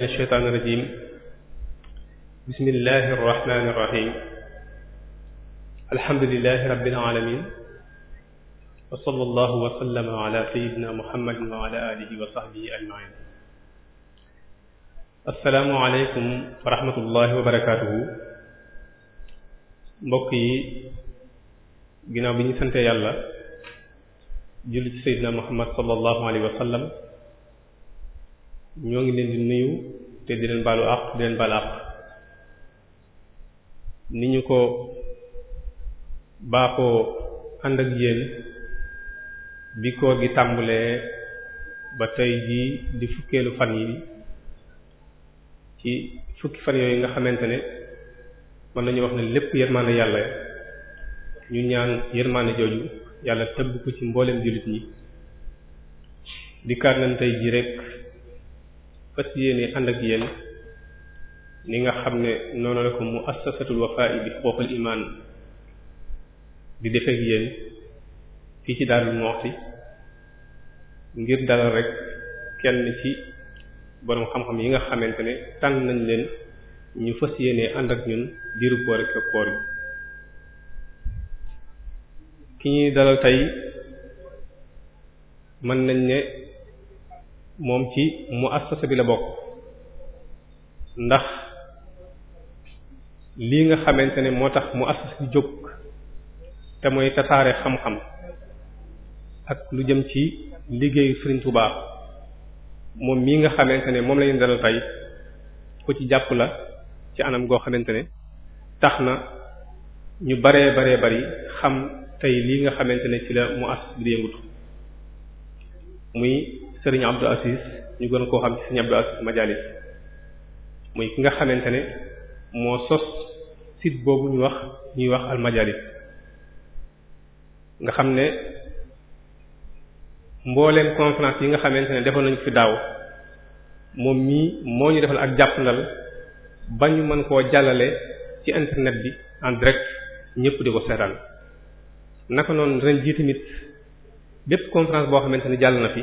mina shaytaani rajiim bismillaahi rahmaani rahiim alhamdulillaahi rabbil aalamiin wa sallallaahu wa sallama alaa sayyidinaa Muhammadin wa alaa aalihi wa sahbihi ajmaiin assalaamu aleykum wa rahmatullaahi wa barakaatuhu mbokk yi ginnaaw bi ñu sante yàlla julli ci sayyidinaa Muhammad sallallaahu alayhi wa sallam ñoo ngi leen di nuyu te di leen baalu àq di leen baalu àq ni ñu ko baaxoo ànd ak yéen bi koor gi tàmbulee ba tey jii di fukkeelu fan yi ci fukki fan yooyu nga xamante ne mën nañu wax ne lépp yërmaande yàlla ñu ñaan yërmaande jooju yàlla tëbb ko ci mbooleem jullit ñi di kaat nañ tey jii rek fas yéene ànd ak yéen ni nga xam ne noonu la ko mu assasatul wafa'i bi xuququl iman di def ak yéen fii ci Darou Moukhty ngir dalal rek kenn ci boroom xam-xam yi nga xamante ne tànn nañ leen ñu fas yéene ànd ak ñun diiru koor ak koor yi ki ñuy dalal tey mën nañ ne moom ci muassasa bi la bokk ndax lii nga xamante ne moo tax muassasa bi jóg te mooy tasaare xam-xam ak lu jëm ci liggéeyu Serigne Touba moom mii nga xamante ne moom la dalal tey ku ci jàpp la ci anam goo xamante ne tax na ñu baree baree bari xam tey lii nga xamante ne ci la muassasa bi yëngutu muy Serigne Abdou Aziz ñu gën koo xam ci Serigne Abdou Aziz Majalis muy ki nga xamante ne moo sos site boobu ñu wax ñuy wax al Majalis nga xam ne mbooleem conférence yi nga xamante ne defoon nañu fi daaw moom mii moo ñu defal ak jàppandal ba ñu mën koo jàllale ci internet bi en direct ñëpp di ko seetaan naka noonu ren jii tamit bépp conférence boo xamante ne jàll na fi.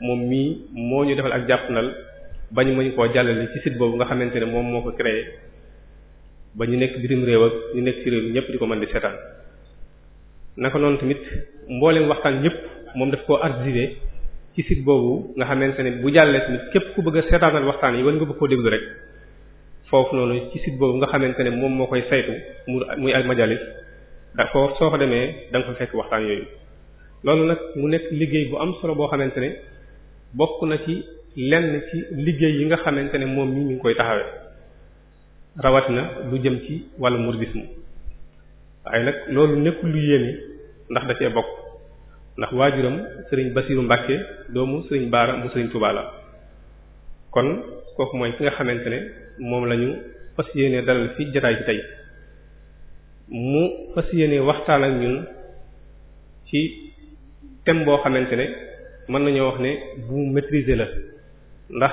moom mii moo ñu defal ak jàppandal bañ mañ koo jàllale ci site boobu nga xamante ne moom moo ko créé ba ñu nekk bitim réew ak ñu nekk ci réew mi ñëpp di ko mën di seetaan naka noonu tamit mbooleem waxtaan yëpp moom daf koo archivé ci site boobu nga xamante ne bu jàllee tamit képp ku bëgg a seetaanal waxtaan yi war nga bëgg koo déglu rek foofu noonu ci site boobu nga xamante ne moom moo koy saytu mu muy al majalis da soo ko demee danga ko fekk waxtaan yooyu loolu mu nekk liggéey bu am solo boo xamante ne bokk na ci lenn ci liggéey yi nga xamante ne moom mi ñu ngi koy taxawee rawatina lu jëm ci wàllu mouridisme waaye nag loolu nekkul lu yéeme ndax da cee bokk ndax waajuram sëriñ Basiru Mbàkke doomu sëriñ Baara mu sëriñ Tuubaa kon kooku mooy ki nga xamante ne moom la ñu fas yéene dalal fi jotaay ci tey mu fas yéene waxtaan ak ñun ci thème boo xamante ne mën nañoo wax ne bu maîtriser la ndax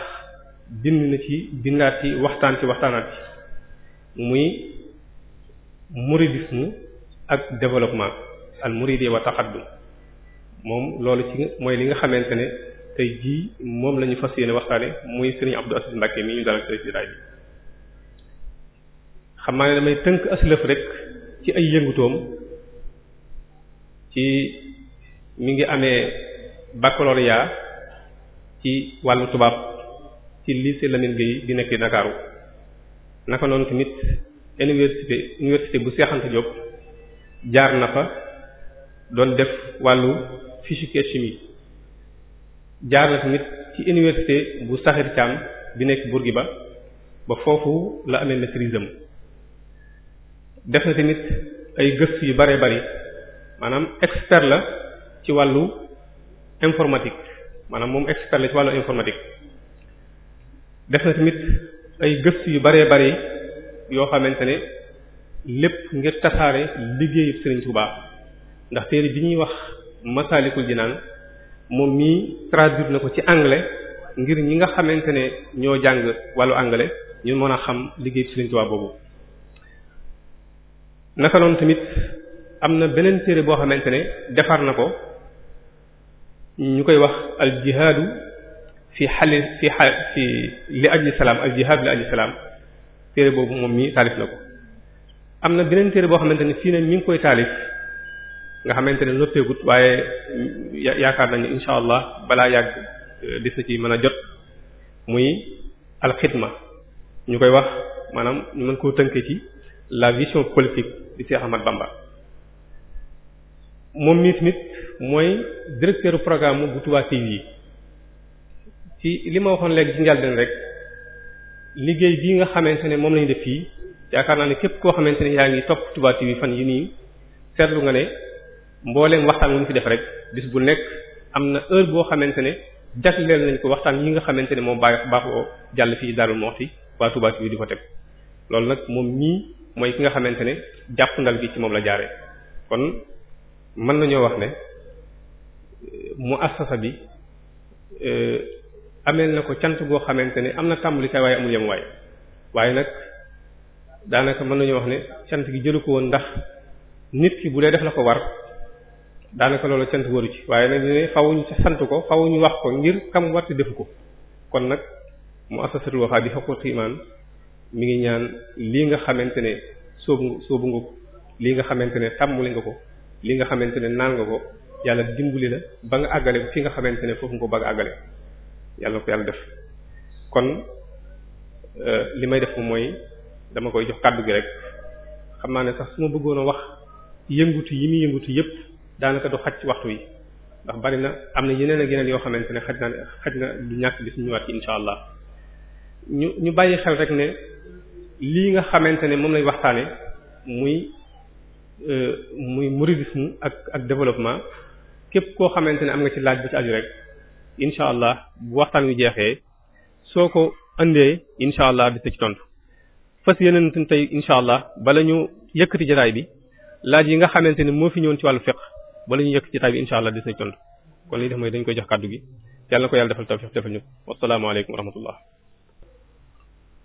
bind na ci bindaat ci waxtaan ci waxtaanaat ci muy mouridisme ak développement al mouridi wa moom loolu ci mooy li nga xamante ne tey jii moom la ñu fas yéene waxtaane muy Serigne Abdou Aziz Mbacké mi ñu dalal ci daay rek ci ay yëngutoom ci mi ngi amee baccalauréat ci wàllu tubaab ci lycée Lamine Gueye bi nekk Ndakaaru naka noonu tamit université université bu Cheikh Anta jaar na fa doon def wàllu physique et chimie jaar na tamit ci université bu Sakhir Thiam bi nekk Bourguiba ba ba foofu la amee maîtrise am def na tamit ay gëstu yu bare bari maanaam expert la ci wàllu informatique maanaam moom expert la ci wàllu informatique def na tamit ay gëstu yu bëree bëri yoo xamante ne lépp ngir tasaare liggéeyu Serigne Touba ndax téere bi ñuy wax Masaalikul naan moom mii traduire na ko ci anglais ngir ñi nga xamante ne ñoo jàng wàllu anglais ñu mën a xam liggéeyu Serigne boobu naka noonu tamit am na beneen téere boo xamante ne defar na ko ñu koy wax al jihaadu fi xali fi a fi li ajli salaam al jihaadu li ajli salaam téere boobu moom mi taalif na ko am na beneen téere boo xamante ne fii ne mi ngi koy taalif nga xamante ne noppeegut waaye yaakaar nañ insha allah balaa yàgg euh, dis na ci mën a jot muy alxidma ñu koy wax maanaam ñu mën koo tënkee ci la vision politique di Cheikh Ahmad Bamba moom mi tamit mooy directeur programme bu Touba TV ci li ma waxoon léegi ci njàlbeen rek liggéey bii nga xamante ne moom lañu def fii yaakaar naa ne képp koo xamante ne yaa ngi topp Touba TV fan yi nii seetlu nga ne mbooleem waxtaan wu ñu fi def rek bis bu nekk am na heure boo xamante ne jagleel nañ ko waxtaan yi nga xamante ne moom baax baaxoo jàll fii Darou Moukhty waa Touba TV di ko teg loolu nag moom ñii mooy ki nga xamante ne jàpp ndal bi ci moom la jaare kon mën nañoo wax ne mu assasa bi e, ameel na ko cant goo xamante ne am na tàmbalikaay waaye amul yem waaye waaye nag daanaka mën nañu wax ne cant gi jëlu ko woon ndax nit ki bu dee def la ko war daanaka loolu cant waru ci waaye nag ñu ne fawuñ sant ko fawuñ wax ko ngir kam war te defu ko kon nag mu assasatul Wafa bi xaquqi iman mi ngi ñaan lii nga xamante ne soobu soobu nga ko lii nga xamante ne tàmmali nga ko lii nga xamante ne naan nga ko yàlla dimbali la ba nga àggale fi nga xamante ne foofu nga ko bëgg àggale yàlla ko yàlla def kon euh, li may def mooy dama koy jox kàddu gi rek xam naa ne sax su ma bëggoon a wax yëngutu yi muy yëngutu yëpp daanaka du xaj ci waxtu yi ndax bari na am na yeneen ak yeneen yoo xamante ne xaj na xaj na du ñàkk bis ñëwaat ci insha allah ñu ñu bàyyi xel rek ne lii nga xamante ne moom lay waxtaane muy euh, muy mouridisme ak ak développement képp koo xamante ne am nga ci laaj bu ci aju rek incha allah bu waxtaan wi jeexee soo ko andee incha allah di ci tontu fas yeneen tey incha allah bala ñu yëkkati jotaay bi laaj yi nga xamante ne moo fi ñëwoon ci wàllu fiqh bala ñu yëkkati jotaay bi incha allah di ci tontu kon li def mooy dañ koy jox kàddu gi yàlla na ko yàlla defal tawfiq defal ñu ko wasalaamaaleykum wa rahmatullah.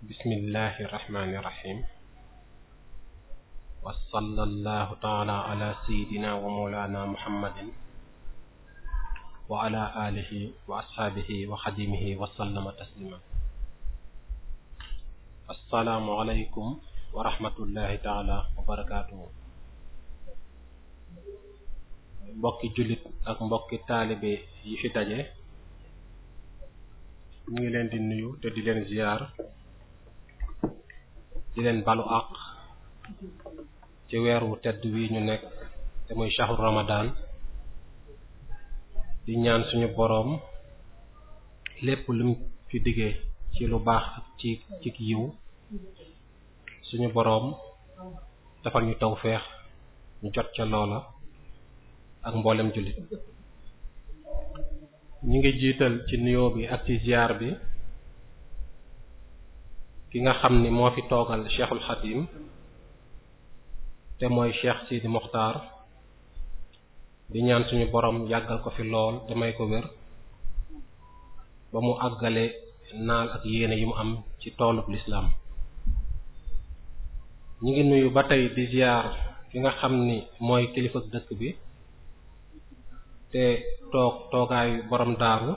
bismillahi rahmaani rahim. wa sallallahu taala ala wa ala alihi wa ashaabihi wa xadimihi wa sallama tasliman assalaamu aleykum wa rahmatullahi taala wa barakaatuhu mbokki jullit ak mbokki taalibe yi fi daje ñu ngi leen di nuyu te di leen ziyaar di leen balu àq ci weer wu tedd wi ñu nekk te muy shahru ramadan di ñaan suñu boroom lépp lim fi diggee ci lu baax ci ci yiw suñu boroom defal ñu tawfeex ñu jot ca loola ak mboolem jullit ñu ngi jiital ci nuyoo bi ak ci ziar bi ki nga xam ni moo fi toogal Cheikhul Xadim te mooy Cheikh Sidi Mokhtar di ñaan suñu borom yàggal ko fi lool te may ko wér ba mu àggale naal ak yéene yi mu am ci toolub lislaam ñi ngi nuyu ba tey di ziar ki nga xam ni mooy kilifa dëkk bi te toog toogaayu borom daaru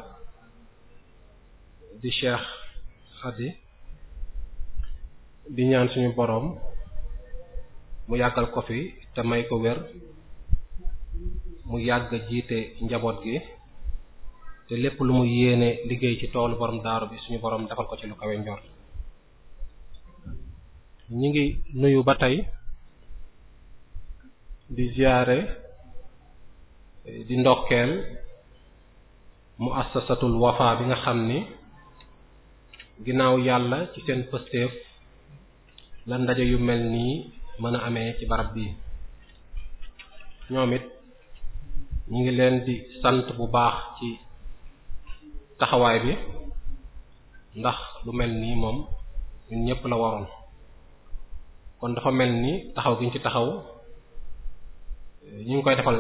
di Cheikh Khady di ñaan suñu boroom mu yàggal ko fi te may ko wér mu yàgg jiite njaboot gi te lépp lu mu yéene liggéey ci toolu borom daaru bi suñu borom defal ko ci lu kawe ñi ngi nuyu ba tey di ziyaare di ndokkeel muassasatul wafa bi nga xam ni ginnaaw yàlla ci seen pësteef la ndaje yu mel nii mën a amee ci barab bii ñoom it ñu ngi leen di sant bu baax ci taxawaay bi ndax lu mel nii moom ñun ñëpp la waroon kon dafa mel ni taxaw gi ñu ci taxaw ñu ngi koy defal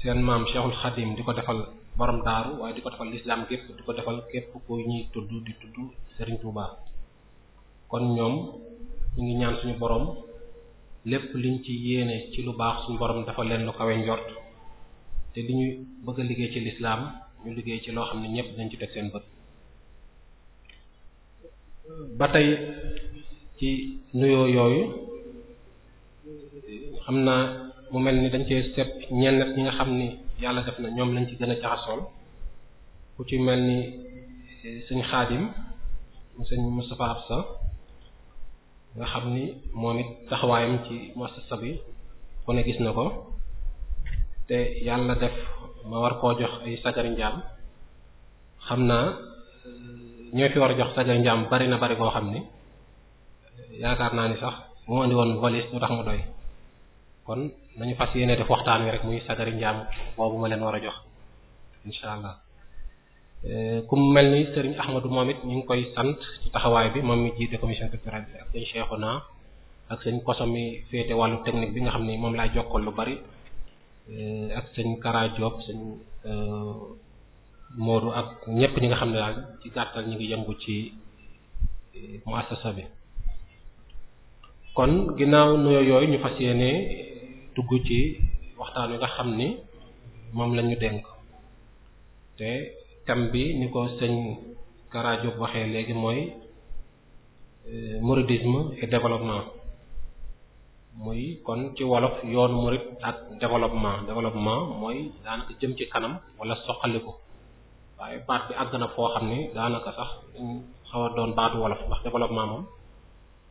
seen maam Cheikhul Khadim di ko defal borom daaru waaye di ko defal lislaam gépp di ko defal képp ko ñuy tudd di tudd Serigne Touba kon ñoom ñu ngi ñaan suñu borom lépp liñ ci yéene ci lu baax suñu borom dafa leen lu kawe njort te li ñuy bëgg a liggéey ci lislaam ñu liggéey ci loo xam ne ñëpp dañ ci teg seen bët ba tey ci nuyoo yooyu xam naa mu mel ni dañ cee seet ñenn ñi nga xam ni yàlla def na ñoom lañ ci gën a jaxasool ku ci mel ni eh, sëñ xaadim mu sëñ Moustapha Absa nga xam ni moom it taxawaayam ci muassasa bi ku ne gis na ko te yàlla def ma war koo jox ay sajari njaam xam naa ñoo fi war a jox sajari njaam bari na bari koo xam ni yaakaar naa ni sax mu andi woon valise mu tax mu doy kon nañu fas yéene def waxtaan wi rek muy sajari njaam boobu ma leen war a jox incha allah eh, ku mel ni sëriñ Ahmadou moom it ñu ngi koy sant taxawaay bi moom mi jiite commission culturelle bi ak sëñ Cheikhouna ak sëñ Koso mi féete wàllu technique bi nga xam ni moom laa jokkal lu bari Eh, ak sëñ Kara Diop sëñ eh, Modou ak ñëpp ñi nga xam ne daal ci gàttal ñu ngi yëngu ci eh, muassasa bi kon ginnaaw nuyoo yooyu ñu fas yéene dugg ci waxtaan wi nga xam ni moom la ñu dénk te thème bi ni ko sëñ Kara Diop waxee léegi mooy mouridisme et développement muy kon ci wolof yoon murit ak développement développement mooy daanaka jëm ci kanam wala soqaliku waaye baat bi àgg na foo xam ne daanaka sax xaw a doon baatu wolof ndax développement moom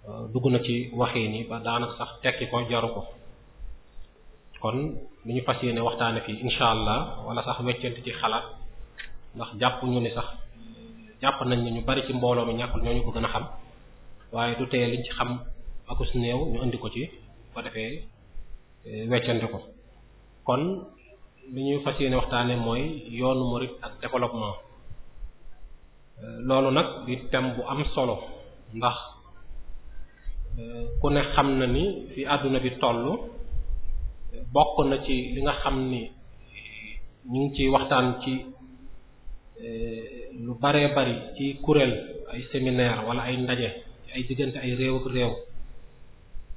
euh, dugg na ci waxee ni ba daanaka sax tekki ko jaru ko kon lu ñu fas yéene waxtaane fii incha allah wala sax weccante ci xalaat ndax jàpp ñu ni sax jàpp nañ ne ñu bari ci mbooloo mi ñàkkul ñoo ko gën a xam waaye du teye liñ ci xam akus néew ñu indi ko ci ko defee eh, weccante ko kon li ñuy fas yéene waxtaane mooy yoonu murid ak développement eh, loolu nag di tem bu am solo ndax eh, ku ne xam na ni fi àdduna bi toll bokk na ci li nga xam ni ñu ngi ci waxtaan ci lu baree bari ci kuréel ay séminaire wala ay ndaje ay diggante ay réew réew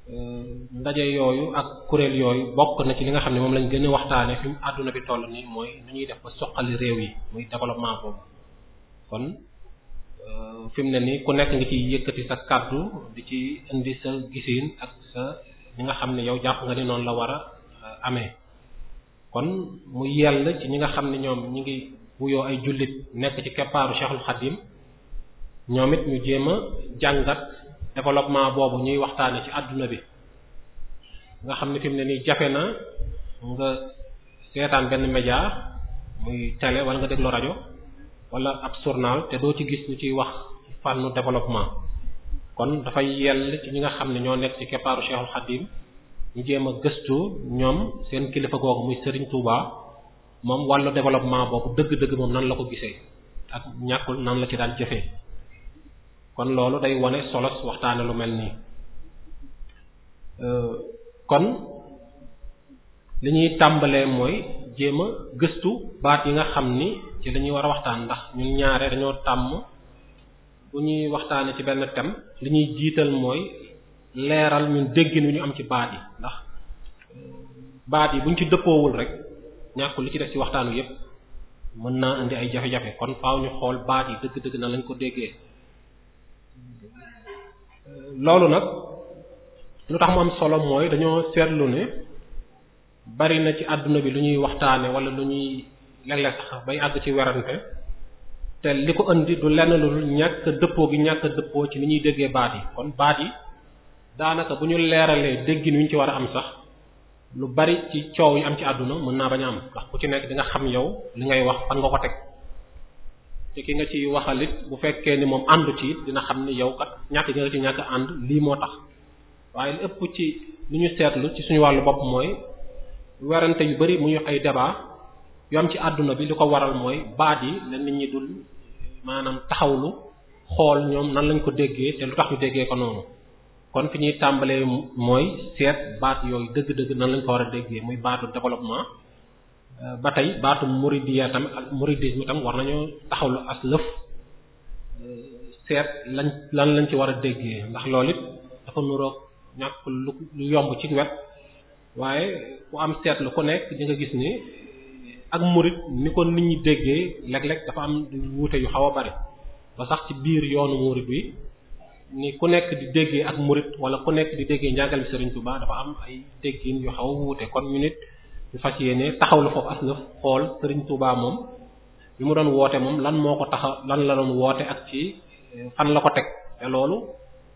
Euh, ndaje yooyu ak kuréel yooyu bokk na ci li nga xam ne moom lañ gën a waxtaane fi mu àdduna bi toll nii mooy dañuy ñuy def ba soqali réew yi muy développement boobu kon euh, fi mu ne nii ku nekk nga ci yëkkati sa kàddu di ci indi sa gisiin ak sa li nga xam ne yow jàpp nga ni noonu la war a euh, ame kon mu yell ci ñi nga xam ne ñoom ñi ngi wuyoo ay jullit nekk ci keppaaru Cheikhul Khadim ñoom it ñu jéem a jàngat développement boobu ñuy waxtaane ci àdduna bi nga xam ne fim mu ne nii jafe na nga seetaan benn média muy tele wala nga déglu rajo wala ab journal te doo ci gis ñu ciy wax fànnu développement kon dafay yel ci ñi nga xam ne ñoo nekk ci keppaaru Cheikhul Khadim ñu jéem a gëstu ñoom seen kilifa googu muy sëriñ Touba moom wàllu développement boobu dëgg-dëgg moom nan la ko gisee ak ñàkkul nan la ci daan jafe kon loolu day wane solos waxtaane lu mel nii euh, kon li ñuy tàmbalee mooy jéem a gëstu baat yi nga xam ni ci lañuy war a waxtaan ndax ñu ñaare dañoo tàmm bu ñuy waxtaane ci benn thème li ñuy jiital mooy leeral ñun déggin wi ñu am ci baat yi ndax euh, baat yi bu ñu ci dëppoowul rek ñàkkul li ci def ci waxtaan wi yépp mën naa indi ay jafe-jafe kon faaw ñu xool baat yi dëgg-dëgg na lañ ko déggee loolu nag lu tax mu am solo mooy dañoo seetlu ne bari na ci àdduna bi lu ñuy waxtaane wala lu ñuy léeg-léeg sax bay àgg ci werante te li ko indi du lenn lu ñàkk dëppoo gi ñàkk dëppoo ci ni ñuy déggee baat yi kon baat yi daanaka bu ñu leeralee déggi wi ñu ci war a am sax lu bari ci coow yi am ci àdduna mën naa bañ a am ndax ku ci nekk di nga xam yow li ngay wax fan nga ko teg te ki nga ci waxalit bu fekkee ni moom àndu ci it dina xam ne yow kat ñàkk nga ci ñàkk ànd lii moo tax waaye li ëpp ci li ñu seetlu ci suñu wàllu bopp mooy werante yu bari muy ay débat yu am ci àdduna bi li ko waral mooy baat yi la nit ñi dul maanaam taxawlu xool ñoom nan lañ ko déggee te lu tax ñu déggee ko noonu kon fi ñuy tàmbalee mooy seet baat yooyu dëgg-dëgg nan lañ ko war a déggee muy baatu développement Euh, ba tey baatu muridiya tamit ak muridisme tam war nañu taxaw taxawlu as lëf euh, seet lañ lan lañ ci war a déggee ndax loolu it dafa nuroog ñàkk lu yomb ci wet waaye ku am seet seetlu ku nekk di nga gis ni ak murit ni ko nit ñi déggee léeg-léeg dafa am wuute yu xaw a bari ba sax ci biir yoonu murid bi ni ku nekk di déggee ak murid wala ku nekk di déggee njàngale Serigne Touba dafa am ay déggin yu xaw a wuute kon ñu ñu fas yéene taxawlu foofu as lëf xool Serigne Touba moom bi mu doon woote moom lan moo ko taxaw lan la doon woote ak ci eh, fan la ko teg te loolu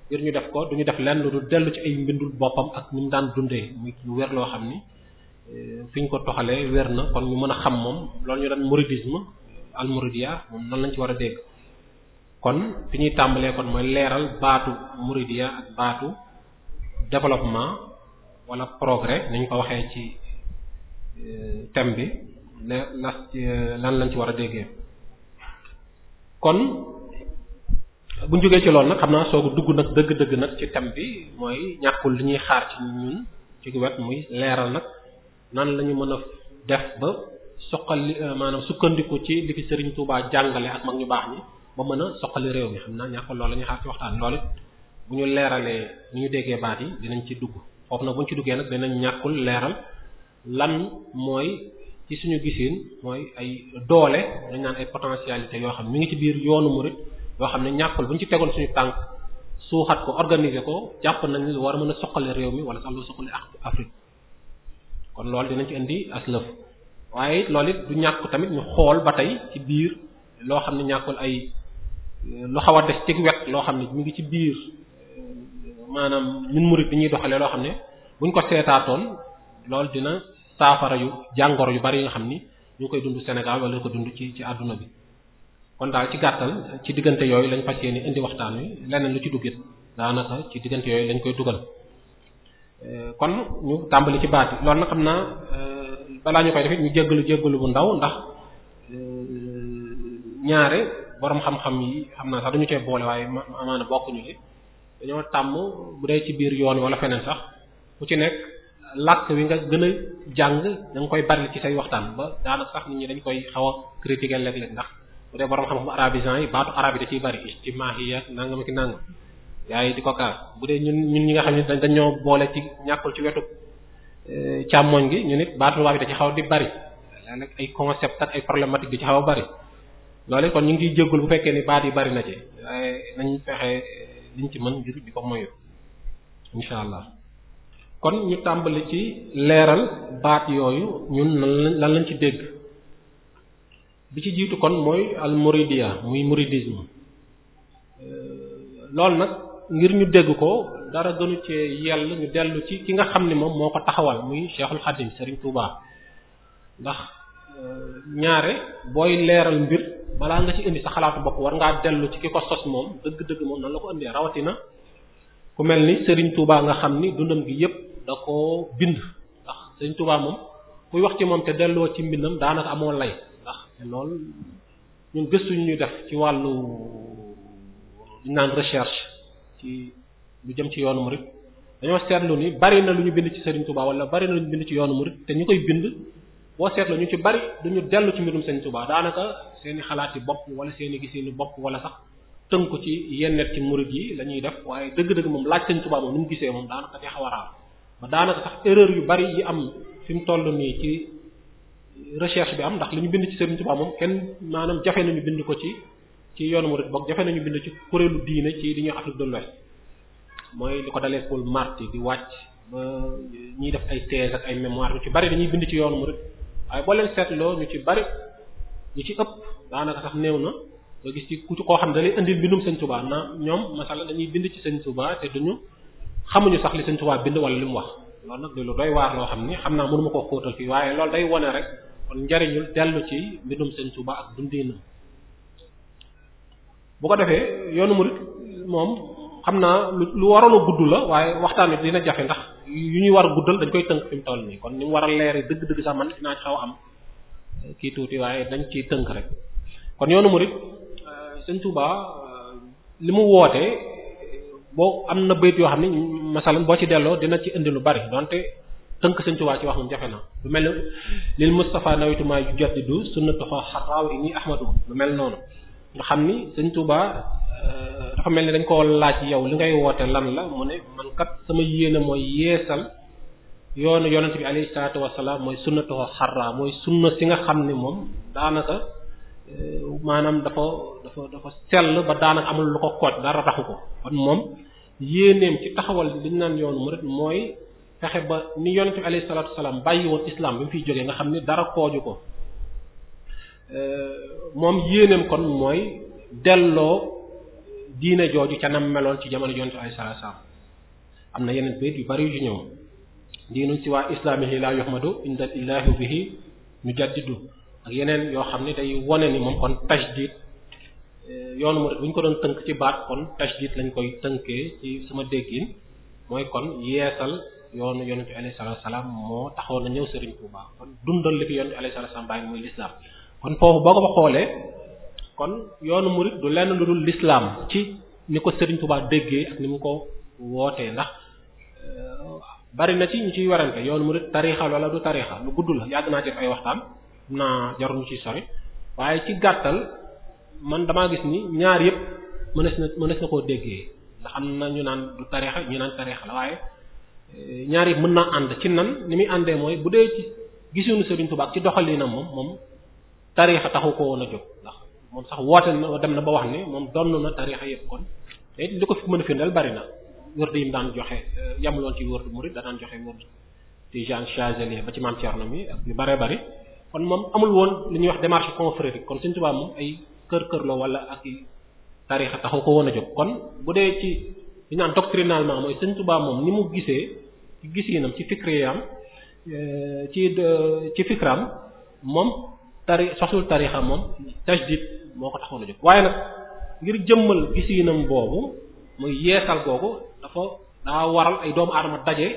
ngir ñu def ko duñu def lenn lu du dellu ci ay mbindul boppam ak ni mu daan dundee muy wér loo xam ni eh, fi ñu ko toxalee wér na kon ñu mën a xam moom loolu ñu daan mouridisme al mouridia moom nan lañ ci war a dégg kon fi ñuy tàmbalee kon mooy leeral baatu mouridia ak baatu développement wala progrès ni ñu ko waxee ci thème bi la las nan lañ ci war a déggee kon bu ñu jógee ci loolu nag xam naa soogu dugg nag dëgg-dëgg nag ci thème bi mooy ñàkkul li ñuy xaar ci ñun ci wet muy leeral nag nan lañu mën a def ba soqali euh, maanaam sukkandiku ci li fi Serigne Touba jàngale ak mag ñu baax ñi ba mën a soqali réew mi xam naa ñàkkul loolu la ñuy xaar ci waxtaan loolu bu ñu leeralee ni ñu déggee baat yi dinañ ci dugg foofu nag bu ñu ci duggee nag dinañ ñàkkul leeral lan mooy ci suñu gisin mooy ay doole dañ naan ay potentialité yoo xam ne mi ngi ci biir yoonu murid yoo xam ne ñàkkul bu ñu ci tegoon suñu tànk suuxat ko organiser ko jàpp nañ ne war a mën a soqale réew mi wala sax lu soqale Afrique kon loolu dinañ ci indi aslëf waaye loolu it du ñàkk tamit ñu xool ba tey ci biir loo xam ne ñàkkul ay lu xaw a des ci wet loo xam ne mu ngi ci biir maanaam ñun murid bi ñuy doxalee loo xam ne buñ ko seetaatoon loolu saafara yu jàngoro yu bari yi nga xam ni ñu koy dund Sénégal wala ko dund ci ci àdduna bi kon daal ci gàttal ci diggante yooyu lañ fas yéene indi waxtaan wi leneen lu ci duggit daanaka ci diggante yooyu lañ koy dugal euh, kon ñu tàmbali ci baat yi na nag xam naa euh, balaa ñu koy def ñu jéggalu jéggalu bu ndaw ndax euh, ñaare boroom xam-xam yi xam naa sax dañu cee boole waaye amaana bokkuñu li dañoo tàmm bu dee ci biir yoon wala feneen sax ku ci nekk. làkk wi nga gën a jàng da koy bari ci say waxtaan ba daanaka sax nit ñi dañ koy xaw a critiquer léeg ndax bu dee borom xam-xam arabisant yi baatu arab ci da ciy bari ijtimaahi ak nangam ki nangam yaa yi di ko kaas bu dee ñun ñun ñi nga xam ne dañoo boole ci ñàkkul ci wetu eh, càmmoñ gi ñu nit baatu waa bi da ci xaw di bari léeg-léeg ay concept ak ay problématique bi ci xaw a bari loolu kon ñu ngi ciy jéggul bu fekkee ni baat yi bari na ci waaye nañ fexe eh, ci mën ngir di ko moyu incha allah kon ñu tàmbali ci leeral baat yooyu ñun lan lañ ci dégg bi ci jiitu kon mooy al muridiya muy muridisme euh, loolu nag ngir ñu dégg ko dara gënu cee yell ñu dellu ci ki nga xam ni moom moo ko taxawal muy Cheikhul Khadim Serigne Touba ndax euh, ñaare booy leeral mbir balaa nga ci indi sa xalaatu bopp war ngaa dellu ci ki ko sos moom dëgg-dëgg moom na la ko indee rawatina ku mel ni sëriñ Touba nga xam ni dundam gi yépp da koo bind ndax sëñ Tuubaa moom kuy wax ci moom te delloo ci mbindam daanaka amoo lay ndax te loolu ñun gëstu ñu def ci wàllu ñu naan recherche ci lu jëm ci yoonu murid dañoo seetlu ni bari na lu ñu bind ci Serigne Touba wala bari na lu ñu bind ci yoonu murid te ñu koy bind boo seetlu ñu ci bari ñu dellu ci mbirum Serigne Touba daanaka seeni xalaati bopp wala seeni giseeni bopp wala sax tënku ci yennet ci murid yi la ñuy def waaye dëgg-dëgg moom laaj Serigne Touba moom nu mu gisee moom a raam ba daanaka sax erreur yu bari yi am fi mu toll nii ci recherche bi am ndax li ñu bind ci Serigne Touba moom kenn maanaam jafe nañu bind ko ci ci yoonu murid bokk jafe nañu bind ci kuréelu diine ci li ñuy Afrique de l'Ouest mooy li ko dalee Paul Marty di wàcc ba ñuy def ay thèse ak ay mémoire ñu bari dañuy bind ci yoonu murid waaye boo leen seetloo ñu ci bari ñu ci ëpp daanaka sax néew na nga ci ku koo xam ne da lay indil bindum Serigne Touba na ñoom masala dañuy bind ci Serigne Touba te duñu xamuñu sax li Sëriñ Tuubaa bind wala li mu wax loolu nag lu doy waar loo xam ni xam naa mënu ma koo xóotal fii waaye loolu day wone rek kon njariñul dellu ci mbindum Sëriñ Tuubaa ak dundinam bu ko defee yoonu moom xam naa lu waroon a gudd la waaye waxtaan wi dina jafe ndax yu ñuy war a guddal dañ koy tënk fi mu toll nii kon ni mu war a leeree dëgg-dëgg sax man dinaa xaw am tuuti waaye dañ ciy tënk rek kon yoonu murid Sëriñ li mu woote boo am na bayit yoo xam ne masalan boo ci delloo dina ci indi lu bari donte tënk Sëriñ Tuubaa ci wax waxum jafe na lu mel ne lil Mustafa nawitumaa yu jaddidu sunnata fa xataaw lu mel noonu nga xam ni Sëriñ Tuubaa euh, dafa mel ni dañ ko laaj yow li ngay woote lan la mu ne man kat sama yéene mooy yeesal yoonu yonent bi alayhi salaatu wasalaam mooy sunnatu xarraa mooy sunna si nga xam ni moom daanaka maanaam dafa dafa dafa sell ba daanaka amul lu ko kooj dara taxu ko kon moom yéeneem ci taxawal liñ naan yoonu murid mooy fexe ba ni yonent bi alayhi salaatu salaam bàyyi woon islam bi mu fiy jógee nga xam ni dara kooju ko euh, moom yéeneem kon mooy delloo diine jooju ca nam meloon ci jamono yonent bi alayhi salaatu am na yeneen bayit yu bari yu ñëw diinu si waa islaamihi laa yuhmadu inda illaahi bihi ñu jaddidu ak yeneen yoo xam ni tey wone ni moom kon tajdid eh, yoonu mu bu ñu ko doon tënk ci baat kon tajdid lañ koy tënkee ci sama déggin mooy kon yeesal yoonu yonent bi alayhi salaam moo taxoon ñëw sëriñ Touba kon dundal li fi yonent bi alayhi salaatu salaam bàyyi muy lislaam kon foofu boo ko ba xoolee kon yoonu murid du lenn lu dul lislaam ci ni ko Serigne Touba déggee ak ni mu ko wootee ndax eh, bari na ci ñu ciy warante yoonu murid tariixa loola du tariixa lu gudd la yàgg naa ay waxtaan xam naa jarul ñu ciy waaye ci gàttal man damaa gis ni ñaar yëpp mënees na mënees na ko déggee ndax am na ñu naan du tarixa ñu naan tarixa la waaye eh, ñaar yëpp mën naa ànd ci nan ni muy àndee mooy bu dee ci gisuñu Serigne Touba ci doxalinam moom moom tarixa taxu ko woon a jóg ndax moom sax woote na dem na ba wax ne moom donn na tarixa yëpp kon te li ko fi mën a firndeel bari na wërd yi daan joxe eh, yamuloon ci wërd murid da daan joxe wërd Tijaan Chazeli ba ci maam Thierno mi ak yu bare bari kon moom amul woon li ñuy wax démarche confrérique kon Sëriñ Tuubaa moom ay kër kër la wala ak i tariixa taxu ko woon a jóg kon bu dee ci li naan doctrinalement mooy Sëriñ Tuubaa moom ni mu gisee ci gisiinam ci fikriyam euh, ci euh, ci fikram moom tari soxlul tariixa moom tajdid moo ko taxoon a jóg waaye nag ngir jëmmal gisiinam boobu muy yeesal googu dafa daa waral ay doomu aadama daje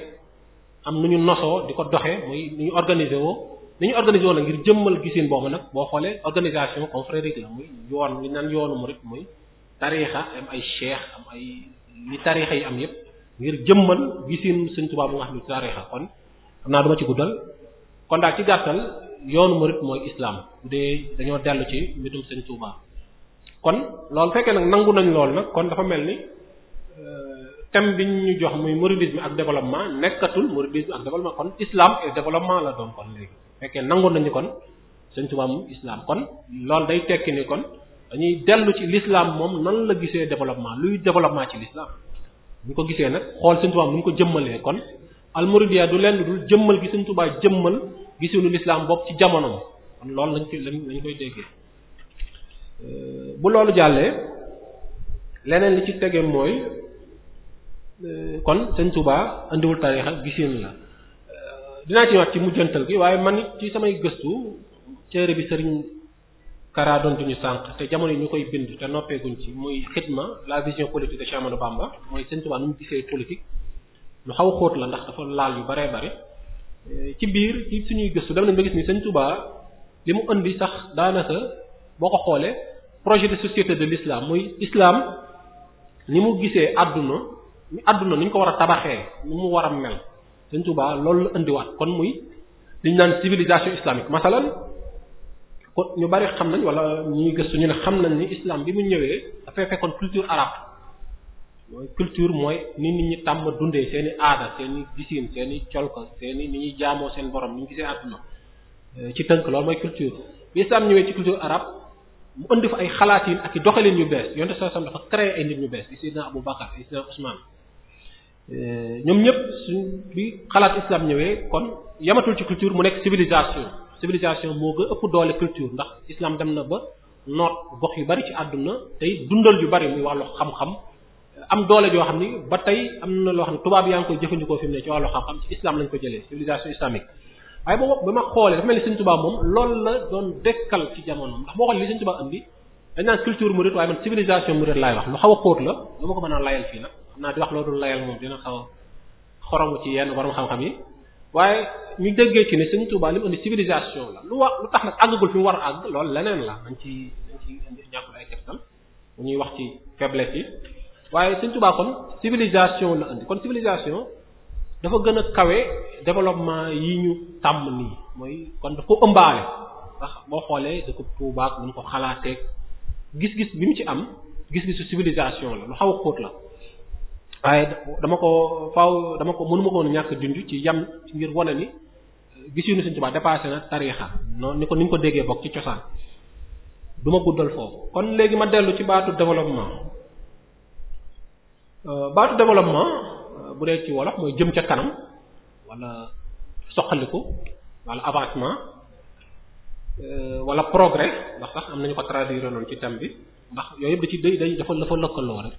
am nu ñu nosoo di ko doxee muy nu ñu organiser woo ñu organisé woon ngir jëmmal gisin boobu nag boo xoolee organisation confrérie la muy yoon li naan yoonu murid muy tariixa am ay cheikh am ay li tariixa yi am yëpp ngir jëmmal gisin Sëriñ Tuubaa bu nga xam ne tariixa kon xam naa duma ci guddal kon daal ci gàttal yoonu murid mooy islaam bu dañoo dellu ci mbirum Sëriñ Tuubaa kon loolu fekkee nag nangu nañ loolu nag kon dafa mel ni euh, thème bi ñu jox muy mouridisme ak développement nekkatul mouridisme ak développement kon islam et développement la doon fekkee nangoon nañu kon sëñ Tuubaa islaam kon loolu day tekki ni kon dañuy dellu ci l'islam moom nan la gisee développement luy développement ci l'islam bu ñu ko gisee nag xool sëñ Tuubaa bu ñu ko jëmmalee kon almuridiya du lenn dul jëmmal gi sëñ Tuubaa jëmmal gisunu lislaam bopp ci jamono kon loolu lañ koy lañ koy déggee euh, bu loolu jàllee leneen li ci tege mooy euh, kon sëñ Tuubaa andiwul tarixa gisin la dinaa ci wax ci mujjantal gi waaye man ci samay gëstu téere bi sëriñ Kara doon duñu sànq te jamono yi ñu koy bind te noppeeguñ ci muy xidma la vision politique de Cheikh Amadou Bamba mooy Sëriñ Tuubaa nu mu gisee politique lu xaw xóot la ndax dafa laal yu baree bare ci biir suñuy gëstu dama nañ ba gis ni Sëriñ Tuubaa li mu indi sax daanaka boo ko xoolee projet de société de l'islam muy islam ni mu gisee àdduna ni àdduna ni ñu ko war a tabaxee ni mu war a mel Sëñ Tuubaa loolu la indiwaat kon muy liñ naan civilisation islamique masalan kon ñu bari xam nañ wala ñuy gëstu ñu ne xam nañ ni islam bi mu ñëwee dafay fekkoon culture arabe mooy culture mooy ni nit ñi tàmm dundee seen i aada seen i gisiin seen i colko seen i ni jaamoo seen borom ñi ñu gisee àdduna euh, ci tënk loolu mooy culture bi islam ñëwee ci culture arab mu indi fa ay xalaatiin ak i doxalin yu bees yonte saa sam dafa créé ay nit ñu bees di Seydina Abou Bakar Seydina Euh, ñoom ñëpp suñ bi xalaat islam ñëwee kon yamatul ci culture mu nekk civilisation civilisation moo gën ëpp doole culture ndax islam dem na ba noot gox yu bari ci àdduna tey dundal yu bari muy wàllu xam-xam am doole joo xam ni ba tey am na loo xam ne tubaab yaa ngi koy jëfandikoo fi ne ci wàllu xam-xam ci islam lañ ko jëlee civilisation islamique waaye ba ba ma xoolee dafa mel ni Sëriñ moom loolu la doon dekkal ci jamonoom ndax moo xool li Sëriñ Tuubaa indi dañ naan culture mouride waaye xaw a xóot ko mën a layal fii naa di wax loolu layal moom dina xaw xoromu ci yenn borom xam-xam yi waaye ñu déggee ci ne Sëriñ Tuubaa li mu indi civilisation la lu wa lu tax nag àggagul fi mu war a àgg loolu leneen la dañ ci dañ ci indi ñàkkul ay tegtal bu ñuy wax ci faiblesse yi waaye Sëriñ Tuubaa kon civilisation la indi kon civilisation dafa gën a kawe développement yi ñu tàmm nii mooy kon daf ko ëmbaale boo xoolee da ko Tuubaa ak nu ko xalaatee gis-gis bi mu ci am gis-gisu civilisation la lu xaw a la waaye dama ko faaw dama ko mënuma ko woon ñàkk dund ci yam ci ngir wane ni euh, gisuñu Sëriñ Tuubaa dépassé na tariixa noonu ni ko ni ñu ko déggee bokk ci cosaan duma ma guddal foofu kon léegi ma dellu ci baatu développement euh, baatu développement euh, bu dee ci wolof mooy jëm ca kanam wala soqaliku wala avancement wala progrès ndax sax am nañu ko traduire noonu ci thème bi ndax yooyu yëpp da ci day dañ dafa dafa lëkkaloo rek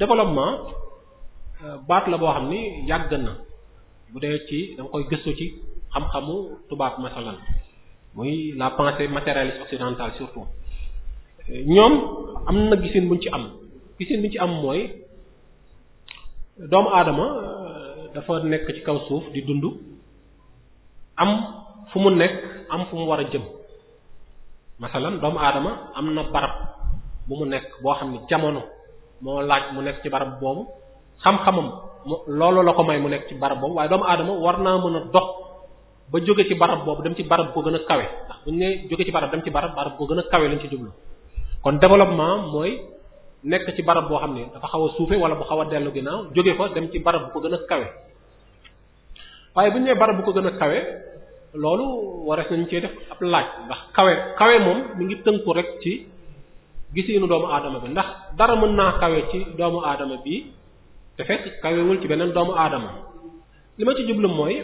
développement euh, baat la boo xam ni yàgg na bu dee ci danga koy gëstu ci xam-xamu tubaab masalan muy la pensée matériel occidentale surtout ñoom am na gisin buñ ci am gisin buñ ci am mooy doomu aadama euh, dafa nekk ci kaw suuf di dundu am fu mu nekk am fu mu war a jëm masalan doomu aadama am na barab bu mu nekk boo xam ne jamono moo laaj mu nekk ci barab boobu xam-xamam loolu la ko may mu nekk ci barab boobu waaye doomu aadama war naa mën a dox ba jóge ci barab boobu dem ci barab ko gën a kawe ndax bu jóge ci barab dem ci barab barab ko gën a kawe lañ ci jublu kon développement mooy nekk ci barab boo xam ne dafa xaw a suufe wala bu xaw a dellu ginnaaw jóge fa dem ci barab bu ko gën a kawe waaye bu ñu nee barab bu ko gën a kawe loolu warees nañu cee def ab laaj ndax kawe kawe moom mu ngi tënku rek ci gisinu doomu adama bi ndax dara mën naa kawe ci doomu aadama bi te fekk kawewul ci beneen doomu aadama li ma ci jublu mooy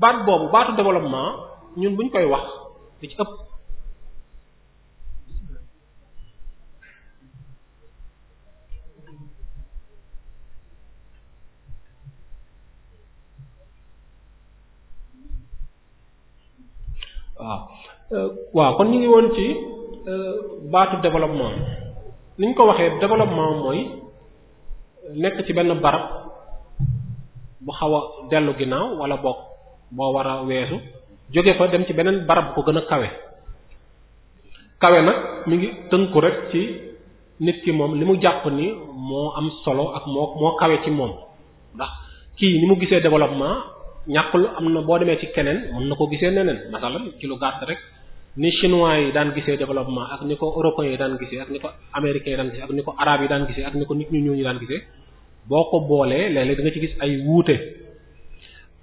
baat boobu baatu développement ñun buñ koy wax li euh, waaw kon ñu ngi woon ci Euh, baatu développement ni ko waxee développement mooy nekk ci benn barab bu xaw a dellu ginnaaw wala bokk boo war a weesu jóge ko dem ci beneen barab bu ko gën a kawe kawe nag mi ngi tënku rek ci nit ki moom li mu jàpp ni moo am solo ak moo moo kawe ci moom ndax kii ni mu gisee développement lu am na boo demee ci keneen mën na ko gisee neneen masalan ci lu gàtt rek ni chinois yi daan gisee développement ak ni ko européens yi daan gisee ak ni ko américains yi daan gisee ak ni ko arabes yi daan gisee ak ni ko nit ñu ñuul ñu daan gisee boo ko boolee léeg-léeg da nga ci gis ay wuute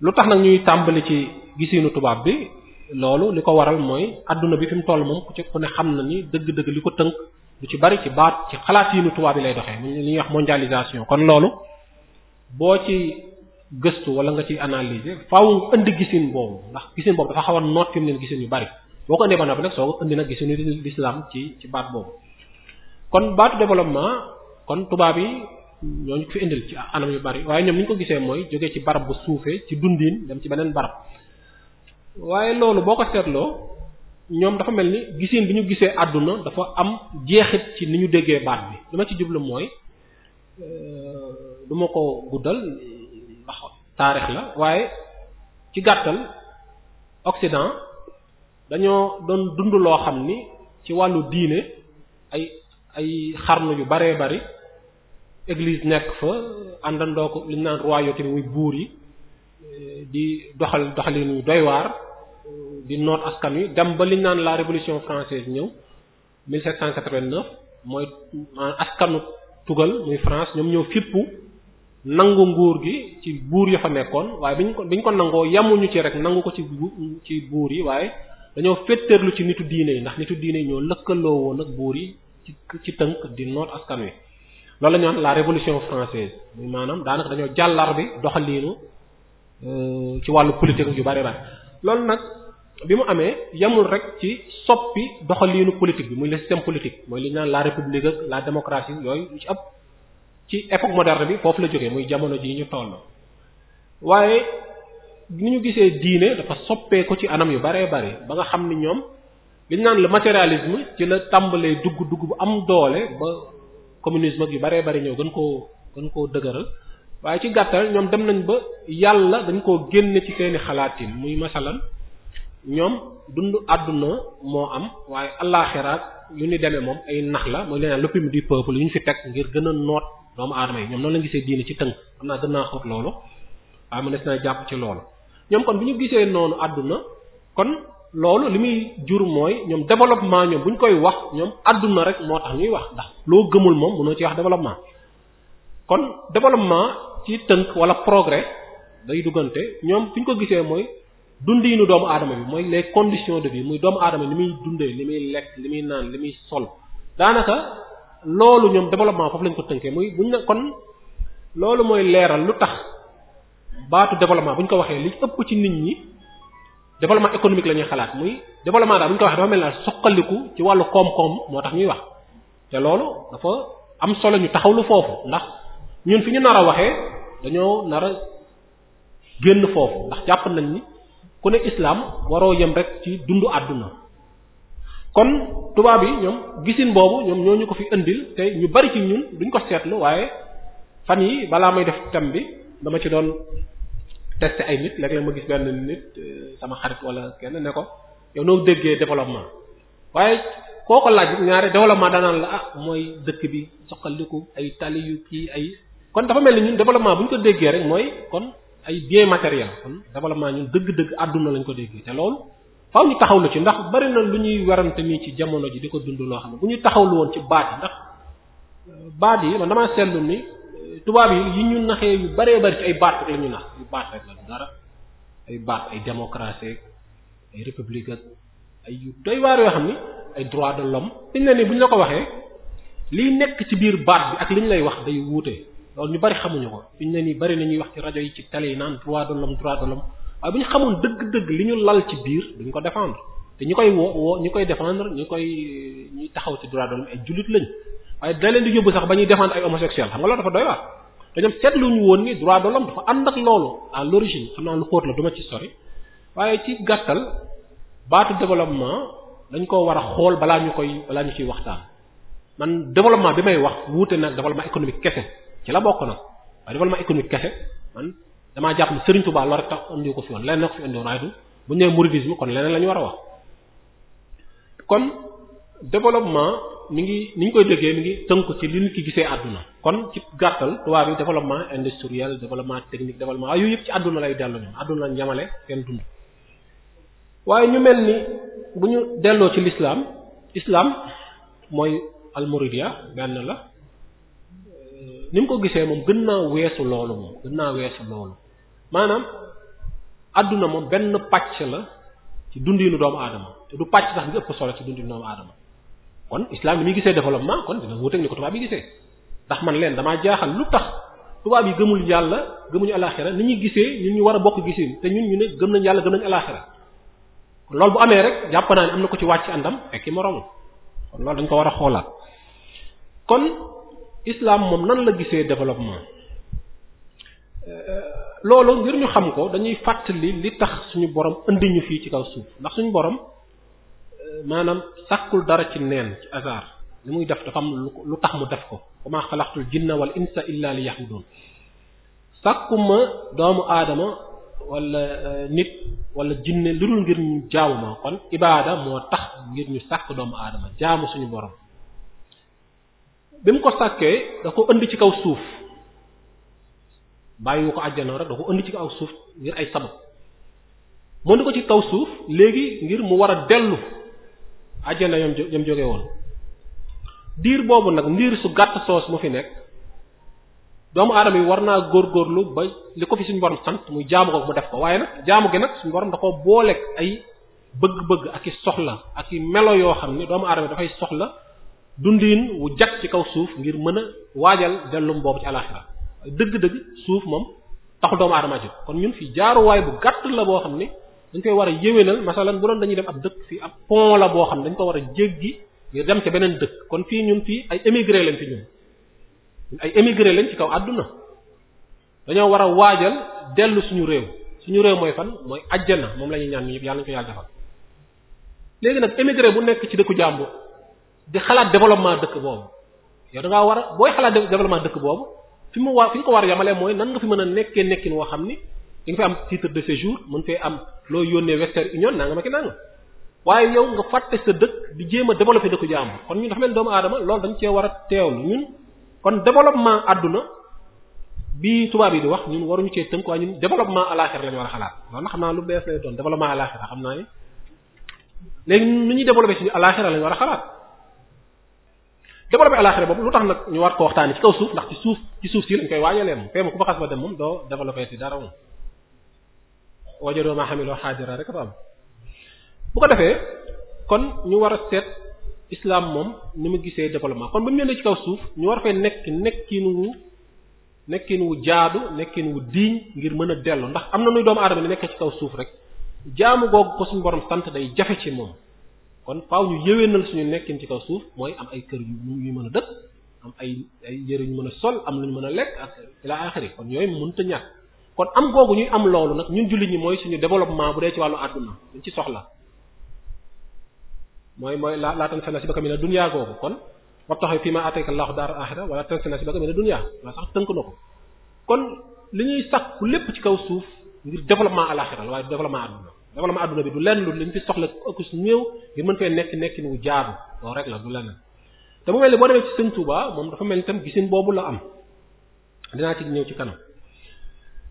lu tax nag ñuy tàmbali ci gisinu tubaab bi loolu li ko waral mooy adduna bi fi mu toll moom ku ci ku ne xam na ni dëgg-dëgg li ko tënk lu ci bari ci baat ci xalaat yi nu tubaab yi lay doxee li ñuy wax mondialisation kon loolu boo ci gëstu wala nga ci analyser faaw indi gisin boobu ndax gisin boobu dafa xaw a noot fi mu leen gisin yu bari boo ko indee ba noppi nag soo ko indi nag gisuñu l'islam ci ci baat boobu kon baatu développement kon tubaab yi ñooñu ko fi indil ci anam yu bari waaye ñoom ni ñu ko gisee mooy jógee ci barab bu suufee ci dundiin dem ci beneen barab waaye loolu boo ko seetloo ñoom dafa mel ni gisiin bi ñu gisee àdduna dafa am jeexit ci ni ñu déggee baat bi li ma ci jublu mooy euh, duma ko guddal ndax taarix la waaye ci gàttal Occident dañoo doon dund loo xam ni ci wàllu diine ay ay xarnu yu baree bari église nekk fa àndandoo ko li ñu naan royauté muy buur yi di doxal doxalin yu doy waar di noot askan wi dem ba li naan la révolution française ñëw 1789 mooy askanu tugal muy France ñoom ñëw fippu nangu nguur gi ci buur ya fa nekkoon waaye bi ñu ko bi ñu ko nangoo yemuñu ci rek nangu ko ci ci buur yi waaye dañoo féttéerlu ci nitu diine yi ndax nitu diine yi ñoo lëkkaloo woon ak buur yi ci tënk di noot askan wi loolu la ñu la révolution française muy maanaam daanaka dañoo jàllar bi doxaliinu euh, ci wàllu politique yu bari bari loolu nag bi mu amee yemul rek ci soppi doxaliinu politique bi muy le système politique mooy li naan la république ak la démocratie yooyu ci ab ci époque moderne bi foofu la jógee muy jamono jii ñu toll waaye ni ñu gisee diine dafa soppeeku ci anam yu baree bare ba nga xam ni ñoom li naan la matérialisme ci la tàmbalee dugg dugg bu am doole ba communisme ak yu baree bari ñëw gën koo gën koo dëgëral waaye ci gàttal ñoom dem nañ ba yàlla dañ koo génne ci seeni xalaatin muy masalan ñoom dund àdduna moo am waaye allaaxiraat yu ni demee moom ay nax la mooy leneen l'opium du peuple yu ñu fi teg ngir gën a noot doomu aadama yi ñoom noonu lañ gisee diine ci tënk xam naa gën naa xóot loolu waaye ma des naa jàpp ci loolu ñoom kon bu ñu gisee noonu àdduna kon loolu li muy jur mooy ñoom développement ñoom bu ñu koy wax ñoom àdduna rek moo tax ñuy wax ndax loo gëmul moom mënoo ci wax développement kon développement ci tënk wala progrès day duggante ñoom bu ñu ko gisee mooy dund dundinu doomu aadama bi mooy les condition de vie muy doomu aadama li muy dundee li muy lekk li muy naan li muy sol daanaka loolu ñoom développement foofu lañ ko tënkee muy bu ñu ne kon loolu mooy leeral lu tax baatu développement bu ñu ko waxee li ëpp ci nit ñi développement économique lañuy xalaat muy développement daal bu ñu ko waxee dafa mel na soqaliku ci wàllu koom-koom moo tax ñuy wax te loolu dafa am solo ñu taxaw taxawlu foofu ndax ñun fi ñu nar a waxee dañoo nar génn foofu ndax jàpp nañ ni ku ne islam waroo yem rek ci dundu àdduna kon tubaab yi ñoom gisin boobu ñoom ñoo ñu ko fi indil te ñu bari ci ñun duñ ko seetlu waaye fan yi balaa may def thème bi dama ci doon testé ay nit léeg-léeg ma gis benn nit euh, sama xarit wala kenn ne ko yow noo déggee développement waaye koo ko laaj ñaare développement daanaan la ah mooy dëkk bi soqaliku ay tali yu kii ay kon dafa mel ni ñun développement bu ñu ko déggee rek mooy kon ay bien matériel kon développement ñun dëgg-dëgg àdduna lañ ko déggee te loolu faaw ñu taxawlu ci ndax bari na lu ñuy werante nii ci jamono ji di ko dund loo xam ne bu ñu taxawlu woon ci baat yi ndax euh, baat yi man damaa seetlu ni tubaab yi yi ñu naxee yu baree bari ci ay baat rek la ñu nax yu baat rek dara ay baat ay démocratie ay république ay yu doy waar yoo xam ni ay droit de l'homme dañ la ne bu ñu la ko waxee liy nekk ci biir baat bi ak li ñu lay wax day wuute loolu ñu bari xamuñu ko fi ñu ne bari na ñuy wax ci rajo yi ci télé yi naan droit de l'homme droit de l'homme waaye bu ñu xamoon dëgg-dëgg li ñu lal ci biir duñ ko défendre te ñu koy woo woo ñu koy défendre ñu koy ñuy taxaw ci droit de l'homme ay jullit lañ waaye da leen di yóbbu sax ba ñuy défendre ay homosexuels xam nga loolu dafa doy waar dañoo seetluñu woon ni droit de l'homme dafa ànd ak loolu à l'origine xam naa lu ci sori waaye ci gàttal baatu développement dañ ko war a xool balaa ñu koy balaa ñu ciy waxtaan man développement bi may wax wuute nag développement économique kese ci la bokk nag waaye développement économique kese man damaa jàpp ni Serigne Touba loolu rek tax andi ko fi woon leneen ko fi indi woon kon leneen la ñu war a wax kon développement mi ngi ni ñu koy déggee mi ngi tënk ci li nit ki gisee àdduna kon ci gàttal tubaab yi développement industriel développement technique développement waaye yooyu yëpp ci àdduna lay dellu ñoom àdduna lañ yamale seen dund waaye ñu mel ni bu ñu delloo ci lislaam islam mooy almuridiya benn la euh, ni mu ko gisee moom gën naa weesu loolu moom gën naa weesu loolu maanaam àdduna moom benn pàcc la ci dundinu doomu aadama te du pàcc sax bi ëpp solo ci dundin doomu aadama kon islam li gisee développement kon dina wuuteeg ni ko tubaab yi gisee ndax man leen damaa jaaxal lu tax tubaab yi gëmul yàlla gëmuñu alaxira ni ñuy gisee ñun ñu war a bokk gisee te ñun ñu ne gëm nañ yàlla gëm nañ alaxira kon bu amee rek jàpp naa ne am na ko ci wàcc àndam fekki moroomul kon loolu dañ ko war a xoolaat kon islam moom nan la gisee développement euh, loolu ngir ñu xam ko dañuy fàttali li tax suñu borom indi fii ci kaw suuf ndax suñu borom. maanaam sàkkul dara ci neen ci hasard li muy def dafa am lu tax mu def ko wama xalaqtul jinna wal insa illa li ya'budun sàkkuma doomu aadama wala e, nit wala jinne lu dul ngir ñu jaamu kon ibaada moo tax ngir ñu sàkk doomu aadama jaamu suñu borom bi mu ko sàkkee da ko indi ci kaw suuf bàyyi bàyyiwu ko àjjana rek da ko indi ci kaw suuf ngir ay sabab moo di ko ci kaw suuf léegi ngir mu war a dellu ajjana yam yam jóge woon diir boobu nag ndiir su gàtt soos mu fi nekk doomu aadama yi war naa góor góorgóorlu ba li ko fi suñu borom sant muy jaamu ko mu def ko waaye nag jaamu gi nag suñu borom da ko booleeg ay bëgg-bëgg ak i soxla ak i melo yoo xam ne doomu yi dafay soxla dundiin wu jag ci kaw suuf ngir mën a waajal dellum boobu ci alaxira dëgg-dëgg suuf moom taxul doomu aadama jóg kon ñun fi jaaruwaay bu gàtt la boo xam ne dañ koy war a yéwénal masalan bu doon dañuy dem ab dëkk fii ab pont la boo xam dañ ko war a jéggi ngir dem ca beneen dëkk kon fii ñun fii ay émigré lañ fi ñun ay émigré lañ ci kaw àdduna dañoo war a waajal dellu suñu réew suñu réew mooy fan mooy ajjana moom la ñuy ñaan ñëpp yàlla ñu ko yàlla defal léegi nag émigré bu nekk ci dëkku jàmbur di xalaat développement dëkk boobu yow da ngaa war a booy xalaat développement dëkk boobu fi mu war fi ñu ko war mooy nan nga fi mën a nekkee nekkin woo xam ni di nga fi am titre de séjour mën fee am loo yónnee Western Union nangam ak nangam waaye yow nga fàtte sa dëkk di jéem a développer dëkku jàmbur kon ñu dafa mel doomu aadama loolu dañ cee war a teewlu ñun kon développement àdduna bi tubaab yi di wax ñun waruñu cee tënk waaye ñun développement alaxir lañu war a xalaat loolu xam naa lu bees lay doon développement alaxir xam naa ni léegi nu ñuy développer ci alaxir lañu war a xalaat développer alaxir boobu lu tax nag ñu war ko waxtaani ci ndax ci suuf ci suuf si lañ koy waajalee doo développer ci dara moom wajadoo maa xamiloo xaajara rek fa am bu ko defee kon ñu war a seet islaam moom ni mu gisee développement kon ba mu nee ci kaw ñu war fee nekk nekkin wu nekkin wu jaadu nekkin wu diiñ ngir mën a dellu ndax am na doomu aadama ni nekkee ci kaw suuf rek jaamu googu ko suñu borom sant day jafe ci moom kon faaw ñu yëwénal suñu nekkin ci kaw suuf mooy am ay kër yu mën a dëkk am ay ay yëre ñu mën a sol am lu ñu mën a lekk ak ila axiri kon yooyu mënut a kon am googu ñuy am loolu nag ñun julli ñi mooy suñu développement bu dee ci wàllu àdduna dañ ci soxla mooy mooy la la tansa nasibaka mina dunya googu kon wabtaxi fiima ataka Allahu daaral aaxira wala tansa nasibaka mina dunya la sax tënk na ko kon li ñuy sàkku lépp ci kaw suuf ngir développement alaaxira waaye développement bi du lenn lu liñ fi soxla ëkkus néew ngir mën fee nekk nekk wu jaadu loolu rek la te mu mel ni boo moom dafa mel ni tam gisin boobu la am dinaa ci ñëw ci kanam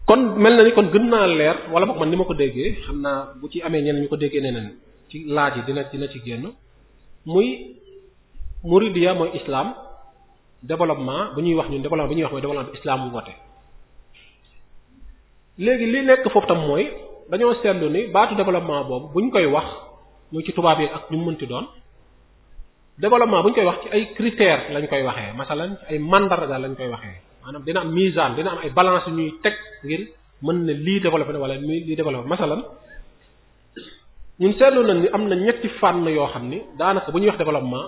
kon mel na ni kon gën naa leer wala boog man ni ma ko déggee xam naa bu ci amee ñeneen ñu ko déggee neneen ci laaj yi dina dina ci génn muy muridiya mooy islam développement bu ñuy wax ñun développement bu ñuy wax mooy développement islam bu léegi li nekk foofu tam mooy dañoo seetlu ni baatu développement boobu bu ñu koy wax muy ci tubaab yi ak ñu mu mënti doon développement bu ñu koy wax ci ay critères lañ koy waxee masalan ci ay mandarga lañ koy waxee maanaam dina am misaan dina am ay balance ñuy teg ngir mën na lii développé na wala lii développé masalan ñun seetlu nañ ni am na ñetti fànn yoo xam ni daanaka bu ñuy wax développement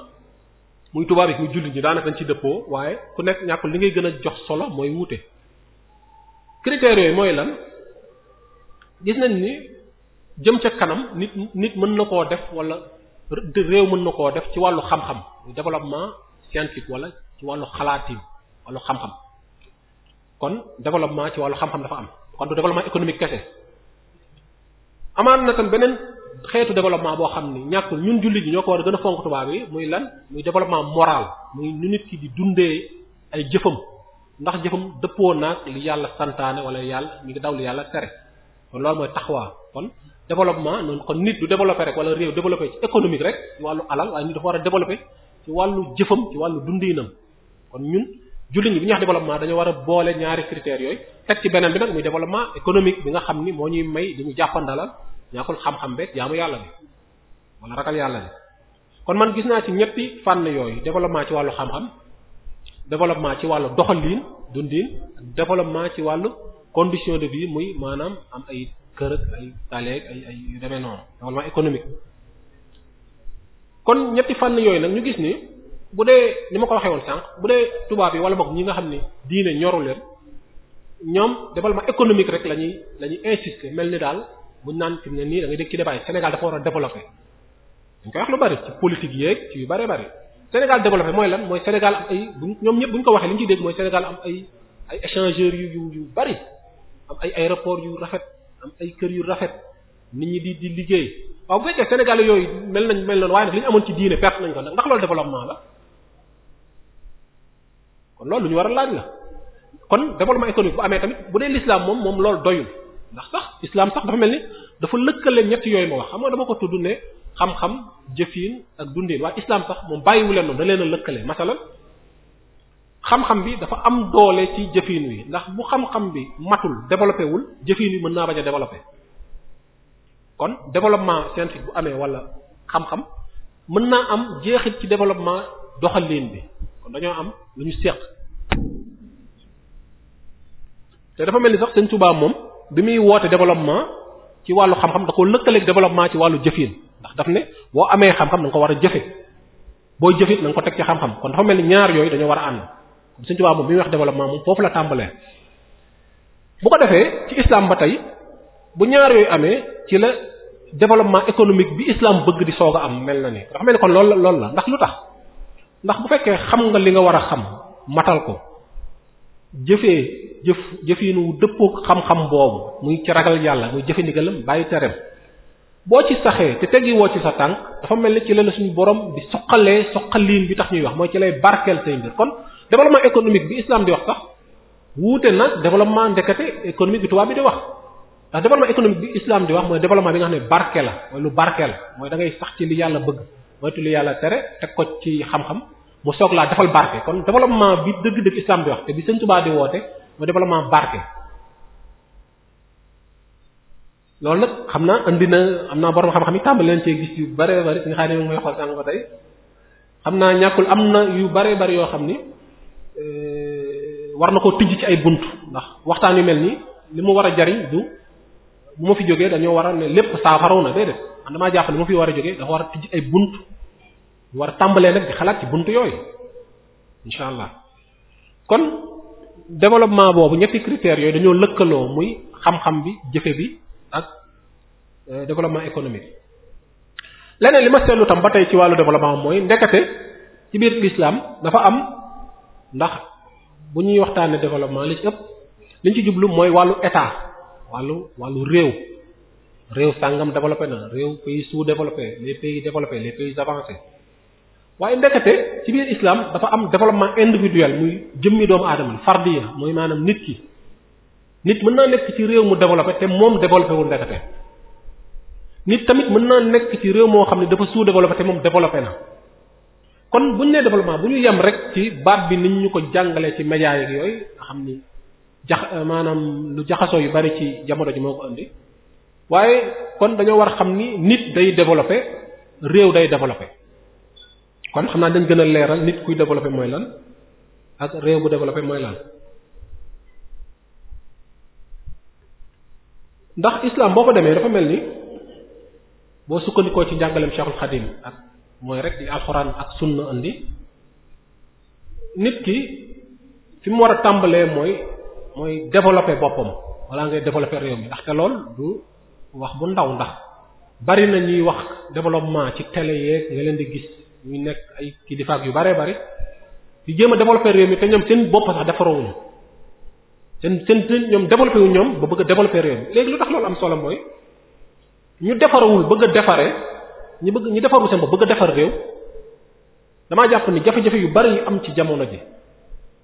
muy tubaab yi muy jullit ñi daanaka dañ ci dëppoo waaye ku nekk ñàkkul li ngay gën a jox solo mooy wuute critères yooyu mooy lan gis nañ ni jëm ca kanam nit nit mën na koo def wala réew mën na koo def ci wàllu xam-xam développement scientifique wala ci wàllu xalaatim wàllu xam-xam kon développement ci wàllu xam-xam dafa am kon du développement économique kese amaan na tam beneen xeetu développement boo xam ni ñàkk ñun jullit yi ñoo ko war a gën a fonk tubaab yi muy lan muy développement moral muy ñu nit ki di dundee ay jëfam ndax jëfam dëppoo naag li yàlla santaane wala yàlla ñu ngi daw li yàlla tere kon loolu mooy taxawaa kon développement noonu kon nit du développé rek wala réew développé ci économique rek wàllu alal waaye nit war a développé wàllu jëfam wàllu dundiinam kon ñun jullit ñi bi ñuy wax développement dañoo war a boole ñaari critères yooyu teg ci beneen bi nag muy développement économique bi nga xam ni moo ñuy may di ñu jàppandalal ñaakul xam-xam beeg jaamu yàlla bi wala ragal yàlla bi kon man gis naa ci ñetti fànn yooyu développement ci wàllu xam-xam développement ci wàllu doxal doxalin dundin développement ci wàllu condition de vie muy maanaam am ay kër ak ay taleeg ay ay yu développement économique kon ñetti fànn yooyu nag gis ni bu dee ni ma ko waxee woon sànq bu dee tubaab yi wala boog ñi nga xam ne diine ñoru leen ñoom développement économique rek la ñuy la ñuy insister mel ni daal buñ naan fi mu ne nii da ngay dégg ci débat Sénégal dafa war a développer dañ koy bari ci yu bari bari Sénégal développé mooy lan mooy Sénégal am ay bu ñoom ñëpp bu ñu ko waxee li ñu ciy dégg mooy Sénégal am ay ay échangeurs yu yu yu bari am ay aéroports yu rafet am ay kër yu rafet nit ñi di di liggéey waaw bu fekkee Sénégal yooyu mel nañ mel noonu waaye nag li ñu amoon ci diine perte nañ ko ndax la kon loolu ñu war a laaj la kon développement économique bu amee tamit bu dee l'islam moom moom loolu doyul ndax sax islam sax dafa mel ni dafa lëkkale ñett yooyu ma wax xam nga dama ko tudd ne xam-xam jëfin ak dundin waaye islam sax moom bàyyiwu leen noonu da leen a lëkkale masalan xam-xam bi dafa am doole ci jëfin wi ndax bu xam-xam bi matul développé wul jëfin wi mën naa bañ a développé kon développement scientifique bu amee wala xam-xam mën naa am jeexit ci développement doxalin bi dañoo am lu ñu seq te dafa mel ni sax Sëriñ Tuubaa moom bi muy woote développement ci wàllu xam-xam da ko lëkkaleeg développement ci wàllu jëfin ndax daf ne boo amee xam-xam da ko war a jëfe boo jëfit na nga ko teg ci xam-xam kon dafa mel ni ñaar yooyu dañoo war a ànd kon Sëriñ moom bi muy wax développement moom foofu la tàmbalee bu ko defee ci islam ba tey bu ñaar yooyu amee ci la développement économique bi islam bëgg di soog a am mel na ni dafa mel ni kon loolu la loolu la ndax lu tax ndax bu fekkee xam nga li nga war a xam matal ko jëfee jëf jëfinu dëppoo xam-xam boobu muy ci ragal yàlla muy jëfe ndigalam bàyyi tereem boo ci saxee te teggi woo ci sa tànk dafa mel ni ci leen suñu borom di soqalee soqaliin bi tax ñuy wax mooy ci lay barkeel say mbir kon développement économique bi islam di wax sax wuute na développement ndekete économique bi tubaab bi di wax ndax développement économique bi islam di wax mooy développement bi nga xam ne barke la mooy lu barke mooy da ngay ci li yàlla bëgg moytu yàlla tere teg ko ci xam-xam mu soog laa defal barke kon développement bi dëgg dëgg islam di wax te bi Sëriñ Tuubaa di woote mooy développement barke. loolu nag xam naa indi na am naa borom xam-xam yi tàmbali leen cee gis yu bare bari si nga xam ne moom mooy xool sànq ba tey xam naa ñàkkul am na yu bare bari yoo xam ni eh, war na koo tijj ci ay bunt ndax waxtaan yu mel nii li mu war a jariñ du. bu ma fi jógee dañoo war a ne lépp saafaraw na déedéet man damaa jàpp ne ma fi war a jógee dafa war a tijj ay bunt war a tàmbalee nag di xalaat ci bunt yooyu insha allah kon développement boobu ñetti critères yooyu dañoo lëkkaloo muy xam-xam bi jëfe bi ak euh, développement économique leneen li ma seetlu tam ba tey ci wàllu développement mooy ndekete ci biir l'islam dafa am ndax bu ñuy waxtaanee développement li ci ëpp liñ ci jublu mooy wàllu état wàllu wàllu réew réew sàngam développé na réew pays sous-développé les pays développés les pays avancés waaye ndekete ci biir islam dafa am développement individuel muy jëmmi doomu aadama fardiya mooy maanaam nit ki nit mën naa nekk ci réew mu développé te moom développé wu ndekete nit tamit mën naa nekk ci réew moo xam ne dafa sous-développé te moom développé na kon bu ñu nee développement bu ñu yem rek ci baat bi nit ñu ko jàngalee ci médias yeeg yooyu nga ni jax eh, maanaam lu jaxasoo yu bari ci jamono ji moo ko indi waaye kon dañoo war a xam ni nit day développer réew day développer kon xam naa dañ gën a leeral nit kuy développer mooy lan ak réew bu développer mooy lan. ndax islam boo ko demee dafa mel ni boo sukkandikoo ci njàngaleem Cheikhul Khadim ak mooy rek di alxuraan ak sunna indi nit ki fi mu war a tàmbalee mooy. mooy développer boppam wala ngay développer réew mi ndaxte lool du wax bu ndaw ndax bari na ñuy wax développement ci télé yeeg nga leen di gis ñu nekk ay kilifa yu bare bari di jéem a développer réew mi te ñoom seen bopp sax defarawuñu seen seen seen ñoom développer yu ñoom ba bëgg a développer réew mi léegi lu tax loolu am solo mooy ñu defarawul bëgg a defaree ñu bëgg ñu defarul seen bopp bëgg defar réew damaa jàpp ni jafe-jafe yu bari yu am ci jamono ji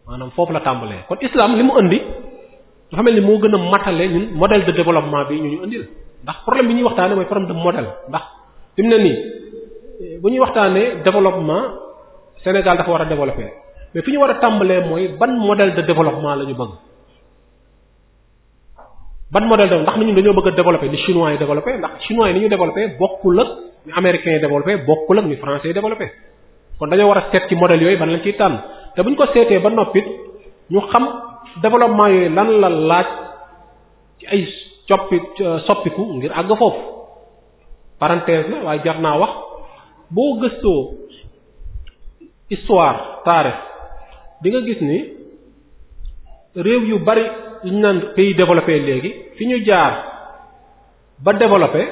maanaam foofu la tàmbalee kon islam li mu indi dafa mel ni moo gën a matale ñun modèle de développement bi ñu ñu indil ndax problème bi ñuy waxtaanee mooy problème de modèle ndax fi mu ne nii bu ñuy waxtaanee développement Sénégal dafa war a développer mais fi ñu war a tàmbalee mooy ban modèle de développement la ñu bëgg ban modèle de ndax ñun dañoo bëgg a développer ni chinois yi développer ndax chinois yi ni ñu développer bokkul ak ñu américains yi ñu français yi kon dañoo war a seet yooyu ban lañ ciy tànn. te buñ ko seetee ba noppit ñu xam développement yooyu lan la laaj ci ay coppi euh, soppiku ngir àgg foofu parenthèse la waaye jar naa wax boo gëstoo histoire taarix di nga gis ni réew yu bari ñu naan pays développé léegi fi ñu jaar ba développé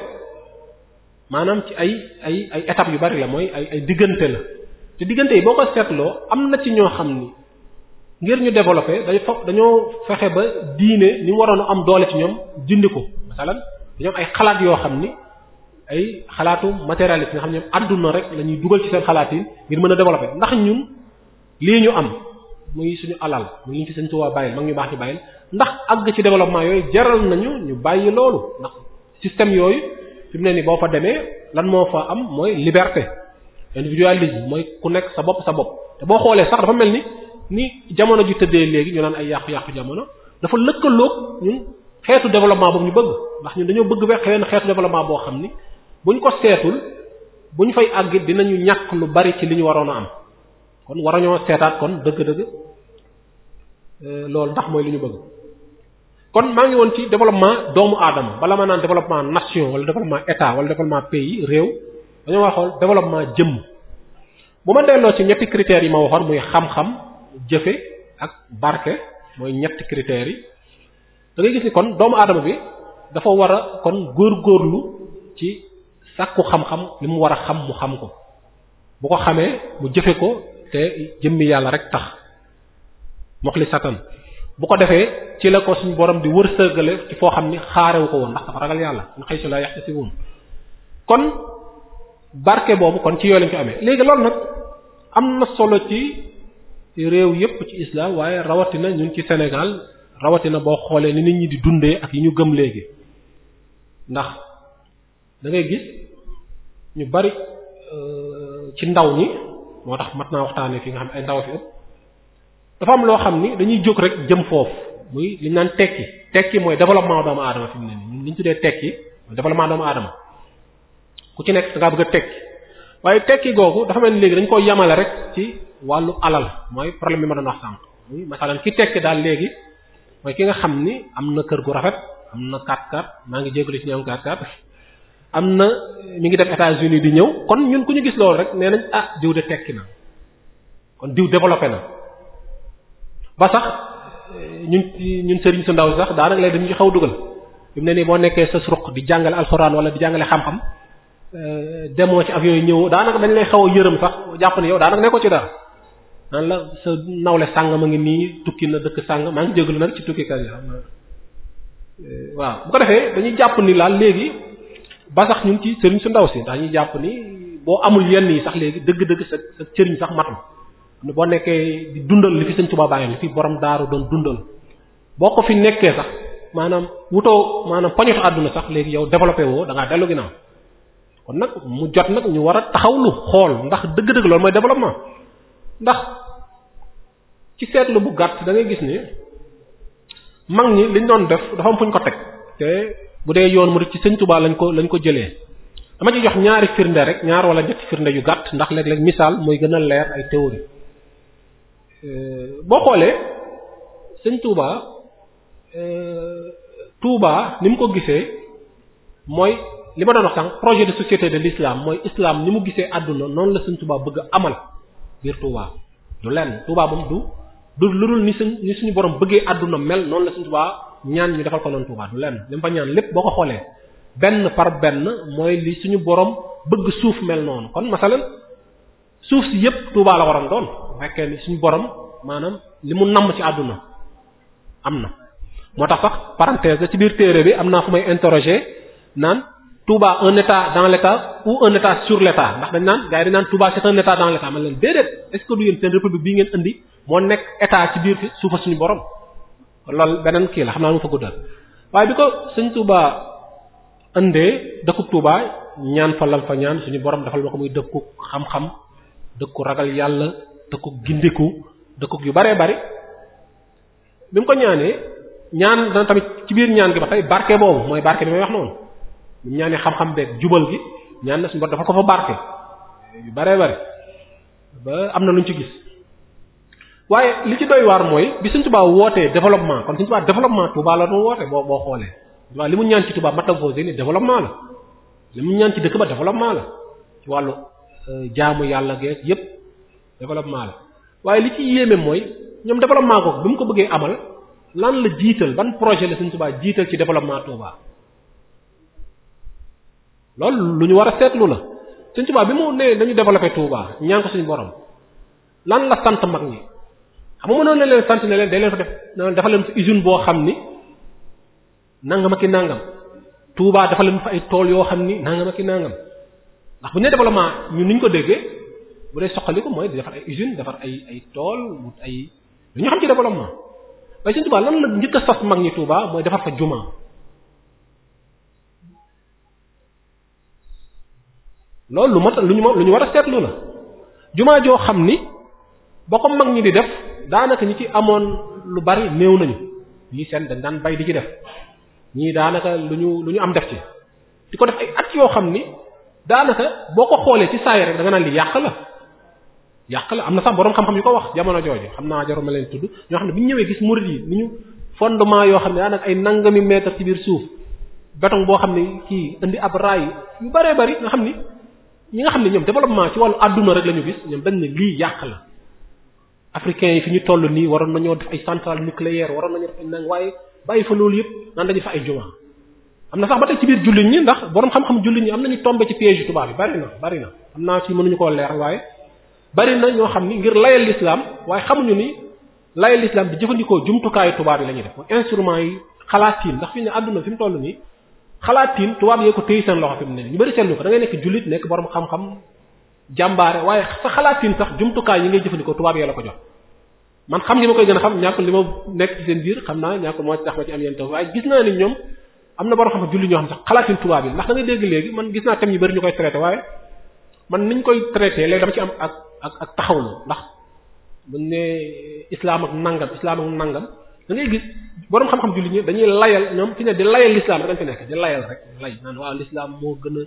maanaam ci ay ay ay étapes yu bari la mooy ay ay diggante la te diggante yi boo ko seetloo am na ci ñoo xam ni ngir ñu développer day fo dañoo fexe ba diine ni mu waroon am doole ci ñoom dindi ko masalan dañoo ay xalaat yoo xam ni ay xalaatu matérialiste nga xam ne ñoom àdduna rek lañuy ñuy dugal ci seen xalaat yi ngir mën a développer ndax ñun lii ñu am muy suñu alal muy liñ fi seen tubaab bàyyil mag ñu baax ci bàyyil ndax àgg ci développement yooyu jaral nañu ñu bàyyi loolu ndax système yooyu fi ne nii boo fa demee lan moo fa am mooy liberté individualisme mooy ku nekk sa bopp sa bopp te boo xoolee sax dafa mel ni ni jamono ji tëddee léegi ñu naan ay yàqu-yàqu jamono dafa lëkkaloog ñun xeetu développement boobu ñu bëgg ndax ñu dañoo bëgg rek xëy xeetu développement boo xam ni buñ ko seetul ñu fay àgg dinañu ñàkk lu bari ci li ñu waroon a am kon war a ñoo seetaat kon dëgg-dëgg euh, loolu ndax mooy li ñu bëgg kon maa ngi woon ci développement doomu aadama bala ma naan développement nation wala développement état wala développement pays réew dañoo war a xool développement jëmm bu ma delloo ci ñetti critères yi ma waxoon muy xam-xam jëfe ak barke mooy ñetti critères yi da gis ni kon doomu aadama bi dafa war a kon góorgóorlu ci sàkku xam-xam li mu war a xam mu xam ko bu ko xamee mu jëfe ko te jëmmi yàlla rek tax moxli satan bu ko defee ci la ko suñu borom di wërsëgale ci foo xam ni xaarewu ko woon ndax dafa ragal yàlla ñu xëy si la yax si woon kon barke boobu kon ci yooyu lañ ko amee léegi loolu nag am na solo ci réew yépp ci islam waaye rawatina ñun ci Sénégal rawatina boo xoolee ni nit ñi di dundee ak yi ñu gëm léegi ndax da ngay gis ñu bari euh, ci ndaw ñi moo tax mat naa waxtaanee fi nga xam ay ndaw fi ëpp dafa am loo xam ni dañuy jóg rek jëm foofu muy li ñu naan tekki tekki mooy développement doomu aadama fi mu nii li ñu tuddee tekki mooy développement doomu aadama. ku ci nekk da ngaa bëgg a tekki waaye tekki googu dafa mel léegi dañ koo yamale rek ci wàllu alal mooy problème bi ma doon wax sànq muy masalan ki tekki daal léegi mooy ki nga xam ni am na kër gu rafet am na 4 x maa ngi jégalu ci ñoom 4 x am na mi ngi dem États-Unis di ñëw kon ñun ku ñu gis loolu rek nee nañ ah diw de tekki na kon diw développé na ba sax eh, ñun ñun sëriñ su ndaw sax lay léegi ci xaw dugal fi mu ne nii boo nekkee sa ruq di jàngale alxuraan wala di jàngale xam-xam Euh, demoo ci avion yooyu ñëw daanaka dañ lay xaw a yërëm sax jàpp ne yow daanaka nekkoo ci dara naan la sa nawle sàng ma ngi nii tukki na dëkk sàng maa ngi jégalu nag ci tukki kan euh, waaw bu ko defee dañuy jàpp ni laal léegi ba sax ñun ci sëriñ su ndaw si ndax ñuy jàpp ni boo amul yenn yi sax léegi dëgg-dëgg sa sa sëriñ sax matul boo nekkee dundal li fi sëñ Tuubaa bàyyi li fi borom daaru doon dundal boo ko fi nekkee sax maanaam wutoo maanaam poñetu àdduna sax léegi yow développé woo da ngaa dellu ginnaaw kon nag mu jot nag ñu war a taxawlu xool ndax dëgg-dëgg loolu mooy développement ndax ci seetlu bu gàtt dangay gis ni mag ñi liñ doon def dafa am fu ñu ko teg te bu dee yoon mu ci sëñ Tuubaa lañ ko lañ ko jëlee dama ci jox ñaari firnde rek ñaar wala ñetti firnde yu gàtt ndax léeg-léeg misaal mooy gën a leer ay théorie euh, boo xoolee sëñ Tuubaa euh, Tuubaa ni mu ko gisee mooy li ma doon wax sànq projet de société de l'islam mooy islam ni mu gisee àdduna noonu la sëñ Touba bëgg a amal biir Touba du lenn Touba moom du du lu dul ni suñu borom bëggee àdduna mel noonu la sëñ Touba ñaan ñu defal ko noonu Touba du lenn li mu fa ñaan lépp boo ko xoolee benn par benn mooy li suñu boroom bëgg suuf mel noonu kon masalan suuf si yépp Touba la waroon doon bu fekkee ni suñu borom maanaam li mu namm ci àdduna am na moo tax sax parenthèse ci biir téere bi am naa fu may interroger naan Touba un état dans l'état ou un état sur l'état ndax dañ naan gars yi naan Touba c'est un état dans l'état man leen déedéet est-ce que du yéen ngeen indi moo nekk état ci biir suufa suñu borom loolu beneen kii la xam naa mu fa guddal waaye bi ko sëñ Touba indee dëkkub tuubaa ñaan fa fa ñaan suñu borom defal ma ko muy dëkku xam-xam dëkku ragal yàlla dëkku gindiku dëkku yu bëree bëri bi mu ko ñaanee ñaan dana tamit ci biir ñaan gi ba tey barke mooy barke bi wax noonu bi mu ñaanee xam-xam beeg jubal gi ñaan na suñu borom dafa ko fa barke yu bare bare ba am na luñ ci gis waaye li ci doy waar mooy bi Sëriñ Tuubaa wootee développement kon Sëriñ Tuubaa développement Tuubaa la doon woote boo boo xoolee waaw li mu ñaan ci Tuubaa matam foofu ni la li mu ñaan ci dëkk ba développement la ci wàllu euh, jaamu yàlla gees yépp développement la waaye li ci yéeme mooy ñoom développement ko bi mu ko bëggee amal lan la jiital ban projet la Sëriñ Tuubaa jiital ci développement Tuubaa loolu lu ñu war a seetlu la Sëriñ Tuubaa bi mu nee dañu développé Touba ñaan ko suñu borom lan la sant mag ñi xam nga mënoon na leen sant ne leen day leen fa def leen fa boo xam ni nangam ak i nangam Touba dafa leen fa ay tool yoo xam ni nangam ak i nangam ndax bu ñu nee ñun ni ko déggee bu dee soqali ko mooy di defar defar ay ay tool ay lu xam ci développement waaye Sëriñ Tuubaa lan la njëkk a mag ñi Touba mooy defar fa juma loolu lu mat lu ñu lu ñu war a seetlu la jumaa joo xam ni ba ko mag ñi di def daanaka ñi ci amoon lu bari néew nañu ñii seen dañ daan bay di ci def ñii daanaka lu ñu lu ñu am def ci di ko def ay at yoo xam ni daanaka boo ko xoolee ci saay rek da nga naan li yàq la yàq la am na sax boroom xam-xam yu ko wax jamono jooju xam naa jaruma leen tudd ñoo xam ne bi ñu ñëwee gis murid yi ni ñu fondement yoo xam ne daanaka ay nangami mètre ci biir suuf béton boo xam ne kii indi ab raay yu baree bari nga xam ni ñi nga xam ne ñoom développement ci wàllu àdduna rek la gis ñoom dañ ne lii yàq la africains yi fi ñu toll nii waroon nañoo def ay centrales nucléaires waroon nañoo def ay nang waaye bàyyi fa loolu yëpp naan fa ay jumaa am na sax ba tey ci biir jullit ñi ndax borom xam-xam julli ñi am nañu tombé ci piège tubaab yi bari na bari na am naa ci mënuñu koo leeral waaye bari na ñoo xam ni ngir layal l'islam waaye xamuñu ni layal l'islam bi jëfandikoo jumtukaayu tubaab yi la ñuy def mooy instruments yi xalaat yi ndax fi ne àdduna fi mu toll nii xalaatin tubaab yee ko téye seen loxo fi ne ñu bari seetlu ko da ngay nekk jullit nekk borom xam-xam jàmbaare waaye sa xalaatin sax jumtukaay yi ngay jëfandikoo tubaab yee la ko jox man xam li ma koy gën a xam ñàkkul li ma nekk ci seen biir xam naa ñàkkul moo ci tax ma ci am yenn taw waaye gis naa ne ñoom am na borom xam-xam jullit ñoo xam sax xalaatin tubaab yi ndax da ngay dégg léegi man gis naa thèmes yu bari ñu koy traité waaye man niñ koy traité léegi dama ci am ak ak ak taxawlu ndax buñ ne islam ak nangam nangam da ngay gis borom xam-xam jullit ñi dañuy layal ñoom fi ne di layal l'islam rek dañ fi nekk di layal rek lay naan waaw l'islam moo gën a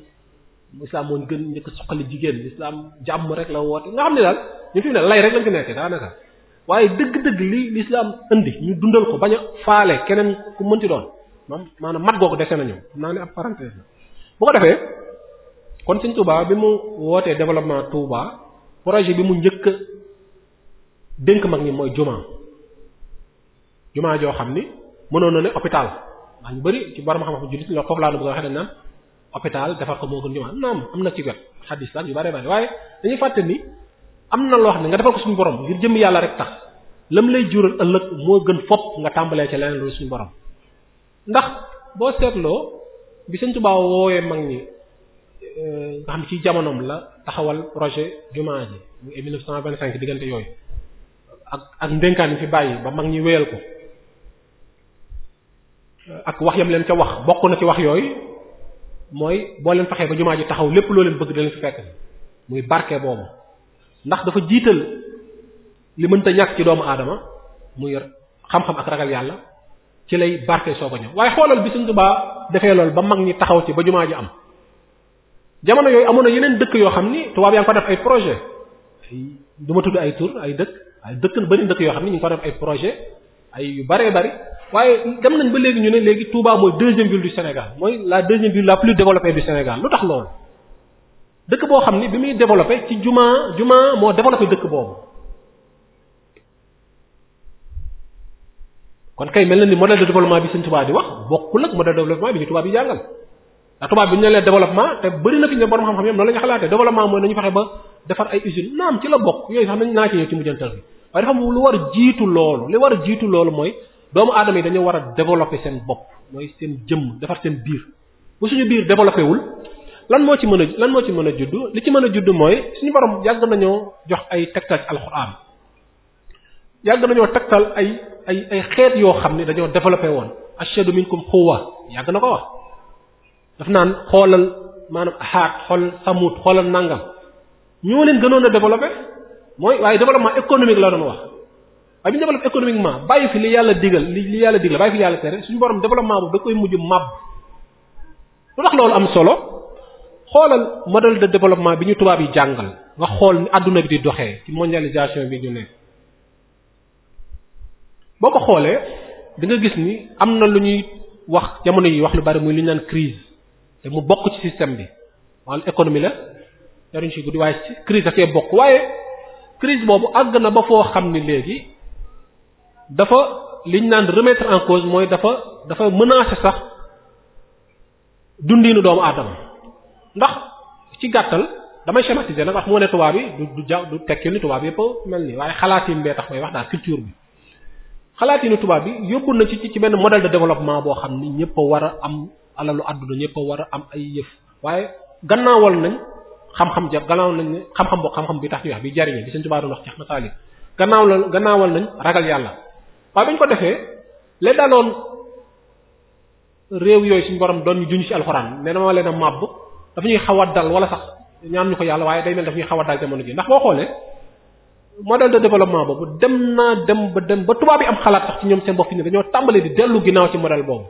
islam moo gën njëkk suqali jigéen l'islam jàmm rek la woote nga xam ne daal ñu fi ne lay rek lañ fi nekk daanaka waaye dëgg-dëgg li l'islam indi ñu dundal ko bañ a faale keneen ku mënti doon moom maanaam mat googu dese nañu xam naa ne ab parenthèse la bu ko defee kon Sëriñ Touba bi mu wootee développement Touba projet bi mu njëkk dénk mag ñi mooy jumaa jumaa joo xam ni mënoon na ne hôpital ndax ñu bëri ci borom xam-xam jullit loolu foofu laa la bëgg a waxee dañ naan hôpital defar ko moo gën jumaa naam am na ci wet xadis la yu bari bari waaye dañuy fàtte ni am na loo xam ne nga defal ko suñu borom ngir jëm yàlla rek tax lam lay jural ëllëg moo gën fopp nga tàmbalee ci leneen lu suñu borom ndax boo seetloo bi Sëriñ Tuubaa woowee mag ñi euh, nga xam ne ci jamonoom la taxawal projet jumaa ji mu 1925 diggante yooyu ak ak ndénkaan bàyyi ba mag ñi wéyal ak wax yam leen ca wax bokk na ci wax yooyu mooy boo leen fexee ba jumaa ji taxaw lépp loo leen bëgg da leen fi fekk muy barke boobu ndax dafa jiital li mënta ñàkk ci doomu aadama muy xam-xam ak ragal yàlla ci lay barke soo ko ñëw waaye xoolal bi Sëriñ Tuubaa defee lool ba mag ñi taxaw ci ba jumaa ji am jamono yooyu amoon na yeneen dëkk yoo xam ni tubaab yaa ngi fa def ay projet du ma tudd ay tur ay dëkk ay dëkk bari dëkk yoo xam ni ñu ngi fa def ay projet ay yu baree bari waaye dem nañ ba léegi ñu ne léegi Touba mooy deuxième ville du Sénégal mooy la deuxième ville la plus développée du Sénégal lu tax loolu dëkk boo xam ne bi muy développé ci jumaa jumaa moo développé dëkk boobu kon kay mel na ni modèle de développement bi Sëriñ Touba di wax bokk ak modèle de développement bi ñu Touba bi jàngal ndax Touba bi ñu leen développement te bëri na fi ñu borom xam-xam yam noonu la ñu xalaatee développement mooy nañu fexe ba defar ay usines naam ci bokk yooyu sax nañ naa ci am lu war jiitu loolu li war jiitu loolu mooy doomu aadama yi dañoo war a développer seen bopp mooy seen jëmm defar seen biir bu suñu biir développé wul lan moo ci mën a lan moo ci mën a judd li ci mën a judd mooy suñu borom yàgg nañoo jox ay tegtal ci alxuraan yàgg nañoo tegtal ay ay ay xeet yoo xam ne dañoo développé woon ashadu minkum quwwa yàgg na ko wax daf naan xoolal maanaam xaat xool samut xoolal nangam ñoo leen gënoon a développé mooy waaye développement économique la doon wax waaye bu ñu développe économiquement bàyyi fi li yàlla digal li li yàlla digal bàyyi fi li yàlla tere suñu borom développement boobu da koy mujj màbb lu tax loolu am solo xoolal modèle de développement bi ñu tubaab yi jàngal nga xool ni àdduna bi di doxee ci mondialisation bi ñu nekk boo ko xoolee di gis ni am na lu ñuy wax jamono yi wax lu bari muy lu ñu naan crise te mu bokk ci système bi wàllu économie la yaruñ ci guddi waaye crise dafee bokk waaye crise boobu àgg na ba foo xam ni léegi dafa li ñu naan remettre en cause mooy dafa dafa menacer sax dundinu doomu aadama ndax ci gàttal damay schématiser nag wax moo ne tubaab yi du du ja du tekki ni tubaab yëpp mel nii waaye xalaatin bee tax may wax daal culture bi xalaatinu tubaab bi yóbbu na ci ci benn modèle de développement boo xam ni ñëpp a war a am alalu àdduna ñëpp a war a am ay yëf waaye gannaawal nañ xam-xam ja gannaaw nañ xam-xam boo xam-xam bi tax ñu wax bi jariñe bi seen tubaab doon wax ci masali gannaaw la gannaawal nañ ragal yàlla waaye bañ ko defee la daloon réew yooyu suñu borom doon ñu junj ci alxuraan nee na ma leen a màbb dafa ñuy xaw a dal wala sax ñaan ñu ko yàlla waaye day mel daf ñuy xaw a dal jamono ji ndax boo xoolee modèle de développement boobu dem naa dem ba dem ba tubaab yi am xalaat sax ci ñoom seen bopp fi ne dañoo tàmbale di dellu ginnaaw ci modèle boobu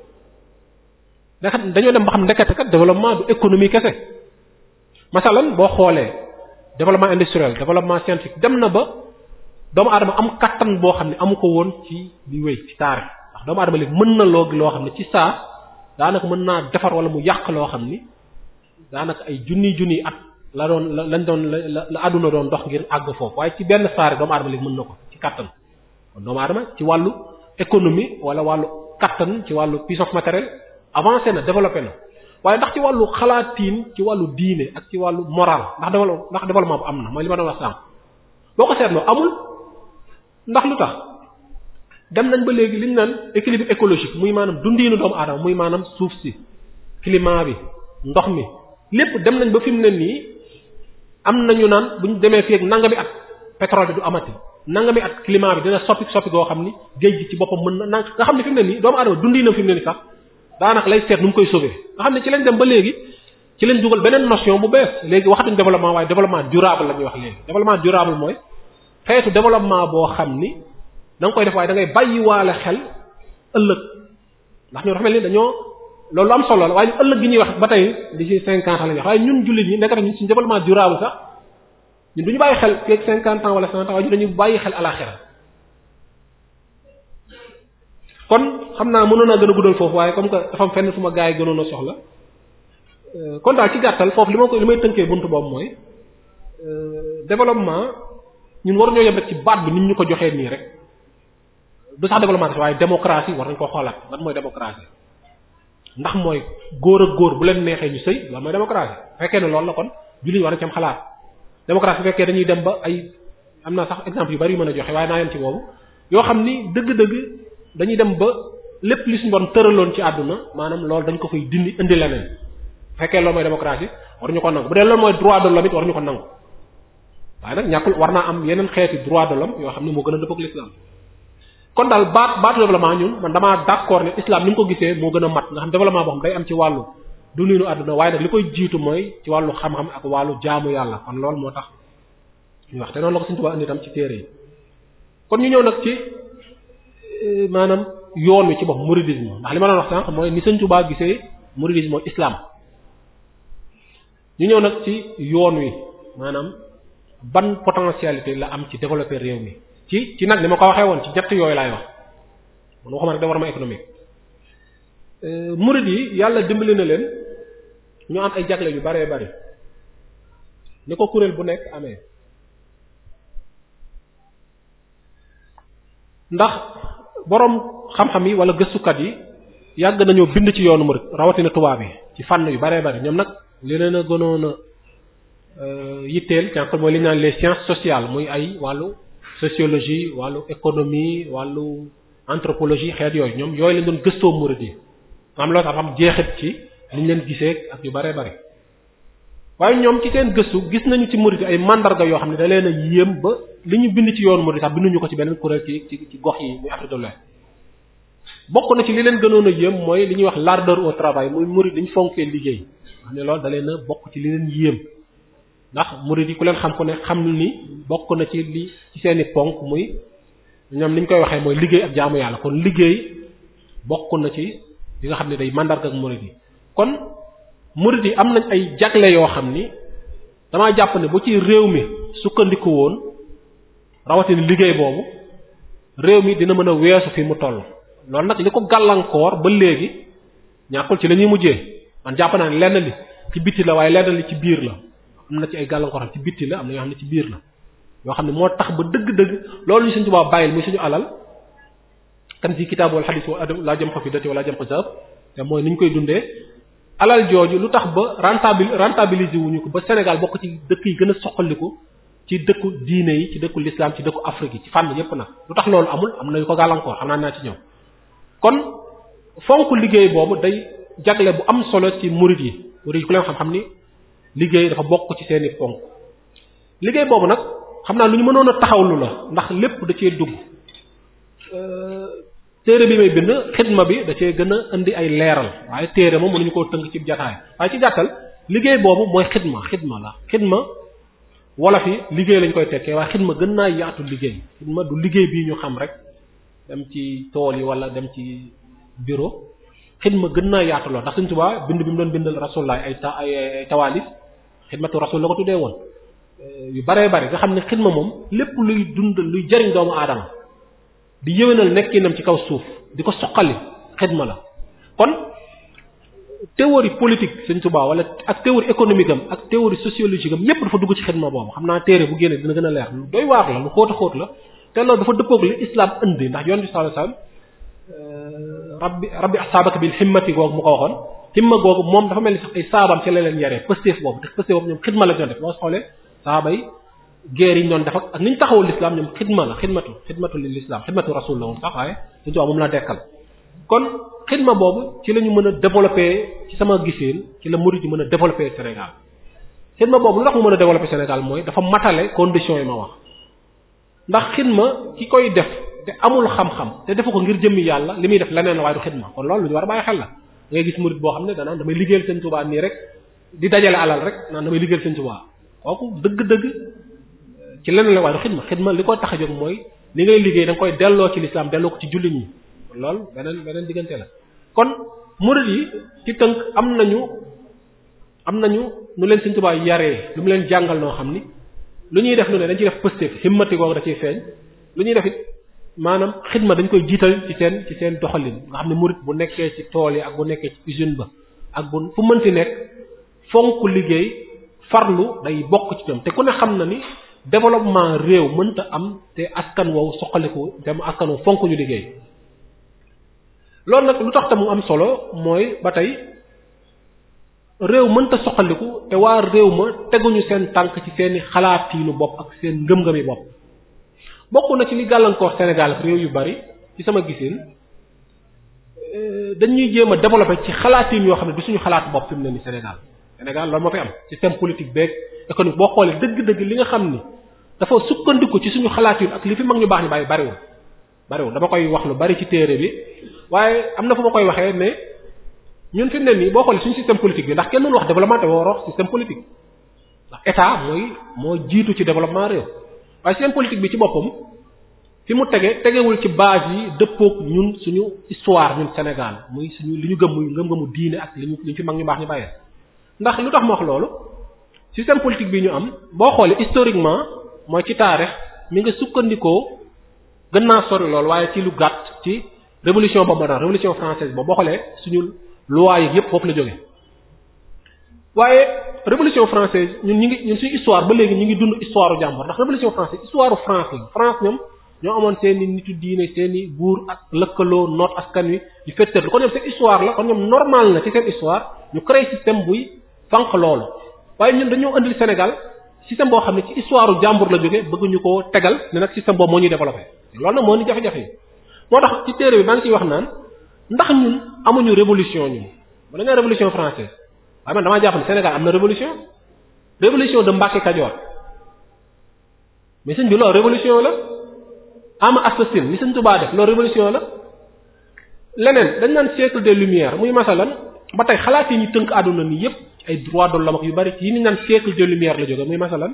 ndax dañoo dem ba xam ndekete kat développement du économie kese masalan boo xoolee développement industriel développement scientifique dem na ba doomu aadama am kattan boo xam ne amu ko woon ci di wéy ci taari ndax doomu aadama léegi mën na loogi loo xam ne ci saa daanaka mën naa defar wala mu yàq loo xam ni daanaka ay junni junni at la doon lañ doon la la àdduna doon dox ngir àgg foofu waaye ci benn saare doomu aadama léegi mën na ko ci kattan kon doomu aadama ci wàllu économie wala wàllu kattan ci wàllu puissance matérielle avancé na développé na waaye ndax ci wàllu xalaatiin ci wàllu diine ak ci wàllu moral ndax développement ndax développement bu am na ma doon wax sànq ndax lu tax dem nañ ba léegi liñ naan équilibre écologique muy maanaam dundiinu doomu aadama muy maanaam suuf si climat bi ndox mi lépp dem nañ ba fi mu ne nii am nañu naan bu ñu demee fii nanga nangami at pétrole bi du amati nangami at climat bi dina soppi soppi goo xam ni géej gi ci boppam mën na nga xam ne fi mu ne nii doomu aadama dundiinam fi mu ne nii sax daanaka lay seet nu mu koy sauver nga xam ne ci lañ dem ba léegi ci lañ dugal beneen notion bu bees léegi waxatuñ développement waaye développement durable la ñuy wax léegi développement durable xeetu développement boo xam ni da koy def waaye da ngay bàyyiwaale xel ëllëg ndax ñoo dafa mel ni dañoo loolu am solo la waaye ëllëg ñuy wax ba tey di ci la ñuy wax waaye ñun jullit ñi nekk ñun suñu développement durable sax ñun du ñu bàyyi xel fii ak cinquante ans wala cent ans waaye ñun dañu bàyyi xel alaxira kon xam naa mënoon naa gën a guddal foofu waaye comme que dafa am fenn suma gaa yi gënoon a soxla euh, kon daal ci gàttal foofu li ma ko li may tënkee buntu boobu mooy euh, développement ñun war waruñoo yem rek ci baat bi ni ñu ko joxee nii rek du sax développement waaye démocratie war nañ ko xoolaat lan mooy démocratie ndax mooy góor ak góor bu leen neexee ñu sëy loolu mooy démocratie fekkee ne loolu la kon jullit war nañ ci am xalaat démocratie dañuy dem ba ay am na sax exemple yu bari mën a joxe waaye naa yem ci boobu yoo xam ni dëgg-dëgg dañuy dem ba lépp li suñu borom tëraloon ci àdduna maanaam loolu dañ ko fay dindi indi leneen fekkee loolu mooy démocratie war ñu ko nangu bu dee loolu mooy droit de l'homme war ñu ko nangu waaye nag ñàkkul war naa am yeneen xeeti droit de l'homme yoo xam ne moo gën a dëppoo ak l'islam kon daal baat baatu développement ñun man damaa d'accord ne islam ni mu ko gisee moo gën a mat nga xam développement boo xam day am ci wàllu waaye nag li koy jiitu mooy ci wàllu xam ak wàllu jaamu yàlla kon loolu moo tax ñu te noonu la ko suñu tubaab ci téere yi kon ñu ñëw nag ci e, yoon wi ci bopp mouridisme ndax li ma doon wax sànq mooy ni suñu tubaab gisee mouridisme mooy islam ñu ñëw nag ci yoon wi maanaam ban potentialité la am ci développer réew mi ci ci nag li ma ko waxee woon ci ñett yooyu laay wax man waxuma rek développement économique euh, murid yi yàlla dimbali na leen ñu am ay jagle yu bëree bëri ni ko kuréel bu nekk amee ndax boroom xam-xam yi wala gëstukat yi yàgg nañoo bind ci yoonu murid rawatina tubaab yi ci fànn yu bëree bëri ñoom nag li leen a gënoon Euh, yitteel te kon mooy li ñu naan les sciences sociales muy ay wàllu sociologie wàllu économie wàllu entropologie xeet yooyu ñoom yooyu lañ doon gëstoo murid yi am loo tax am jeexit ci ni leen gisee ak yu bare bare waaye ñoom ci seen gëstu gis nañu ci murid ay mandarga yoo xam ne da leen a yéem ba li ñu bind ci yoon murid sax binduñu ko ci beneen kuréel ci yi muy Afrique de na ci li leen gënoon a yéem mooy li ñuy wax l'ardeur au travail muy murid dañu fonkee liggéey xam ne lool da na bokk ci li leen yéem ndax murid yi ku leen xam ko ne xam ni bokk na ci li ci seeni ponk muy ñoom ni ñu koy waxee mooy liggéey ak jaamu yàlla kon liggéey bokk na ci li nga xam ne day mandarga ak murid yi kon murid yi am nañ ay jagle yoo xam ni dama jàpp ne bu ci réew mi sukkandiku woon rawatin liggéey boobu réew mi dina mën a weesu fi mu toll loolu nag li ko gàllankoor ba léegi ñàkkul ci lañuy mujjee man jàpp naa lenn li ci biti la waaye lenn li ci biir la am na ci ay gàllankooram ci bitti la am na yoo xam ne biir la yoo xam ne moo tax ba dëgg-dëgg loolu ñu suñu tubaab bàyyil muy suñu alal kan ci kitaab wala xadis laa jëm ko fi dati wala jëm ko sab te mooy ni koy dundee alal jooju lu tax ba rentable rentabiliser wuñu ko ba Sénégal bokk ci dëkk yi gën a soqaliku ci dëkku diine yi ci dëkku l'islam ci Afrique yi ci fànn nag lu tax loolu amul am na ko gàllankoor xam naa naa ci ñëw kon fonk liggéey boobu day jagle bu am solo ci murid yi murid yi ku leen xam-xam ni liggéey dafa bokk ci seeni ponk liggéey boobu nag xam naa lu ñu mënoon a taxawlu la ndax lépp da cee dugg euh, téere bi may bind xidma bi da cee gën a indi ay leeral waaye téere moom mënuñu koo tënk ci jataay waaye ci gàttal liggéey boobu mooy xidma xidma la xidma wolof yi liggéey lañ koy tekkee waaye xidma gën naa yaatu liggéey xidma du liggéey bii ñu xam rek dem ci tool yi wala dem ci bureau xidma gën naa yaatu lool ndax Sëriñ Tuubaa bind bi mu doon ay ta ay xidmatu rasul la ko tuddee woon yu baree bari nga xam ne xidma moom lépp luy dund luy jëriñ doomu aadama di yëwénal nekkinam ci kaw suuf di ko suqali xidma la kon théorie politique Sëriñ Tuubaa wala ak théorie économique ak théorie sociologique am yépp dafa dugg ci xidma boobu xam naa téere bu génne dina gën a leer lu doy waar la lu xóot xóot la te loolu dafa dëppoog li islam indi ndax yoon bi sallallahu alayhi wasallam rabbi rabbi asaabaka bil himmati googu mu ko waxoon himma googu moom dafa mel ni sax ay saabaam ci la leen yaree pëstéef boobu te pëstéef boobu ñoom xidma la doon def boo xoolee saaba yi yi ñu doon ak ni ñu taxawul l'islam ñoom xidma la xidmatu xidmatu lil islam xidmatu rasul la woon sax waaye suñu tubaab moom la dekkal kon xidma boobu ci la ñu mën a développer sama giseen ci la murid yi mën a développer Sénégal xidma boobu lu tax mu mën a développer Sénégal mooy dafa matale conditions yi ma wax ndax xidma ki koy def te amul xam-xam te def ko ngir jëmmi yàlla li muy def leneen la waaye du xidma kon loolu lu war a bàyyi da ngay gis murid boo xam ne danaan damay liggéeyal sëñ Tuubaa nii rek di dajale alal rek naan damay liggéeyal sëñ Tuubaa kooku dëgg-dëgg ci leneen la waaye xidma xidma li ko tax a jóg mooy li ngay liggéey da koy delloo ci lislaam delloo ko ci jullit ñi loolu beneen beneen diggante la kon murid yi ci tënk am nañu am nañu nu leen sëñ Tuubaa yaree lu mu leen jàngal noo xam ni lu ñuy def lu ne dañ ciy def pëstéef himmati googu da ciy feeñ lu ñuy def maanaam xidma dañ koy jiital ci seen ci seen doxalin nga xam ne murit bu nekkee ci tool yi ak bu nekkee ci usine ba ak bu fu mënti nekk fonk liggéey farlu day bokk ci ñoom te ku ne xam na ni développement réew mënta am te askan wow soqaliku te mu askan wow fonk ñu liggéey loolu nag lu tax tam mu am solo mooy ba tey réew mënta soqaliku te waa réew ma teguñu seen tànk ci seeni xalaatiinu bopp ak seen ngëm-ngëmi bopp bokk na ci li gàllankoor Sénégal réew yu bari ci sama gisin euh, dañuy jéem a développer ci xalaatin yoo xam ne di suñu xalaat bopp fi mu ne ni Sénégal Sénégal loolu moo fi am système politique beeg économique boo xoolee dëgg-dëgg li nga xam ni dafa sukkandiku ci suñu xalaat xalaatin ak li fi mag ñu baax ñu bàyyi bariwul bariwul dama koy wax lu bari ci téere bi waaye am na fu ma koy waxee ne ñun fi ne nii boo xoolee suñu système politique bi ndax kenn mënu wax développement te war wax système politique ndax état moo jiitu ci développement réew waaye seen politique bi ci boppam fi mu tege tegewul ci base yi dëppook ñun suñu histoire ñun Sénégal muy suñu li ñu gëm muy ngëm-ngëmu diine ak li ñu li ñu fi mag ñu baax ñu bàyyee ndax lu tax ma wax loolu système politique bi ñu am boo xoolee historiquement mooy ci taarix mi nga sukkandikoo gën naa sori lool waaye ci lu gàtt ci révolution boobu ma révolution française boobu boo xoolee suñu loi yi yëpp foofu la jóge waaye révolution française ñun ñu ngi ñun suñu histoire ba léegi ñu ngi dund histoire u jàmbur ndax révolution française histoire u France la France ñoom ñoo amoon seen i nitu diine seen i buur ak lëkkaloo noot askan wi di lu kon ñoom seen histoire la kon ñoom normal na ci seen histoire ñu créé système buy fànq loolu waaye ñun dañoo andil Sénégal système boo xam ne ci histoire u jàmbur la jógee bëgg ñu ko tegal ne nag système boobu moo ñuy développé loolu nag moo ni jafe moo tax ci téere bi maa ciy wax naan ndax ñun amuñu révolution ñun wala nga révolution française waaye man damaa jàpp ne Sénégal am na révolution révolution de Mbacke Kajoor mais sëñ bi loolu révolution la am ama assassine ni sëñ Touba def loolu révolution la leneen dañ naan siècle de lumière muy masalan ba tey xalaat yi ñu tënk àdduna ni yépp ay droit de l'homme yu bari yi ni naan siècle des lumières la jóge muy masalan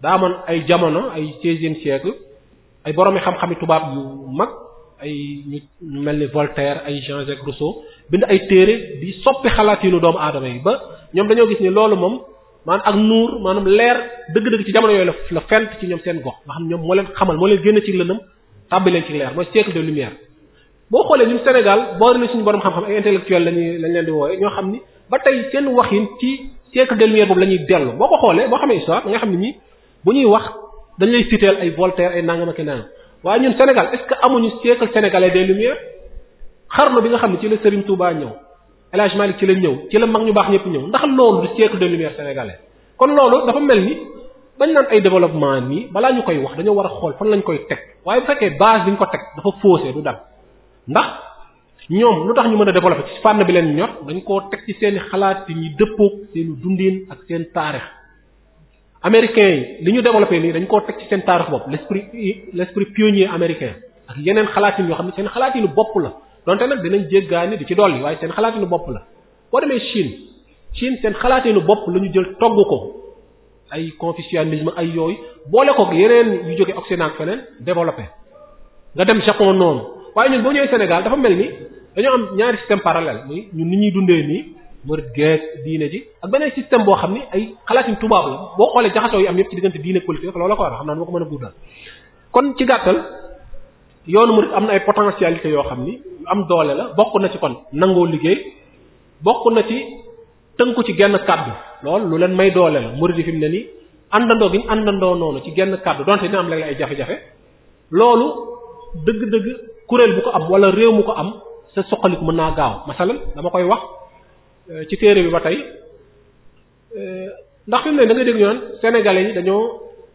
daa amoon ay jamono ay seizième siècle ay boroomi xam-xami tubaab yu mag ay ñu mel ni Voltaire ay Jean-Jacques Rousseau bind ay téere di soppi xalaat yi doomu aadama yi ba ñoom dañoo gis ni loolu moom maan ak nuur maanaam leer dëgg-dëgg ci jamono yooyu la la fent ci ñoom seen gox nga xam ñoom moo leen xamal moo leen génn ci lëndëm tàbbi leen ci leer mooy boo xoolee ñun Sénégal boori na suñu borom xam-xam ay intellectuel lañuy lañ leen di wooye ñoo xam ni ba tey seen waxin ci siècle de lumière boobu la ñuy dellu boo ko xoolee boo xamee histoire nga xam ne ñi bu ñuy wax dañ lay citer ay Voltaire ay nangam ak nangam waaye ñun Sénégal est-ce que amuñu siècle sénégalais des lumières xarnu bi nga xam ne ci la Serigne Touba ñëw El Hadj Malick ci la ñëw ci la mag ñu baax ñëpp ñëw ndax loolu du siècle de lumière sénégalais kon loolu dafa mel ni bañ naan ay développement nii balaa ñu koy wax dañoo war a xool fan lañ koy teg waaye bu fekkee base bi ñu ko teg dafa faussé du dal ndax ñoom lu tax ñu mën a développé ci fànn bi leen ñor dañ koo teg ci seen i xalaat yi ñuy dëppoog seenu dundin ak seen taarix américains yi li ñu développé nii dañ koo teg ci seen taarix bopp l'esprit l'esprit pionnier américain ak yeneen xalaat yi yoo xam ne seen xalaat yi bopp la donte nag dinañ jéggaani di ci dolli waaye seen xalaatinu bopp la boo demee Chine Chine seen xalaatinu bopp la ñu jël togg ko ay confucianisme ay yooyu boole ko yeneen yu jóge Occident ak feneen développé nga dem Japon noonu waaye ñun boo ñëwee Sénégal dafa mel ni dañoo am ñaari système parallèle muy ñun ni ñuy dundee nii murid geek diine ji ak beneen système boo xam ni ay xalaatin tubaab la boo xoolee jaxasoo yi am yëpp ci diggante la ko war a xam naa nu ma ko ci gàttal yoonu murid am na ay potentialité yoo xam ni am doole la bokk na ci kon nangoo liggéey bokk na ci tënku ci genn kàddu lool lu leen may doole la murid yi fi mu ne nii àndandoo gi ñu àndandoo noonu ci genn kàddu donte dina am léeg-léeg ay jafe-jafe loolu dëgg-dëgg kuréel bu ko am wala réew mu ko am sa soqaliku mën naa gaaw masalan dama koy wax euh, ci téere bi ba tey euh, ndax fi mu ne da nga dégg ñu naan sénégalais yi dañoo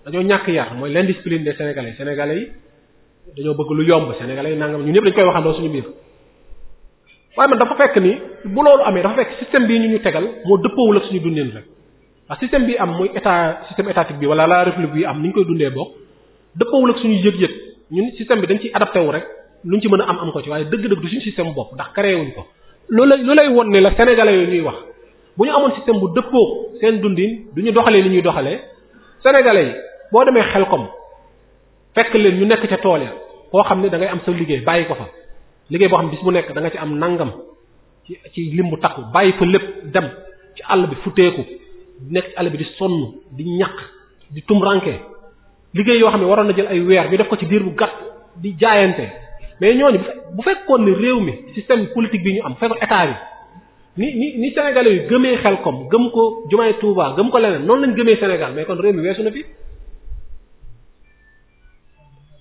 dañoo ñàkk yar mooy l'indiscipline des sénégalais sénégalais yi. dañoo bëgg lu yomb sénégalais yi nangam ñun ñëpp dañ koy waxandoo suñu biir waaye man dafa fekk ni bu loolu amee dafa fekk système bii ñu ñu tegal moo dëppoowul ak suñu dundin rek ndax système bi am muy état système bi wala la république bi am ni ñu koy dundee bokk dëppoowul ak suñu yëg-yëg ñun système bi dañ ciy adapté wu rek luñ ci mën a am am ko ci waaye dëgg-dëgg du suñu système bopp ndax créé wuñ ko loolu lu lay won ne la sénégalais yooyu ñuy wax bu ñu amoon système bu dëppoo seen du ñu doxalee li ñuy doxalee sénégalais yi boo demee xel kom fekk leen ñu nekk ca tool ya koo xam ne dangay am sa liggéey bàyyi ko fa liggéey boo xam ne bis bu nekk da nga ci am nangam ci ci lim bu takku bàyyi fa lépp dem ci àll bi futeeku nekk ci àll bi di sonn di ñaq di tumranke liggéey yoo xam ne waroon na jël ay weer ñu def ko ci biir bu gàtt di jaayante mais ñooñu bu fekkoon ne réew mi système politique bi ñu am fekkoon état bi ni ni ni Sénégalais yu gëmee xel kom gëm ko jumaay Touba gëm ko leneen noonu lañ gëmee Sénégal mais kon réew mi na fi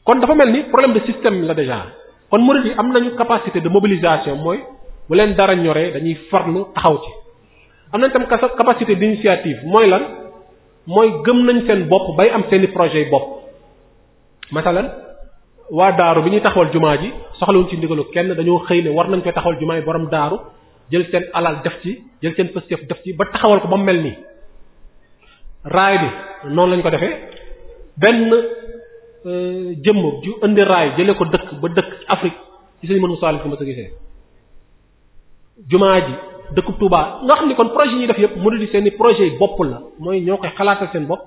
kon dafa mel ni problème de système la déjà kon murid yi am nañu capacité de mobilisation mooy bu leen dara ñoree dañuy farlu taxaw ci am nañ tam capacité d'initiative mooy lan mooy gëm nañ seen bopp bay am seeni projet yi bopp masalan waa daaru bi ñuy taxawal jumaa ji soxlawuñ ci ndigalu kenn dañoo xëy ne war nañ koy taxawal jumaa yi borom daaru jël seen alal def ci jël seen pëstef def ci ba taxawal ko ba mel ni raay bi noonu lañ ko defee Euh, jëmm ju indi raay jëlee ko dëkk ba dëkk Afrique ci sëñ Moussa Alioune ma sa gisee jumaa ji dëkkub Touba nga xam ni kon projet yi def yëpp mu di seen i projet yi bopp la mooy ñoo koy xalaatal seen bopp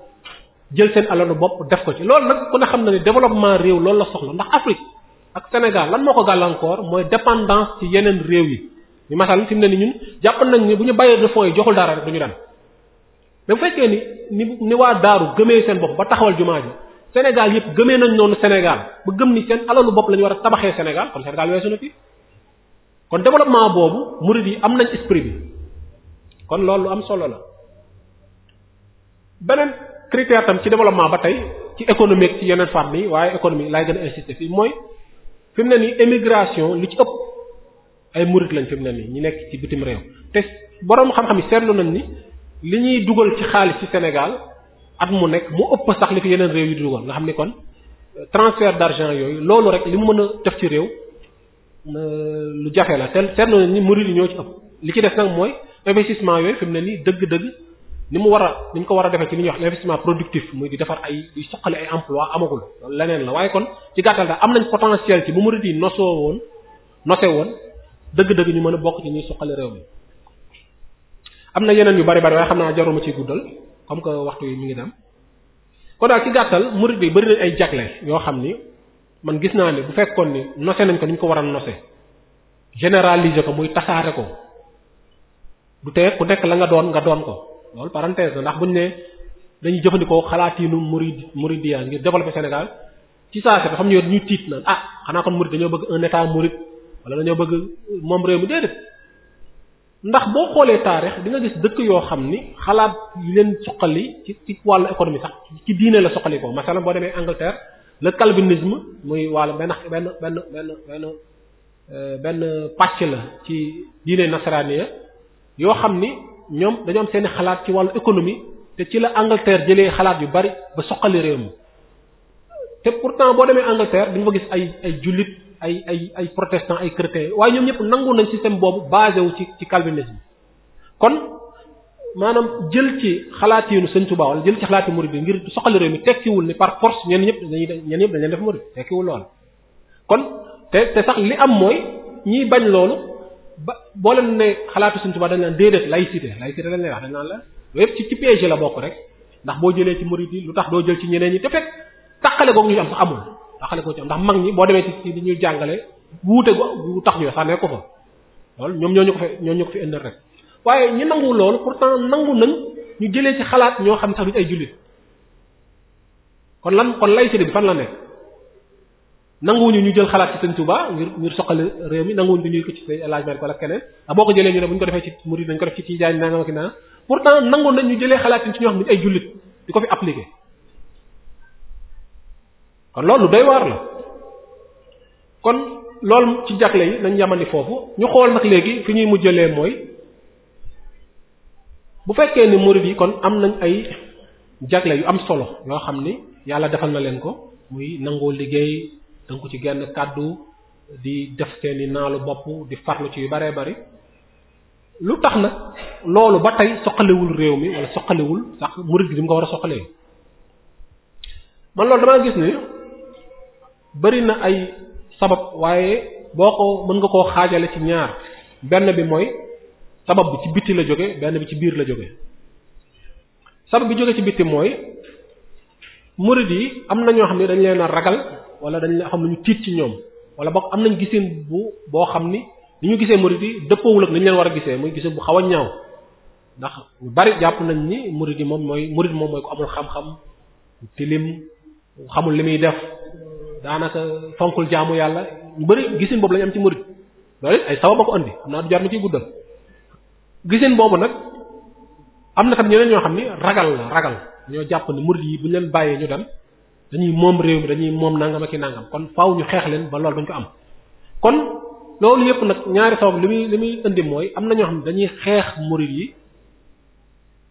jël seen alalu bopp def ko ci loolu nag ku ne xam na ne développement réew loolu la soxla ndax Afrique ak Sénégal lan moo ko gàllankoor mooy dépendance ci yeneen réew yi ñu masal fi mu ne ni ñun jàpp nañ ni bu ñu bàyyee de fonds yi joxul dara du ñu dem mais fekkee ni ni ni waa daaru gëmee seen bopp ba taxawal jumaa ji Sénégal yëpp gëmee nañ noonu Sénégal bu gëm ni seen alalu bopp lañu war a tabaxee Sénégal kon Sénégal weesu na fi kon développement boobu murid yi am nañ esprit bi kon loolu am solo la beneen critère tam ci développement ba tey ci économique ci yeneen fànn yi waaye économique laay gën a insister fii mooy fi mu ne nii émigration li ci ëpp ay murid lañ fi mu ne nii ñu nekk ci bitim réew te borom xam-xam yi seetlu nañ ni li ñuy dugal ci xaalis ci Sénégal. at mu nekk mu ëpp sax li fi yeneen réew yu dugal nga xam ni kon euh, transfert d'argent yooyu loolu rek li mu mën a def ci réew euh, lu jafe la te seetlu ni murid yi ñoo li ci def nag mooy investissement yooyu fi mu ne nii dëgg-dëgg ni mu war a ni ko war a defee ci li wax investissement productif muy di defar ay di suqali ay emploi amagul leneen waaye kon ci gàttal daal am nañ potentiel ci bu murid yi nosoo woon nose woon dëgg-dëgg ñu mën a bokk ci ñuy suqali réew mi am na yeneen yu bari bari waaye xam naa jaruma ciy guddal comme que waxtu yi mi ngi dem kon daal ci gàttal murid bi bari na ay jagle yoo xam ni man gis naa ne bu fekkoon ni nose nañ ko ni ñu ko war a nose généraliser ko muy tasaare ko du tee ku nekk la nga doon nga doon ko loolu parenthèse la ndax buñu ne dañuy jëfandikoo xalaatiinu murid muridiya ngir développer Sénégal ci saa si xam ñoo dañuy tiit na ah xanaa kon murid dañoo bëgg un état murid wala dañoo bëgg moom réew mi déedéet ndax boo xoolee taarix di nga gis dëkk yoo xam ni xalaat yi leen suqali ci ci wàllu économie sax ci diine la suqali ko masalan boo demee Angleterre le calvinisme muy wàllu benn benn benn benn benn euh, benn pàcc la ci diine nasaraaniya yoo xam ni ñoom dañoo am seeni xalaat ci wàllu économie te ci la Angleterre jëlee xalaat yu bari ba suqali réew mi te pourtant boo demee Angleterre di nga fa gis ay ay jullit ay ay ay protestants ay chrétiens waaye ñoom ñëpp nangu nañ système boobu basé wu ci ci calvinisme kon maanaam jël ci xalaatiinu Sëñ Tuubaa wala jël ci xalaati murid bi ngir soxali réew mi tekkiwul ni par force ñenn ñëpp dañuy ñenn ñëpp dañ leen def murid kon te te sax li am mooy ñiy bañ loolu ba boo leen ne xalaatu Sëñ Tuubaa dañ laan déedéet laïcité laïcité lañ lay wax dañ la loolu yëpp ci ci la bokk rek ndax boo jëlee ci murid yi lu tax doo jël ci ñeneen ñi te fekk tàqale googu ñu am sax amul taxale ko ci am ndax mag ñi boo demee ci li ñuy jàngale wuute gu tax ñu sànnee ko fa loolu ñoom ñoo ñu ko fi ñoo ñu ko fi indil rek waaye ñi nangu loolu pourtant nangu nañ ñu jëlee ci xalaat ñoo xam sax duñ ay jullit kon lan kon laïcité bi fan la nekk nanguwuñu ñu jël xalaat ci Sëriñ Tuubaa ngir ngir soqale réew mi nanguwuñu ko ñu ko ci say laajman ko la keneen a boo ko jëlee ñu ne bu ñu ko defee ci murid dañ ko def ci tijaan nangam ak nangam pourtant nangu nañ ñu jëlee xalaat ci ñoo xam ne ay jullit di ko fi appliquer kon loolu doy waar la kon loolu ci jagle yi nañ yamani foofu ñu xool nag léegi fi ñuy mujjalee mooy bu fekkee ni murid yi kon am nañ ay jagle yu am solo yoo xam ni yàlla defal na leen ko muy nangoo liggéey danga ko ci genn kàddu di def seeni naalu bopp di farlu ci yu baree bari lu tax nag loolu ba tey soqalewul réew mi wala soqalewul sax murid bi mu ko war a soqalee man loolu damaa gis ni bari na ay sabab waaye boo ko mën nga koo xaajale ci ñaar benn bi mooy sabab bi ci bitti la jóge benn bi ci biir la jóge sabab bi jóge ci bitti mooy murid yi am na ñoo xam ne dañ leen a ragal wala dañ leen xam ne ñu tiit ci ñoom wala boog am nañ giseen bu boo xam ni ni ñu gisee murid yi dëppoowul ak ni ñu leen war a gisee muy giseen bu xaw a ñaaw ndax bari jàpp nañ ni murid yi moom mooy murid moom mooy ko amul xam-xam tilim xamul li muy def daanaka fonkul jaamu yàlla ñu bëri gisin boobu lañu am ci murid loolu ay sabab a indi andi xam naa du jar ñu ciy guddal gisin boobu nag am na tam ñeneen ñoo xam ne ragal la ragal ñoo jàpp ne murid yi bu ñu leen bàyyee ñu dem dañuy moom réew mi dañuy moom nangam ak i nangam kon faw ñu xeex leen ba loolu dañ ko am kon loolu yëpp nag ñaari sabab li muy li muy indi mooy am na ñoo xam ne dañuy xeex murid yi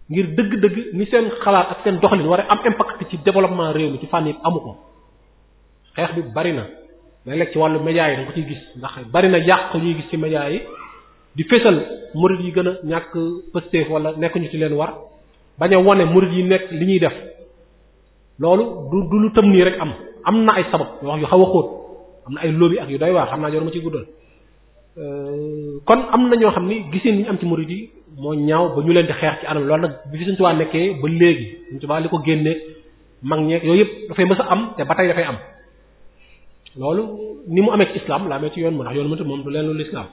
ngir dëgg-dëgg ni seen xalaat ak seen doxalin war a am impact ci développement réew mi ci fànn yëpp xeex bi bari na léeg-léeg ci wàllu médias yi da nga ko ciy gis ndax bari na yàq ñuy gis ci médias yi di fésal murid yi gën a ñàkk pësteef wala nekkuñu ci leen war bañ a wane murid yi nekk li ñuy def loolu du du lu tëm nii rek am am na ay sabab yoo wax xaw a xóot am na ay lobby ak yu doy waa xam naa yoon ma ci guddal euh, kon am na ñoo xam ni gisee ni ñu am ci murid yi moo ñaaw ba ñu leen di xeex ci anam loolu nag bi fi Sëriñ Tuubaa nekkee ba léegi Sëriñ Tuubaa li ko gén mag ñeeg yooyu yëpp dafay mës a am te ba tey dafay am loolu ni mu amee ci islam la amee ci yoon mu ndax yoon mu moom du leen lu islam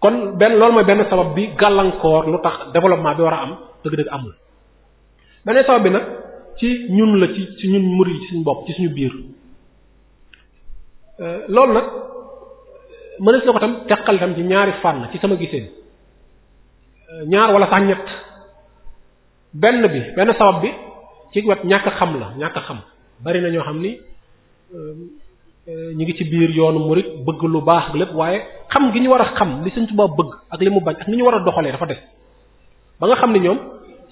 kon benn loolu mooy benn sabab bi gàllankoor lu tax développement bi war a am dëgg-dëgg amul. beneen sabab bi nag ci ñun la ci ci ñun murid ci suñu bopp ci suñu biir euh, loolu nag mënees na ko tam teqal tam ci ñaari fànn ci sama gisee euh, ñaar wala sax ñett benn bi benn sabab bi ci wet ñàkk xam la ñàkk xam bari na ñoo xam ni. Euh, ñu ngi ci biir yoonu murid bëgg lu baax ak lépp waaye xam gi ñu war a xam li Sëriñ Tuubaa bëgg ak li mu bañ ak ni ñu war a doxalee dafa des ba nga xam ne ñoom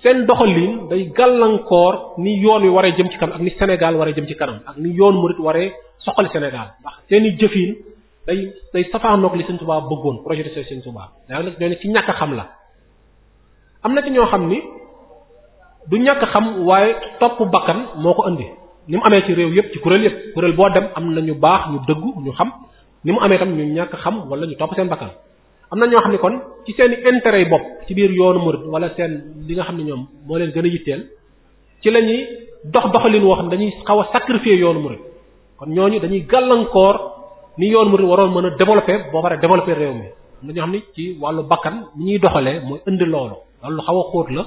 seen doxalin day gàllankoor ni yoon wi waree jëm ci kanam ak ni Sénégal waree jëm ci kanam ak ni yoon murid waree soxal Sénégal ndax seeni jëfin day day safaanoog li Sëriñ Tuubaa bëggoon projet de Sëriñ Tuubaa daa nag ñoo ne ci ñàkk xam la am na ci ñoo xam ni du ñàkk xam waaye topp bakkan moo ko indi ni mu amee ci réew yëpp ci kuréel yëpp kuréel boo dem am na ñu baax ñu dëggu ñu xam ni mu amee tam ñu ñàkk xam wala ñu topp seen bakkan am na ñoo xam ne kon ci seen i intérêt yi bopp ci biir yoonu murid wala seen li nga xam ne ñoom moo leen gën a yitteel ci la ñuy dox doxalin woo xam dañuy xaw a sacrifier yoonu murid kon ñooñu dañuy gàllankoor ni yoonu murid waroon mën a développer boo paree développer réew mi am na ñoo xam ne ci wàllu bakkan ni ñuy doxalee mooy indi loolu wàllu xaw a xóot la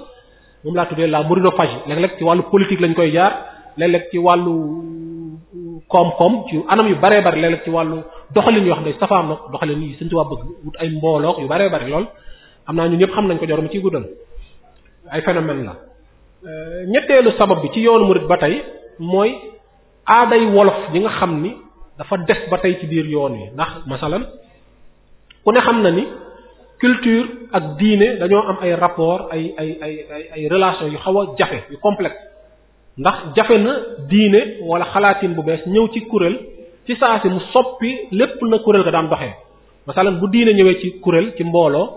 moom laa tuddee la muridophagie léeg-léeg ci wàllu politique lañ koy jaar léeg ci wàllu euh, koom-koom ci anam yu baree bari léeg ci wàllu doxalin yoo xam ne safaan nag doxalin yi suñ tubaab bëgg mbooloo yu baree bari lool am naa ñun ñëpp xam nañ ko jor mu ciy guddal ay phénomène la euh, ñetteelu sabab bi ci yoonu murid ba tey mooy aaday wolof yi nga xam ni dafa des ba tey ci biir yoon yi ndax masalan ku ne xam na ni culture ak diine dañoo am ay rapport ay ay ay ay ay relations yu xaw a jafe yu complexe ndax jafe na diine wala xalaatin bu bees ñëw ci kuréel ci saa si mu soppi lépp na kuréel ga daan doxee masalan bu diine ñëwee ci kuréel ci mbooloo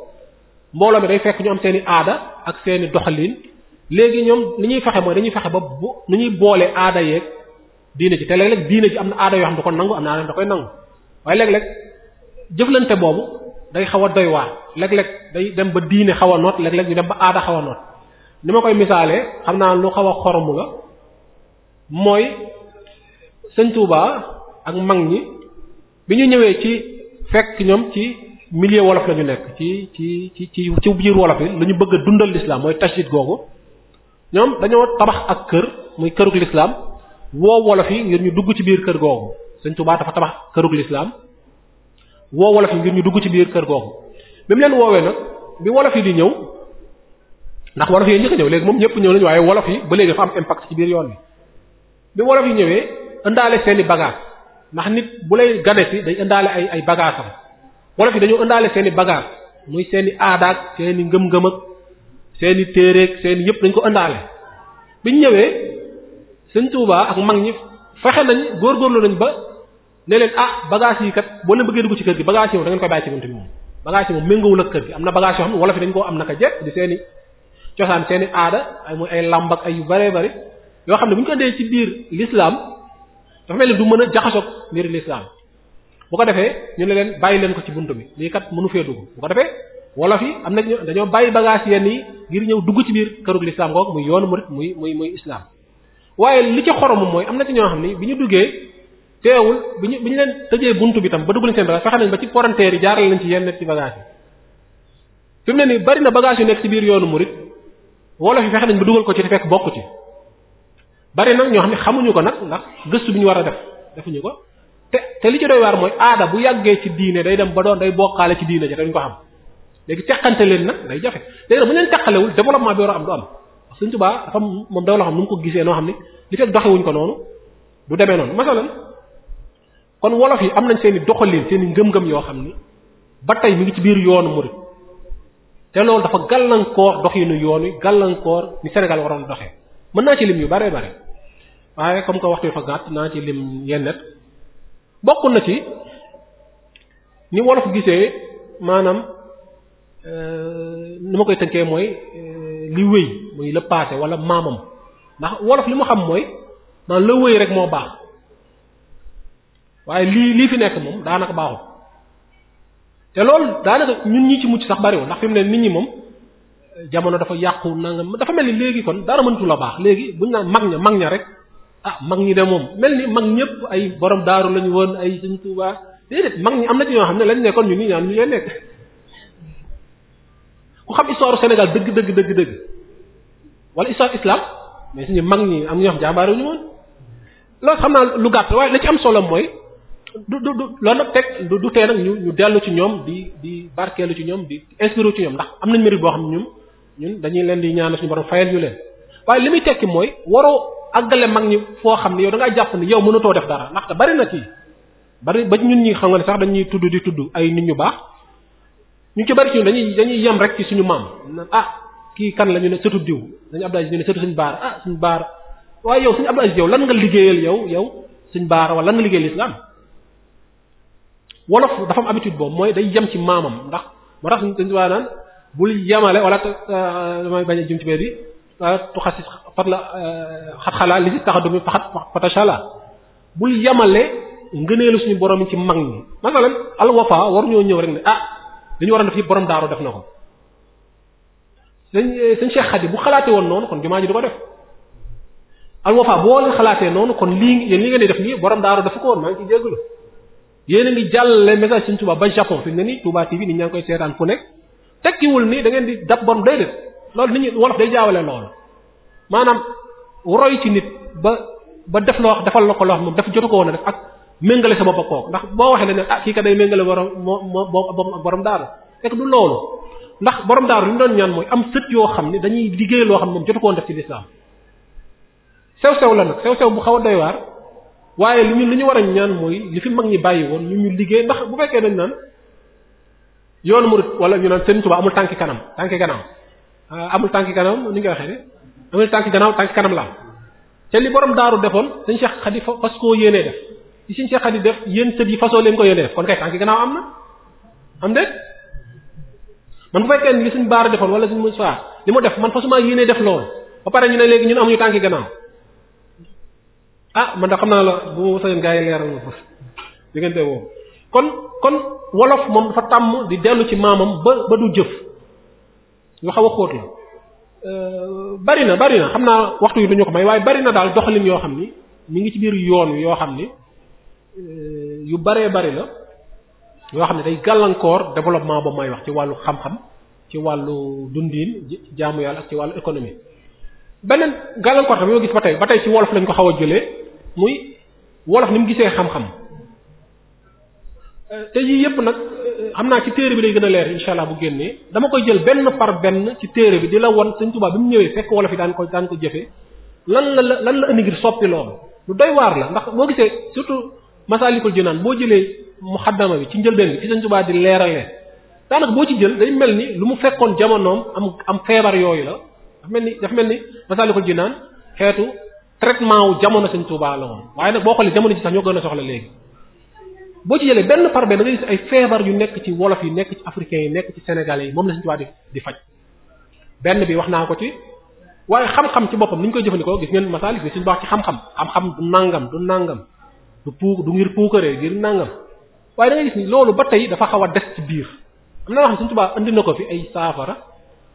mbooloo mi day fekk ñu am seen aada ak seen i doxalin léegi ñoom ni ñuy fexe mooy dañuy fexe ba bu nu ñuy boolee aada yeeg diine ci te léeg-léeg diine ci am na aada yoo xam da ko nangu am na aada yoo xam da koy nangu waaye léeg-léeg jëflante boobu day xaw a doy waar léeg day dem ba diine xaw a noot léeg-léeg ñu dem ba aada xaw a noot ni ma koy misaalee xam naa lu xaw a xoromu la mooy sëñ Touba ak mag ñi bi ñu ñëwee ci fekk ñoom ci milieu wolof la ñu nekk ci ci ci ci ci biir wolof yi la bëgg dundal l'islam mooy tasjid googu ñoom dañoo tabax ak kër muy kërug l'islam woo wolof yi ngir ñu dugg ci biir kër googu sëñ Touba dafa tabax kërug l'islam woo wolof yi ngir ñu dugg ci biir kër googu bi mu leen woowee nag bi wolof yi di ñëw ndax wolof yi njëkk a ñëw léegi moom ñëpp ñëw nañu waaye wolof yi ba léegi dafa am impact ci biir yoon wi bi wolof yi ñëwee indaale seeni bagage ndax nit bu lay gane si day indaale ay ay bagage am wolof yi dañoo indaale seeni bagage muy seeni aadaag seeni ngëm-ngëm ak seeni téereeg seeni yëpp dañ ko indaale ñu ñëwee Sëñ Tuubaa ak mag ñi fexe nañ góorgóorlu nañ ba ne leen ah bagage yi kat boo leen bëggee dugg ci kër gi bagage yi moom da ngeen koy bàyyi ci moom bagage yi moom méngoowul kër gi am na bagage yoo xam ne wolof yi dañ koo am naka jekk di seeni cosaan seeni aada ay muy ay làmb ay yu bare bare yoo xam ne bu ñu ko dee ci biir l'islam dafa mel ni du mën a jaxasoog mbiri l'islam bu ko defee ñu ne leen bàyyi leen ko ci bunt bi lii kat mënu fee dugg bu ko defee wolof yi am na dañoo bàyyi bagage yenn yi ngir ñëw dugg ci biir kërug l'islam googu muy yoonu murid muy muy muy islam waaye li ci xoromam mooy am na ci ñoo xam ni bi ñu duggee teewul bi ñu bi ñu leen tëjee buntu bi tam ba dugg nañ seen bagage fexe nañ ba ci poranteer yi jaaral nañ ci yenn ci bagage yi ne bari na bagage yu nekk ci biir yoonu murid wolof yi fexe nañ ba dugal ko ci te fekk bokku ci bari nag ñoo xam ne xamuñu ko nag ndax gëstu bi ñu war a def defuñu ko te te li ci doy waar mooy aada bu yàggee ci diine day dem ba doon day bokkaale ci diine ja dañ ko xam léegi teqante leen nag day jafe léegi nag bu leen teqalewul développement bi war a am du am Sëriñ Tuubaa dafa moom daw la noo xam ne li fekk ko noonu du demee noonu masalan kon yi am nañ seen i doxalin seen yoo xam ni ba tey mi ngi ci biir yoonu murid te loolu dafa gàllankoor doxinu yoon wi gàllankoor ni Sénégal waroon doxee mën naa ci lim yu bare bare waaye comme que waxtu wi fa gàtt naa ci lim yennet bokk na ci ni wolof gisee maanaam euh, nu ma koy tënkee mooy euh, li wéy muy le passé wala maamam ndax wolof li mu xam mooy naan la wéy rek moo baax waaye lii lii fi nekk moom daanaka baaxul te loolu daanaka ñun ñi ci mucc sax bariwul ndax fi mu ne nit ñi moom jamono dafa yàqu nangam dafa mel ni léegi kon dara mëntu la baax léegi buñ naan mag ña mag ña rek ah mag ñi de moom mel ni mag ñëpp ay borom daaru lañu woon ay suñ tuubaa déedéet mag ñi am na ci ñoo xam ne lañ nekkoon ñu ni ñaan ñu leen nekk ku xam histoire Sénégal dëgg dëgg dëgg dëgg wala histoire islam mais suñu mag ñi am ñoo xam jàmbaare ñu woon loolu xam naa lu gàtt waaye la ci am solo mooy du du du loolu nag du tee nag ñu ñu dellu ci ñoom di di barkeelu ci ñoom di inspiré ci ñoom ndax am nañ mérite boo xam ñun ñun dañuy leen di ñaan suñu borom fayal ñu li muy tekki mooy waroo àggale mag ñi foo xam ne yow da ngaa jàpp ne yow mënatoo def dara ndaxte bari na ci bari ba ñun ñi xam nga ne sax dañuy tudd di tudd ay nit ñu baax ñu ci bari ci dañuy dañuy yem rek ci suñu maam ah kii kan la ne sëtu diw dañu Abdou Aziz ñu ne suñu baar ah suñu baar waaye yow suñu Abdou Aziz yow lan nga liggéeyal yow yow suñu baar wala lan nga liggéeyal islam wolof dafa am habitude boobu mooy day yem ci maamam ndax moo tax suñu dañu waa naan bul yemale wala euh, damay bañ a jëm ci fat la euh, xat xalaa li si taxadumi faxat fatashala bul yamale ngëneelu suñu borom yi ci mag ñi masalan al wafa war ñoo ñëw rek ne ah dañu war waroon def yi borom def na ko sëñ euh, sëñ Cheikh Khady bu xalaatee woon noonu kon jumaa ji du ko def al boo xalaatee noonu kon lii yéen li ngeen di def nii borom daaru dafa ko woon maa ngi ciy jégalu yéen a ngi jàllale message suñ Touba ba Japon fi mu ne nii Touba TV nit ñaa ngi koy seetaan fu nekk tekkiwul nii dangeen di dab borom day def loolu nit ñi wolof day jaawale loolu maanaam roy ci nit ba ba def loo wax defal la ko loo xam moom dafa jotu ko woon a def ak méngale sa bopp ak ndax boo waxee ne ne ah kii kat day méngale borom moo moo boppam ak borom daara fekk du loolu ndax borom daara li doon ñaan mooy am sët yoo xam ne dañuy liggéey loo xam ne moom jotu ko woon def ci lislaam sew-sew la nag sew bu xaw a waaye li ñu li ñu war a ñaan mooy li mag ñi bàyyi woon ñu ñu liggéey ndax bu fekkee dañ naan yoonu murid wala ñu naan Sëriñ Tuubaa amul tànki kanam tànki kanam ah, amul tànki kanam ni nga waxee ne amul tànki gannaaw tànk kanam laa am te li borom daaru defoon suñ Cheikh Khady fas koo yéenee def li suñ Cheikh Khady def yéen sët yi fasoo leen ko yéenee def kon kay tànk gannaaw am na am déet man defoon wala suñ mu saa li def man fasuma yéenee def loolu ba pare ñu ne léegi ñun amuñu tànk gannaaw ah man xam naa la bu seen gaa yi leeral kon kon wolof moom dafa tàmm di dellu ci maamam ba ba du jëf lu xaw a xóot la Euh, bari na bari na xam naa waxtu yi duñu ko may waaye bari na daal doxalin yoo xam ni mi ngi ci biir yoon yoo xam ni euh, yu baree bari la yoo xam ne day gàllankoor développement ba may wax ci wàllu xam-xam ci wàllu dundiin ci jaamu yàlla ak ci wàllu économie beneen gàllankoor tamit yoo gis ba tey ba tey ci wolof lañ ko xaw a jëlee muy wolof ni mu gisee xam-xam euh, te yii yépp nag xam naa ci téere bi lay gën a leer incha allah bu génnee dama koy jël benn par benn ci téere bi di la won Sëriñ Tuubaa bi mu ñëwee fekk wolof yi daan ko daan ko jëfee lan la la lan la indi ngir soppi loolu lu doy waar la ndax boo gisee surtout Masaalikul Jinaan boo jëlee muxaddama bi ci njëlbeen bi ci Sëriñ Tuubaa di leeralee daanaka boo ci jël day mel ni lu mu fekkoon jamonoom am am feebar yooyu la dafa mel ni dafa mel ni Masaalikul Jinaan xeetu traitement wu jamono Sëriñ Tuubaa la woon waaye boo xoolee jamono ji sax ñoo gën a léegi boo ci jëlee benn par benn da ngay gis ay feebar yu nekk ci wolof yi nekk ci africains yi nekk ci sénégalais yi moom la Sëriñ Tuubaa di di faj benn bi wax naa ko ci waaye xam-xam ci boppam ni ñu koy jëfandikoo gis ngeen masaalis bi suñu wax ci xam-xam xam-xam du nangam du nangam du puu du ngir puukaree ngir nangam waaye da gis ni loolu ba tey dafa xaw a des ci biir am na loo xam ne Sëriñ indi na ko fi ay saafara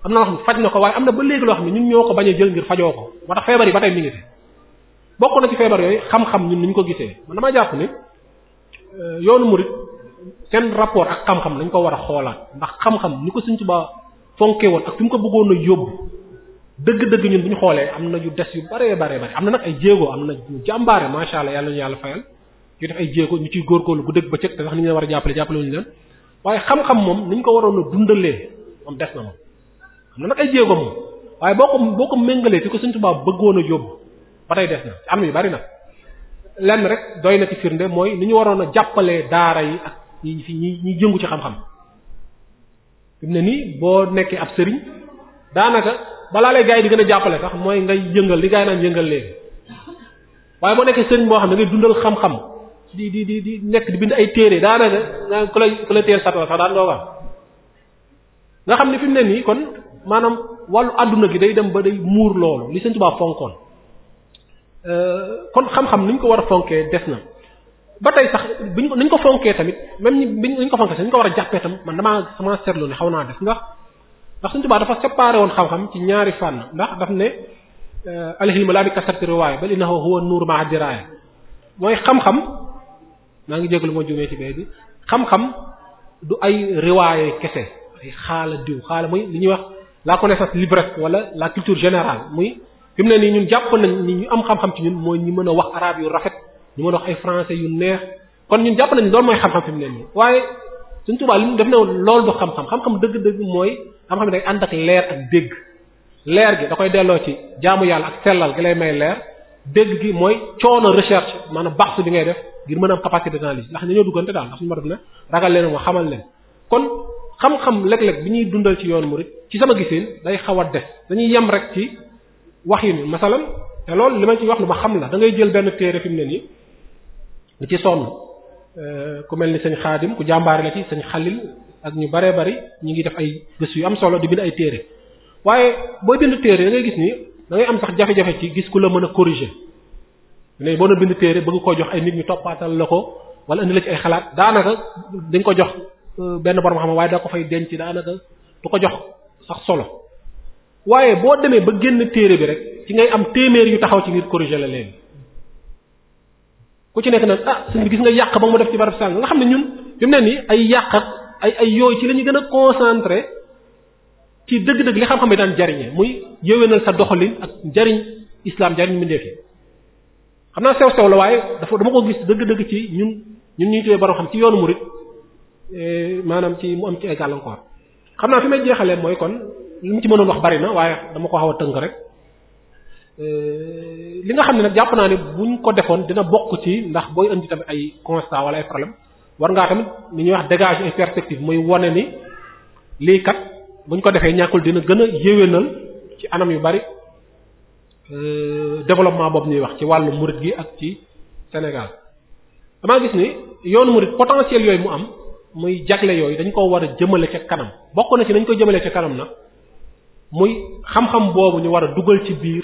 am na loo xam faj na ko waaye am na ba léegi loo xam ne ñun ñoo ko bañ a jël ngir fajoo ko moo tax yi ba tey bokk na ci feebar yooyu xam-xam ñun ni ñu ko gisee man dama jàpp ni Euh, yoonu murid seen rapport ak xam-xam dañ ko war a xoolaat ndax xam-xam ni ko Sëriñ Tuubaa fonkee woon ak fi mu ko bëggoon a yóbbu dëgg-dëgg ñun bu ñu xoolee am na ñu des yu bare bare bare am na nag ay jéego am na jàmbaare macha allah yàlla yàlla fayal yu def ay jéego ñu ciy góorgóorlu bu dëgg ba cëg ni ñu war a jàppale jàppale wuñu leen waaye xam moom ni ko waroon a dundalee moom des na moom na ay jéego moom waaye boo ko boo ko méngalee fi ko Sëriñ Tuubaa bëggoon a yóbbu ba tey des na am yu bari na lenn rek doy na ci firnde mooy ni ñu waroon a jàppalee daara yi ak ñi fi ñi ñi jëngu ci xam-xam fi ne nii boo nekkee ab sëriñ daanaka balaa lay gaa yi di gën a jàppale sax mooy ngay yëngal li gaa yi naan yëngal léegi waaye boo nekkee sëriñ boo xam ne ngay dundal xam-xam di di di di nekk di bind ay téere daanaka nga ku la la teel satala sax daan xam ne fi mu ne nii kon maanaam wàllu adduna gi day dem ba day muur loolu li Sëriñ Tuubaa fonkoon kon xam-xam ni ko war a fonkee des na ba tey sax buñ ko ni ko fonkee tamit même ni bi ñu ko fonkee sax ni ko war a jàppee tam man damaa sama seetlu ne xaw naa des ndax ndax suñu tubaab dafa séparé woon xam-xam ci ñaari fànn ndax daf ne euh, alhilmu laa bi kasrati riwaaya bal innahu huwa nuuru ma'a mooy xam-xam maa ngi jégalu ma jumee ti bee bi xam-xam du ay riwaaye kese ay xaala diw xaala muy li ñuy wax la connaissance libres wala la culture générale muy fi mu ne nii ñun jàpp nañ ni ñu am xam-xam ci ñun mooy ñu mën a wax arabe yu rafet ñu mën a wax ay français yu neex kon ñun jàpp nañ loolu mooy xam-xam fi mu waaye suñ tubaab li mu def ne loolu du xam-xam xam dëgg-dëgg mooy xam-xam day ànd ak leer ak dégg leer gi da koy delloo ci jaamu yàlla ak sellal gi lay may leer dégg gi mooy coono recherche maanaam baxsu bi ngay def ngir mën a am capacité d'analyse ndax ñoo duggante daal ndax suñu ma def ne ragal leen wax xamal leen kon xam-xam léeg-léeg bi ñuy dundal ci yoon murid ci sama giseen day xaw a des dañuy yem rek ci wax yi ni masalan te loolu li ma ci wax lu ma xam la dangay jël benn téere fi mu ne nii lu ci sonn euh, ku mel ni sëñ xaadim ku jàmbaari la ci sëñ xalil ak ñu baree bari ñu ngi def ay gëstu yu am solo di bind ay téere waaye booy bind téere da ngay gis ni da am sax jafe-jafe ci gis ku la mën a corriger ne boo na bind téere bëgg ko jox ay nit ñu toppaatal la ko wala indi ci ay xalaat daanaka dañ ko jox euh, benn borom xam waaye daa ko fay denc daanaka du ko jox sax solo waaye boo demee ba génn téere bi rek ci ngay am téeméer yu taxaw ci ngir corriger la léegi ku ci nekk nag ah suñ bi gis nga yàq ba mu def ci barab sàng nga xam ne ñun fi mu ne nii ay yàq ay ay yooyu ci la gën a concentré ci dëgg-dëgg li xam-xam yi daan jariñe muy yéwénal sa doxalin ak njariñ islam njariñ mu ndeef yi xam naa sew sew la waaye dafa dama ko gis dëgg-dëgg ci ñun ñun ñuy tuddee borom xam ci yoonu murid eh, maanaam ci mu am ci ay gàllankoor xam naa fi may jeexalee mooy kon li mu ci mënoon wax bari na waaye dama ko xaw a tënk rek euh, li nga xam ne nag jàpp naa ne buñ ko defoon dina bokk ci ndax booy indi tamit ay constat wala ay problème war ngaa tamit ni ñuy wax dégager une perspective muy wane ni lii kat buñ ko defee ñàkkul dina gën a yéwénal ci anam yu bari euh, développement boobu ñuy wax ci wàllu murid gi ak ci Sénégal damaa gis ni yoonu murid potentiel yooyu mu am muy jagle yooyu dañ ko war a jëmale ca kanam bokk na ci dañ ko jëmale ca kanam nag muy xam-xam boobu ñu war a dugal ci biir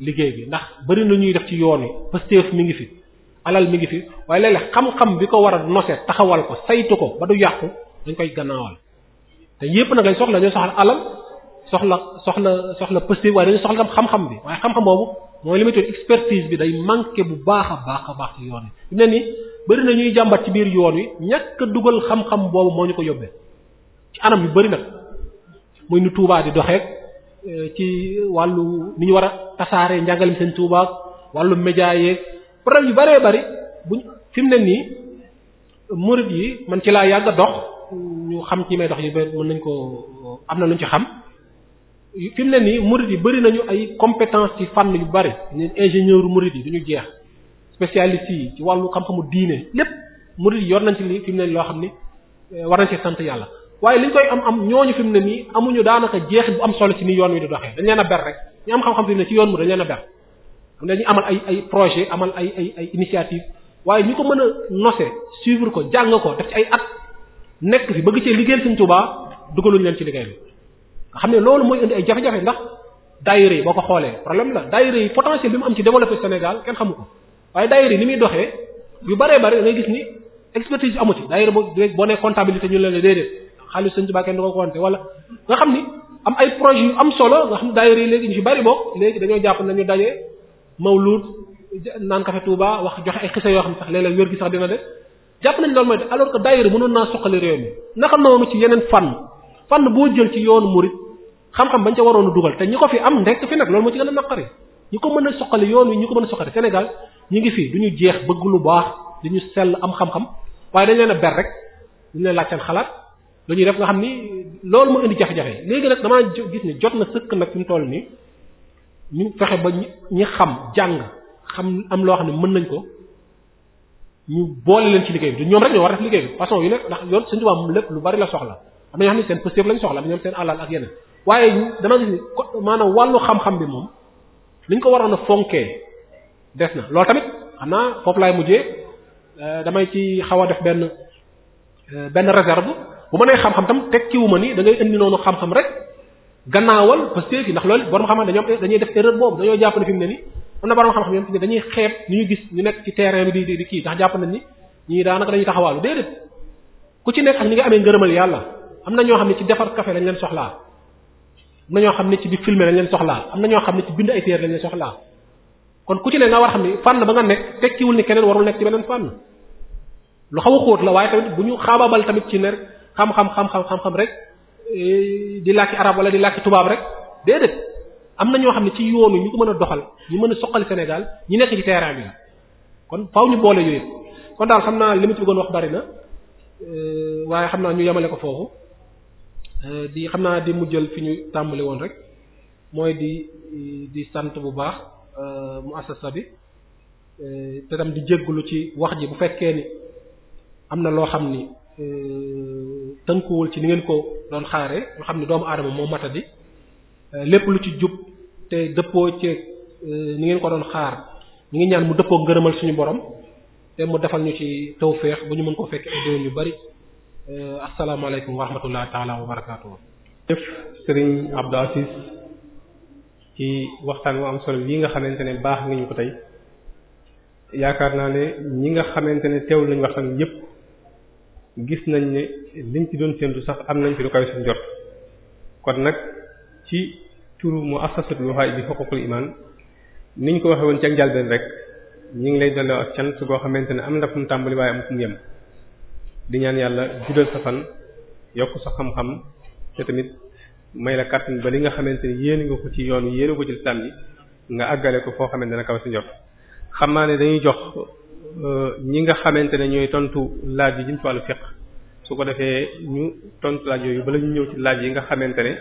liggéey bi ndax bari na ñuy def ci yoon wi pëstéef mi ngi fi alal mi ngi fi waaye léeg-léeg xam-xam bi ko war a nose taxawal ko saytu ko ba du yàqu dañ koy gannaawal te yépp nag lañ soxla dañu soxla alal soxla soxla soxla pëstéef waaye dañu soxla xam-xam bi waaye xam-xam boobu mooy li expertise bi day manqué bu baax a baax a baax ci yoon wi ne ni bari na ñuy jàmbat ci biir yoon wi ñàkk dugal xam-xam boobu moo ñu ko yóbbee ci yu bëri nag muy Tuubaa di doxeek ci wàllu ni ñu war a tasaare njàngalem seen tuubaak wàllu média yeeg problème yu baree bëri buñ fi mu ne nii murid yi man ci laa yàgg a dox ñu xam ci may dox yi ba mën nañ ko am na lu ñu ci xam fi mu ne nii murid yi bëri nañu ay compétence ci fànn yu bëri ñun ingénieur murid yi ñu jeex spécialiste yi ci wàllu xam-xamu diine lépp murid yi yor nañ ci li fi ne nii loo xam ni eh, war nañ ci sant yàlla waaye li liñ koy am am ñooñu fi mu ne nii amuñu daanaka jeexit bu am solo ci ni yoon wi di doxee dañ leen a ber rek ñu am xam-xam fi mu ne ci yoon mu dañ leen ber mu ne ñu amal ay ay projet amal ay ay ay initiative waaye ñu ko mën a nose suivre ko jàng ko def ci ay at nekk fi bëgg cee liggéeyal Sëriñ Tuubaa dugaluñ leen ci liggéey bi nga xam ne loolu mooy indi ay jafe-jafe ndax daayira yi boo ko xoolee problème la daayira yi potentiel bi mu am ci développer Sénégal kenn xamu ko waaye daayira muy doxee yu bare da ngay gis ni expertise amu ci daayira boo boo nee comptabilité ñu leen la xaalis Sëriñ Tuubaa kenn du ko compter wala nga xam ni am ay projets yu am solo nga xam ne daayira yi léegi ñu ci bari boo léegi dañoo jàpp nañu daje mawlud naan café Touba wax joxe ay xisa yoo xam ne sax léeg-léeg wér gi sax dina de jàpp nañ loolu mooy alors que daayira mënoon naa soqali réew mi naka noonu ci yeneen fànn fànn boo jël ci yoonu murid xam-xam bañ ca waroon a dugal te ñu ko fi am ndekk fi nag loolu moo ci gën a naqari ñi ko mën a soqali yoon wi ñi ko mën a soqali Sénégal ñi ngi fi duñu jeex bëgg lu baax duñu sell am xam-xam waaye dañ leen a rek duñu leen laaj xalaat lu ñuy def nga xam ni loolu moo indi jafe-jafe léegi nag damaa gis ni jot na sëkk nag fi mu toll nii ñu fexe ba ñu ñi xam jàng xam am loo xam ne mën nañ ko ñu boole leen ci liggéey bi ñoom rek ñoo war def liggéey bi façon yu nekk ndax yoon suñu tubaab lépp lu bari la soxla am na ñoo xam ne seen pëstéef lañ soxla am ñoom seen alal ak yeneen waaye dama gis ne maanaam wàllu xam-xam bi moom liñ ko waroon a fonkee des na loolu tamit xam naa foofu laay mujjee euh, damay ci xaw a def benn euh, benn réserve bu ma nee xam-xam tam tekkiwu ma ni dangay indi noonu xam-xam rek gannaawal pastéef yi ndax loolu borom xam-xam dañoo dañuy def erreur boobu dañoo jàpp ne ne ni am na borom xam-xam yom dañuy xeeb ñu ñu terrain bi di di kii ndax jàpp nañ ni ñii daanaka dañuy taxawaalu déedéet ku ci nekk ak ni amee ngërëmal yàlla am na ñoo xam ne ci defar kafe lañ leen soxlaa am na ñoo xam ne ci di filmer leen soxlaa am na ñoo xam ne ci bind ay téere lañ leen soxlaa kon ku ci ne nga war xam ni fànn ba nga nekk tekkiwul ni keneen warul nekk ci beneen fànn lu xaw a xóot la waaye tamit bu ñu xaababal tamit ci ne xam-xam xam-xam xam-xam rek eh, di làkki arab wala di làkki tubaab rek déedéet am na ñoo xam ne ci yoonu ñu ko mën a doxal ñu mën a soqali Sénégal ñu nekk ci terrain bi kon faaw ñu boole yooyu kon daal xam naa li ma ci wax bari na eh, waaye xam naa ñu yemale ko foofu eh, di xam naa di mu jël fi ñu tàmbali woon rek mooy di di sant bu baax mu assasa bi te tam di jéggulu ci wax ji bu fekkee ni am na loo xam ni tënkuwul ci ni ngeen ko doon xaare nga xam ne doomu aadama moo di euh, lépp lu ci jub te dëppoo ci euh, ni ngeen ko doon xaar ñu ngi ñaan mu dëppoo ngërëmal suñu borom te mu defal ñu ci tawféex bu ñu mën ko fekk ay déwén yu bari euh, asalaamaaleykum wa rahmatullahi taala wa barakaatu. jëf Serigne Abdou waxtaan wu am solo yi nga xamante ne baax nga ñu ko tey yaakaar naa ne ñi nga xamante ne teewul nañu waxtaan yépp gis nañ ne liñ ci doon séntu sax am nañ ci lu kawe suñ jot kon nag ci turu muassasatul Wafa bi huququl iman niñ ko waxee woon ci ak njàlbeen rek ñu ngi lay delloo ak cant goo xamante ne am na fu mu tàmbali waaye am di ñaan yàlla judal sa fan yokk sa xam-xam te tamit may la kàttan ba li nga xamante ne yéen nga ko ci yoon yéen ko ci lislaam yi nga àggale ko foo xamante ne kawe suñ jot xam naa ne dañuy jox Euh, ñi nga xamante ne ñooy tontu laaj yi jëm ci su ko defee ñu tontu laaj yooyu bala ñu ñëw laaj yi nga xamante ne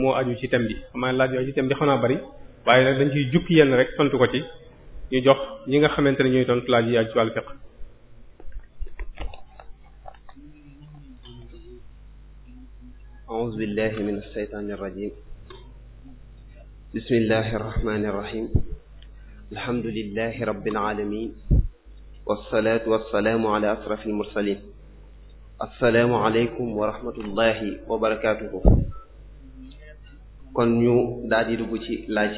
moo aju ci thème bi xamaa laaj yooyu ci thème bi bari waaye nag dañ ciy jukki yenn rek tontu ko ci ñu jox ñi nga xamante ne ñooy tontu laaj yi aju ci wàllu fiqh a'uuzu billahi min ash-shaytaani rajiim bismillahi rahmaani rahiim alhamdulillahi rabbil aalamiin wasalaatu wasalaamu ala ashraf almursalin assalaamu aleykum wa rahmatullahi wa barakatuhu kon ñu daal dugg ci laaj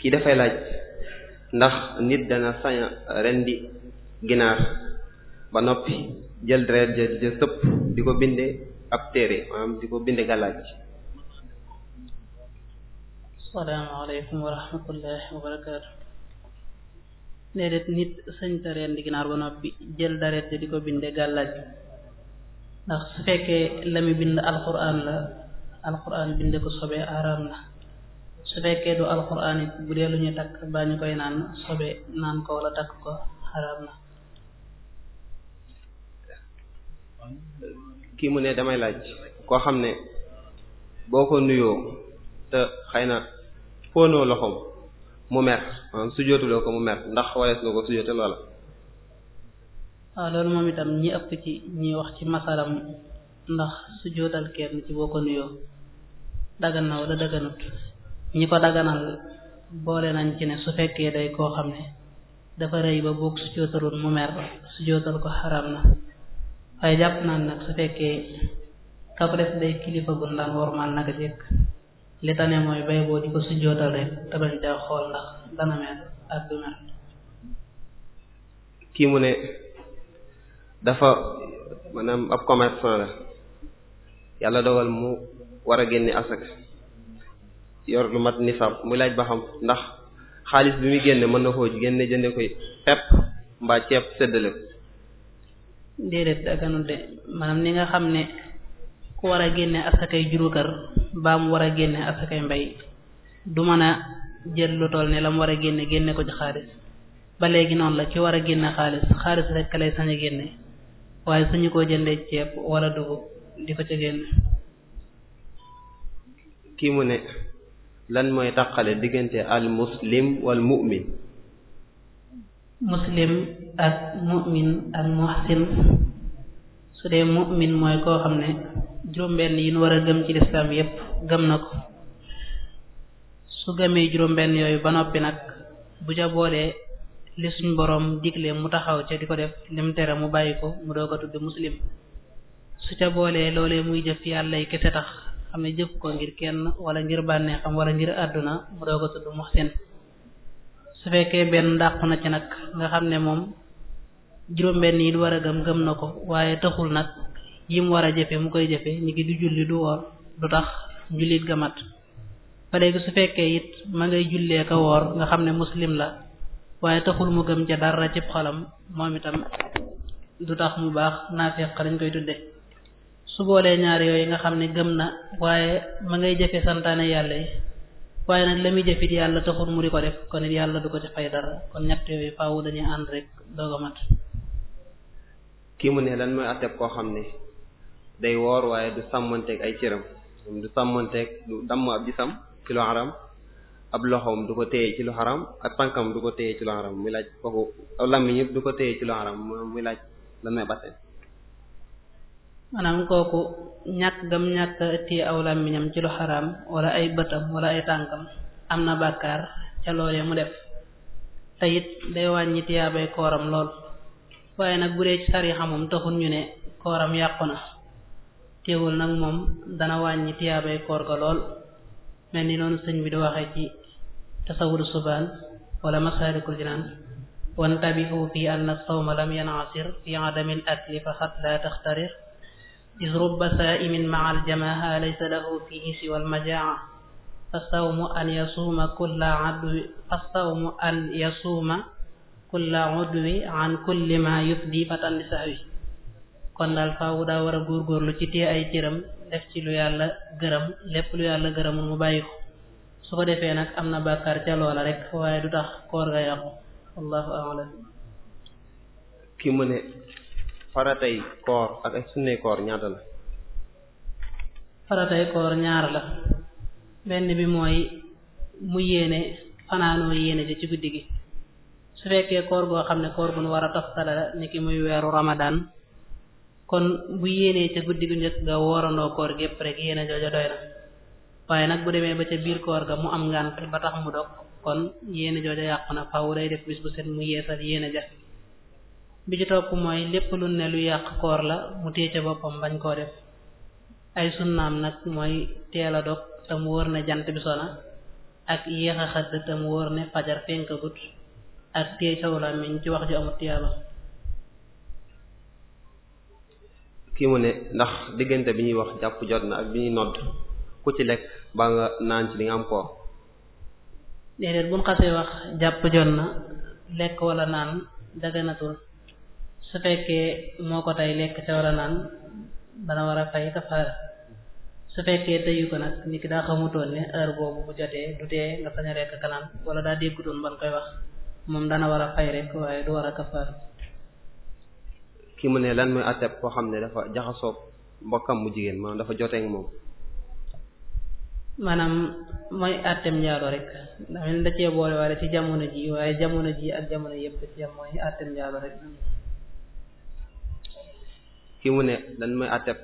kii dafay laaj ndax nit dana sañ a rendi ginaar ba noppi jël deret ja ja sëpp di ko binde ab téere maanaam di ko binde gàllaaj assalaamu aleykum wa rahmatullahi wa déedéet nit sañta reen di ginaar ba noppi jël daret di ko binde gàllaaj ndax su fekkee la mu bind alquran la alquran binde ko sobee araam la su fekkee du alquran it bu dee lu ñu takk baa ñu koy naan sobee naan ko wala takk ko araam la kii mu ne damay laaj koo xam ne boo ko nuyoo te xëy na fóonoo loxoom mu mer maanaam sujjóotuloo ko mu mer ndax warees nga ko sujjóotal wala waaw ah, loolu moom itam ñi ëpp ci ñi wax ci masalam ndax sujjóotal kenn ci boo ko nuyoo dagan na wala daganut ñi ko daganal boole nañ ci ne su fekkee day koo xam ne dafa rëy ba boog sujjóotalul mu mer sujjóotal ko xaram na waaye jàpp naan nag su fekkee kab day kilifa gun daan wormaal naka jekk li tane mooy bay boo di ko sujjootal rek te bañ caa xool ndax dana mel ak du mel kii mu ne dafa maanaam ab commerçant la yàlla dogal mu war a génne asaka yor lu mat ni nisaab mu laaj ba xam ndax xaalis bi muy génne mën na koo génne jënde koy pepp mbaa ceeb séddale ko déedéet daganul de maanaam ni xam ne ku war a génne asakay juróokër baa war a génne asakay mbay du mën a jël lu toll ne la mu war a génne génne ko ci xaalis ba léegi noonu la ki war a génne xaalis xaalis rekk lay sañ génne waaye suñu ko jëndee ceeb wala dugub di ko ca génne kii mu ne lan mooy taqale diggante al muslim wal mu'min muslim ak mu'min ak muhsin su dee mu'min mooy koo xam ne juróom-benn yi nu war a gëm ci lislaam yépp gëm na ko su gëmee juróom-benn yooyu ba noppi nag bu ca boolee li suñ boroom digle mu taxaw ca di ko def lim tere mu bàyyi ko mu doog a tudd muslim su ca boolee loolee muy jëf yàlla yi kese tax xam ne jëf ko ngir kenn wala ngir bànneexam wala ngir àdduna mu doog a tudd muhsin su fekkee benn dàqu ci nag nga xam ne moom juróom-benn yi nu war a gëm gëm na ko waaye taxul nag yim war a jëfe mu koy jëfe ni ki du julli du woor du tax jullit ga mat ba léegi su fekkee it ma ngay jullee ka woor nga xam ne muslim la waaye taxul mu gëm ca dara cib xolam moom itam du tax mu baax naafeq dañ koy tudde su boolee ñaar yooyu nga xam ne gëm na waaye ma ngay jëfe santaane yàlla yi waaye nag la muy jëfit yàlla taxul mu di ko def kon it yàlla du ko ci fay dara kon ñett yooyu faaw dañuy ànd rek doog mat kii mu ne lan mooy atteb koo xam ne day woor waaye du sàmmanteeg ay cëram du sàmmanteeg du damm ab gisam ci lu xaram ab loxoom du ko téye ci lu xaram ak tànkam du ko téye ci lu xaram muy laaj kooku lammiñ yëpp du ko téye ci lu muy laaj lan mooy batte maanaam kooku ñàkk gam ñàkk téye aw lammiñam ci lu xaram wala ay bëtam wala ay tànkam am na bàkkaar ca loolee mu def te it day wàññi tiyaabay kooram lool waaye nag bu dee ci sari xamum taxul ñu ne kooram yàqu na teewul nag moom dana wàññi tiyaabay koor ga lool mel ni noonu sëñ bi di waxe ci tasawuru subaan wala masaalikul jinaan wantabihu fi an as-sawma lam yanasir fi adamil akli faqat la taxtarir is rubba saa'imin maa aljamaha laysa lahu fihi siwa almajaa fastawmu an yasuuma kulla adwi fastawmu an yasuuma kulla udwi an kulli ma yufdi fatan li sahwi kon daal faawu daa war a góor góorgóorlu ci téye ay cëram def ci lu yàlla gërëm lépp lu yàlla gërëmul mu bàyyi ko su ko defee nag am na bàkkaar ca loola rek waaye du tax koor ga yàqu allahu a'lam ki mu ne faratay koor la faratay koor ñaar la benn bi mooy mu yéene fanaanoo yéene ci ci guddi gi su fekkee koor goo xam ne koor gun war a toftale la ni ki muy weeru ramadaan kon bu yéenee ca guddi gu njëkk nga woorandoo koor gépp rek yéene jooja doy na waaye nag bu demee ba ca biir koor ga mu am ngànt ba tax mu dog kon yéene jooja yàqu na faaw day def bis bu set mu yeesal yéene ja bi ci topp mooy lépp lu ne lu yàq koor la mu téye ca boppam bañ koo def ay sunnaam nag mooy teel a dog te mu wóor ne jant bi sona ak yéex a xadd te mu wóor ne fajar fenkagut ak téye saw làmmiñ ci wax ju amut tiyaaba kii mu ne ndax diggante bi ñuy wax jàpp jot na ak bi ñuy nodd ku ci lekk ba nga naan ci li nga am koor déedéet bu ñu xasee jàpp jot na lekk wala naan daganatul su fekkee moo ko tey lekk ca wala naan dana war a fay kafaara su fekkee tëyu ko nag nit ki daa xamutoon ne heure boobu bu jotee du tee nga sañ a lekk kanaan wala daa déggutoon ban koy wax moom dana war a fay rek waaye du war a kafaara ki mu ne lan mooy atteb koo xam ne dafa jaxasoog mbokkam mu jigéen maanaam dafa joteeg moom maanaam mooy atteb njaalo rek ndax men da ci jamono ji waaye jamono ji ak jamono yëpp ci mu ne lan mooy atteb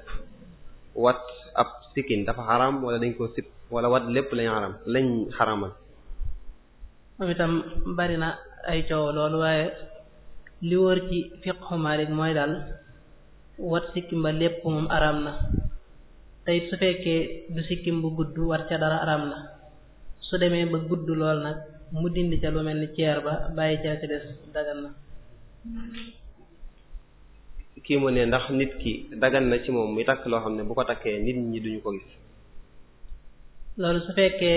wat ab sikkin dafa xaram wala dañ koo sip wala wat lépp lañ xaram lañ xaramal moom itam bari ay coow loolu waaye li wër ci fiqhu Maalik mooy daal wat sikkim ba lépp moom araam na tey su fekkee du sikkim bu gudd war ca dara araam na su demee ba gudd lool nag mu dindi ca lu mel ni ceer ba bàyyi ca ca des dagan na kii mu ne ndax nit ki dagan na ci moom muy takk loo xam ne bu ko takkee nit ñi duñu ko gis loolu su fekkee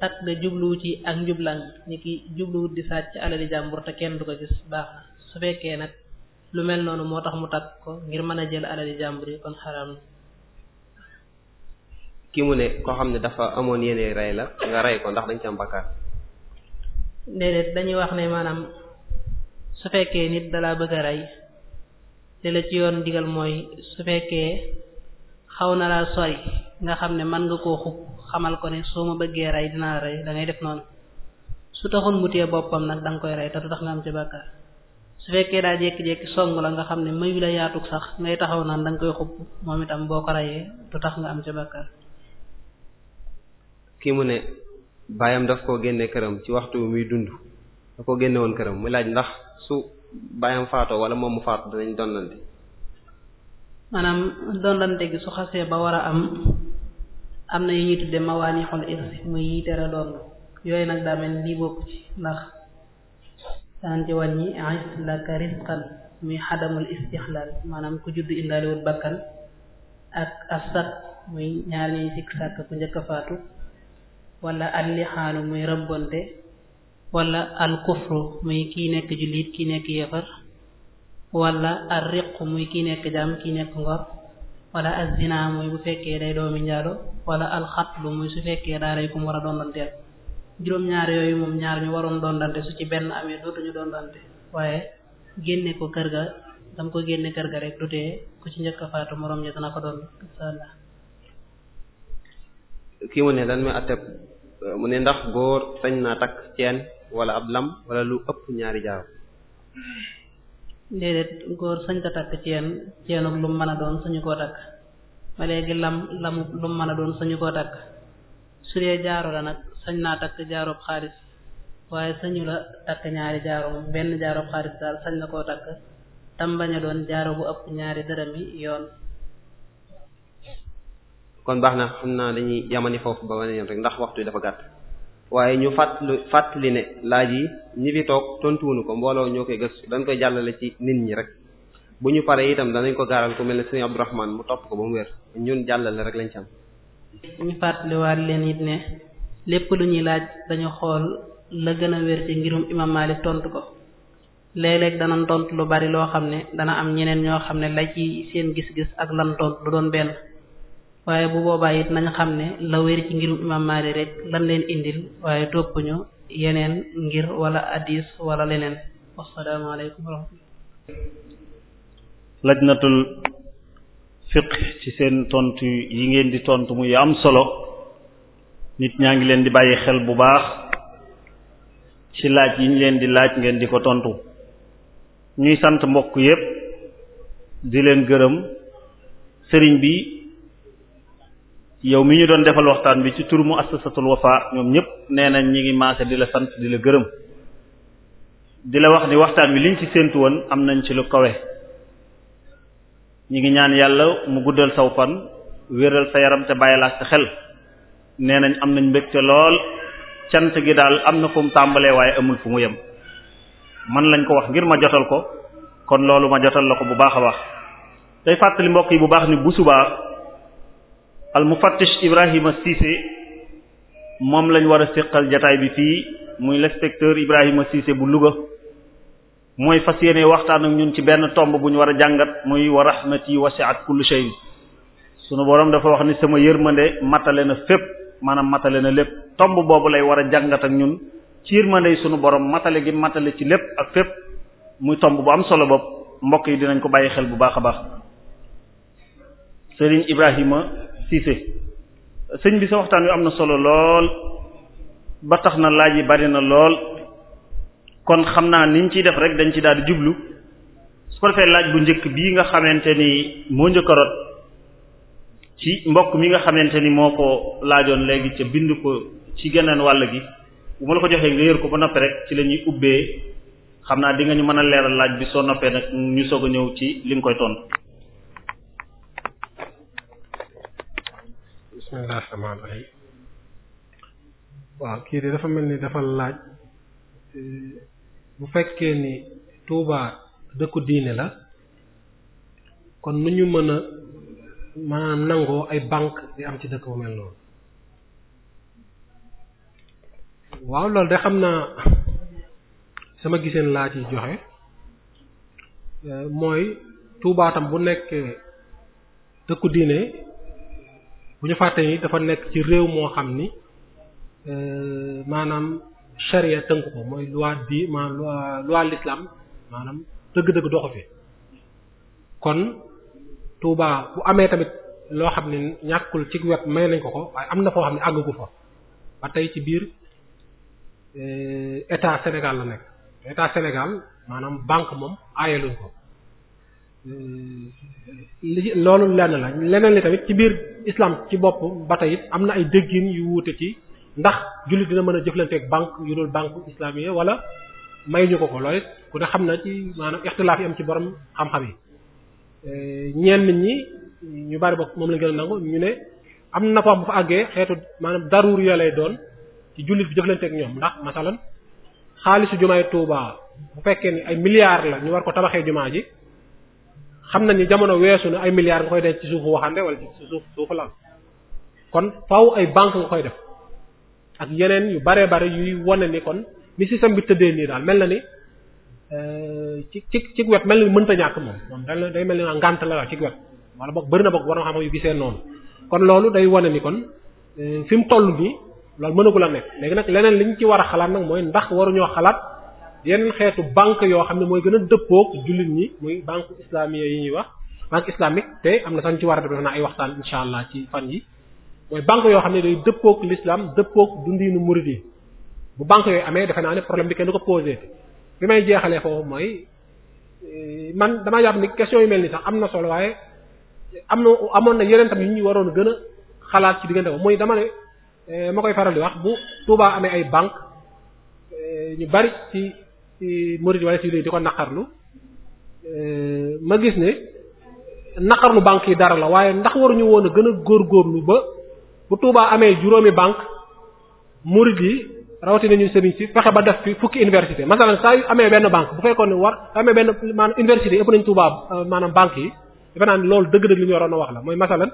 takk ga jubluwu ci ak njublan ni ki jubluwut di sàcc alali jàmbur te kenn du ko gis baax su fekkee nag lu mel noonu moo tax mu takk ko ngir mën a jël alali jàmbur yi kon xaraam na mu ne koo xam ne dafa amoon yéene rey la nga rey ko ndax dañ ci am bakkaar déedéet dañuy wax ne maanaam su fekkee nit dalaa bëgg rey li ci yoon digal mooy su fekkee xaw na laa sori nga xam ne man nga koo xub xamal ko ne soo ma bëggee rey dinaa rey da ngay def noonu su taxoon mu téye boppam nag danga koy rey te du tax nga am ci bàkkaar su fekkee daa jékki-jékki song la nga xam ne mayu la yaatug sax ngay taxaw naan da nga koy xupp moom itam boo ko rayee tax nga am ca bakkaar kii mu ne baayam daf koo génne këram ci waxtu muy dund da koo génne këram mu laaj ndax su baayam faatoo wala moom mu faatu danañ dondante maanaam dondante gi su xasee ba war a am am na yu ñuy tudde mawaanixul irsi muy yi tere doon yooyu nag daa mel ni bokk ci ndax daan ci wàññi ais laka risqan muy xadamul istixlaal maanaam ku judd indaaliwul bakkan ak assak muy ñaar ñuy sikk sàkk ku njëkk a faatu wala allixaalu muy rëbbonte wala alkufru muy kii nekk jullit kii nekk yéefar wala arriq muy ki nekk jaam ki nekk ngor wala azina muy bu fekkee day doomi njaalo wala alxatlu muy su fekkee daa rey ku mu war a doon doon juróom-ñaar yooyu moom ñaar ñu waroon doon dante su ci benn amee dootuñu doon dante waaye génne ko kër ga dama ko génne kër ga rek dutee ku ci njëkk a faatu moroom ja na ko doon insha allah mu ne ndax góor sañ naa takk ceen wala ab lam wala lu ëpp ñaari jaaro déedéet góor sañ ko takk ceen ceenuk lu mën a doon sañu koo takk ba léegi lam lamu lu mën a doon sañu koo takk su dee jaaro la nag sañ naa takk jaaroob xaalis waaye sañu la takk ñaari jaaroob benn jaaroob xaalis daal sañ na koo takk tam a doon jaaro bu ëpp ñaari dërëm yi yoon kon baax na xam naa dañuy yamani foofu ba weneen rek ndax waxtu dafa gàtt waaye ñu fàttali fàttali ne laaj yi ñi fi toog tontuwuñu ko mbooloo ñoo koy gëstu dañ koy jàllale ci nit ñi rek bu ñu paree itam danañ ko gaaral ku mel ne Sëriñ Abdourahmane mu topp ko ba mu wér ñun jàllale rek lañ ci am ñu fàttaliwaat leen it ne lépp lu ñuy laaj dañu xool la gën a wér ci ngirum imam tontu ko léeg-léeg dana tontu lu bari loo xam ne dana am ñeneen ñoo xam ne la ci seen gis-gis ak lan tontu doon benn waaye bu boobaa it nañ xam ne la wér ci ngirum imam rek lan leen indil waaye toppuñu yeneen ngir walla addis wala leneen wasalaamaaleykum wa rahmatullah lajnatul fiqh ci seen tontu yi ngeen di tontu muy am solo nit ñaa ngi leen di bàyyi xel bu baax ci laaj yi ñu leen di laaj ngeen di ko tontu ñuy sant mbokk yépp di leen gërëm sëriñ bi yow mi ñu doon defal waxtaan wi ci turmu mu assasatul wafa ñoom ñépp nee nañ ñi ngi maase di la sant di la gërëm di la wax ni waxtaan wi liñ ci séentu woon am nañ ci lu kawe ñu ngi ñaan yàlla mu guddal saw fan wéeral sa yaram te bàyyilaat sa xel nee nañ am nañ mbégte lool cant gi daal am na fu mu tàmbalee waaye amul fu mu yem man lañ ko wax ngir ma jotal ko kon loolu ma jotal la ko bu baax a baax tey fàttali mbokk yi bu baax ni bu subaa al mufattish Ibrahima Cissé moom lañ war a séqal jataay bi fii muy l'inspecteur Ibrahima Cissé bu Louga mooy fas yéene waxtaan ak ñun ci benn tomb bu ñu war a jàngat muy wa rahmati ak kullu shay sunu boroom dafa wax ni sama yërmande matale na fépp maanaam matale na lépp tomb boobu lay war a jàngat ak ñun ci yërmande suñu borom matale gi matale ci lépp ak fépp muy tomb bu am solo bopp mbokk yi dinañ ko bàyyi xel bu baax a baax Serigne Ibrahima Cissé sëñ bi sa waxtaan wi am na solo lool ba tax na laaj yi bari na lool kon xam naa niñ ciy def rek dañ ci daal di jublu su ko defee laaj bu njëkk bii nga xamante ni moo njëkk a rot ci mbokk mi nga xamante ni moo ko laajoon léegi ca bind ko ci geneen wàll gi bu ma la ko joxee nga yër ko ba noppi rek ci lañuy ñuy ubbee xam naa dinga ñu mën a leeral laaj bi soo noppee nag ñu soog a ñëw ci li nga koy tontu. bismillah rahmaan rahim waaw kii de dafa mel ni dafa laaj bu fekkee ni Touba dëkku diine la kon nu ñu mën a maanaam nangoo ay banque di am ci dëkk bu noonu waaw loolu de xam naa sama giseen laa ci joxe euh, mooy tuubaatam bu nekkee dëkku diine bu ñu fàtte ni dafa nekk ci réew moo xam ni euh, maanaam charia tënk ko mooy loi di ma loi l'islam maanaam dëgg-dëgg doxu kon Touba bu amee tamit loo xam ne ñàkkul ci wet may lañ ko ko waaye am na foo xam ne àggagu ko ba tey ci biir eh, état Sénégal la nekk état Sénégal maanaam banque moom aayaluñ ko eh, loolu lenn la leneen li tamit ci biir islam ci bopp ba tey am na ay déggin yu wuute ci ndax jullit dina mën a jëflanteeg banque yu dul banque islamique wala may ñu ko ko loolu ku ne xam na ci maanaam ixtilaaf yi am ci borom xam-xam yi Euh, ñenn ñi ñu bari bokk moom lañ gën a nangu ñu ne am na foo bu fa àggee xeetu maanaam daruur yoo lay doon ci jullit bi jëflante ak ñoom ndax masalan xaalisu jumaay Touba bu fekkee ni ay milliards la ñu war ko tabaxee jumaa ji xam na ni jamono weesu na ay milliards nga koy denc ci suufu waxande wala ci suuf suufu lan kon faaw ay banque nga koy def ak yeneen yu baree bare yuy wane ni kon ni système bi tëddee nii daal mel na ni Euh, ci ci ci wet mel ni mënta ñàkk moom moom day day mel ni naa ngànt la waaw ci wet wala boog bëri na boog war na xam yu gisee noonu kon loolu day wane ni kon euh, fi mu toll nii loolu mënagul a nekk léegi nag leneen li ñu ci war a xalaat nag mooy ndax waruñoo xalaat yenn xeetu banque yoo xam ne mooy gën a dëppoog jullit ñi muy banque islamique yi ñuy wax banque islamique te am na sax ci war a def naa ay waxtaan insha allah ci fan yi mooy banque yoo xam ne day dëppoog l'islam dëppoog dundiinu murid yi bu banque yooyu amee defe naa ne problème bi kenn du ko posé bi may jeexalee foofu mooy eh, man dama jàpp ni question yu mel ni sax am na solo waaye am na amoon na yeneen tam yu ñu waroon gën a xalaat ci diggante boobu mooy dama ne eh, ma koy faral di wax bu Touba amee ay banque eh, ñu bari ci ci Mouride wala ci di ko naqarlu ma gis ne naqarlu banque yi dara la waaye ndax waruñu woon a gën a góor góorgóorlu ba bu tuubaa amee juróomi banque Mouride yi. rawatina ñu sëriñ si fexe ba def fi fukki université masalan saa yu amee benn banque bu fekkoon ne war amee benn maanaam université ëpp nañ Touba euh, maanaam banque yi defe naa ne loolu dëgg-dëgg li ñu waroon a wax la mooy masalan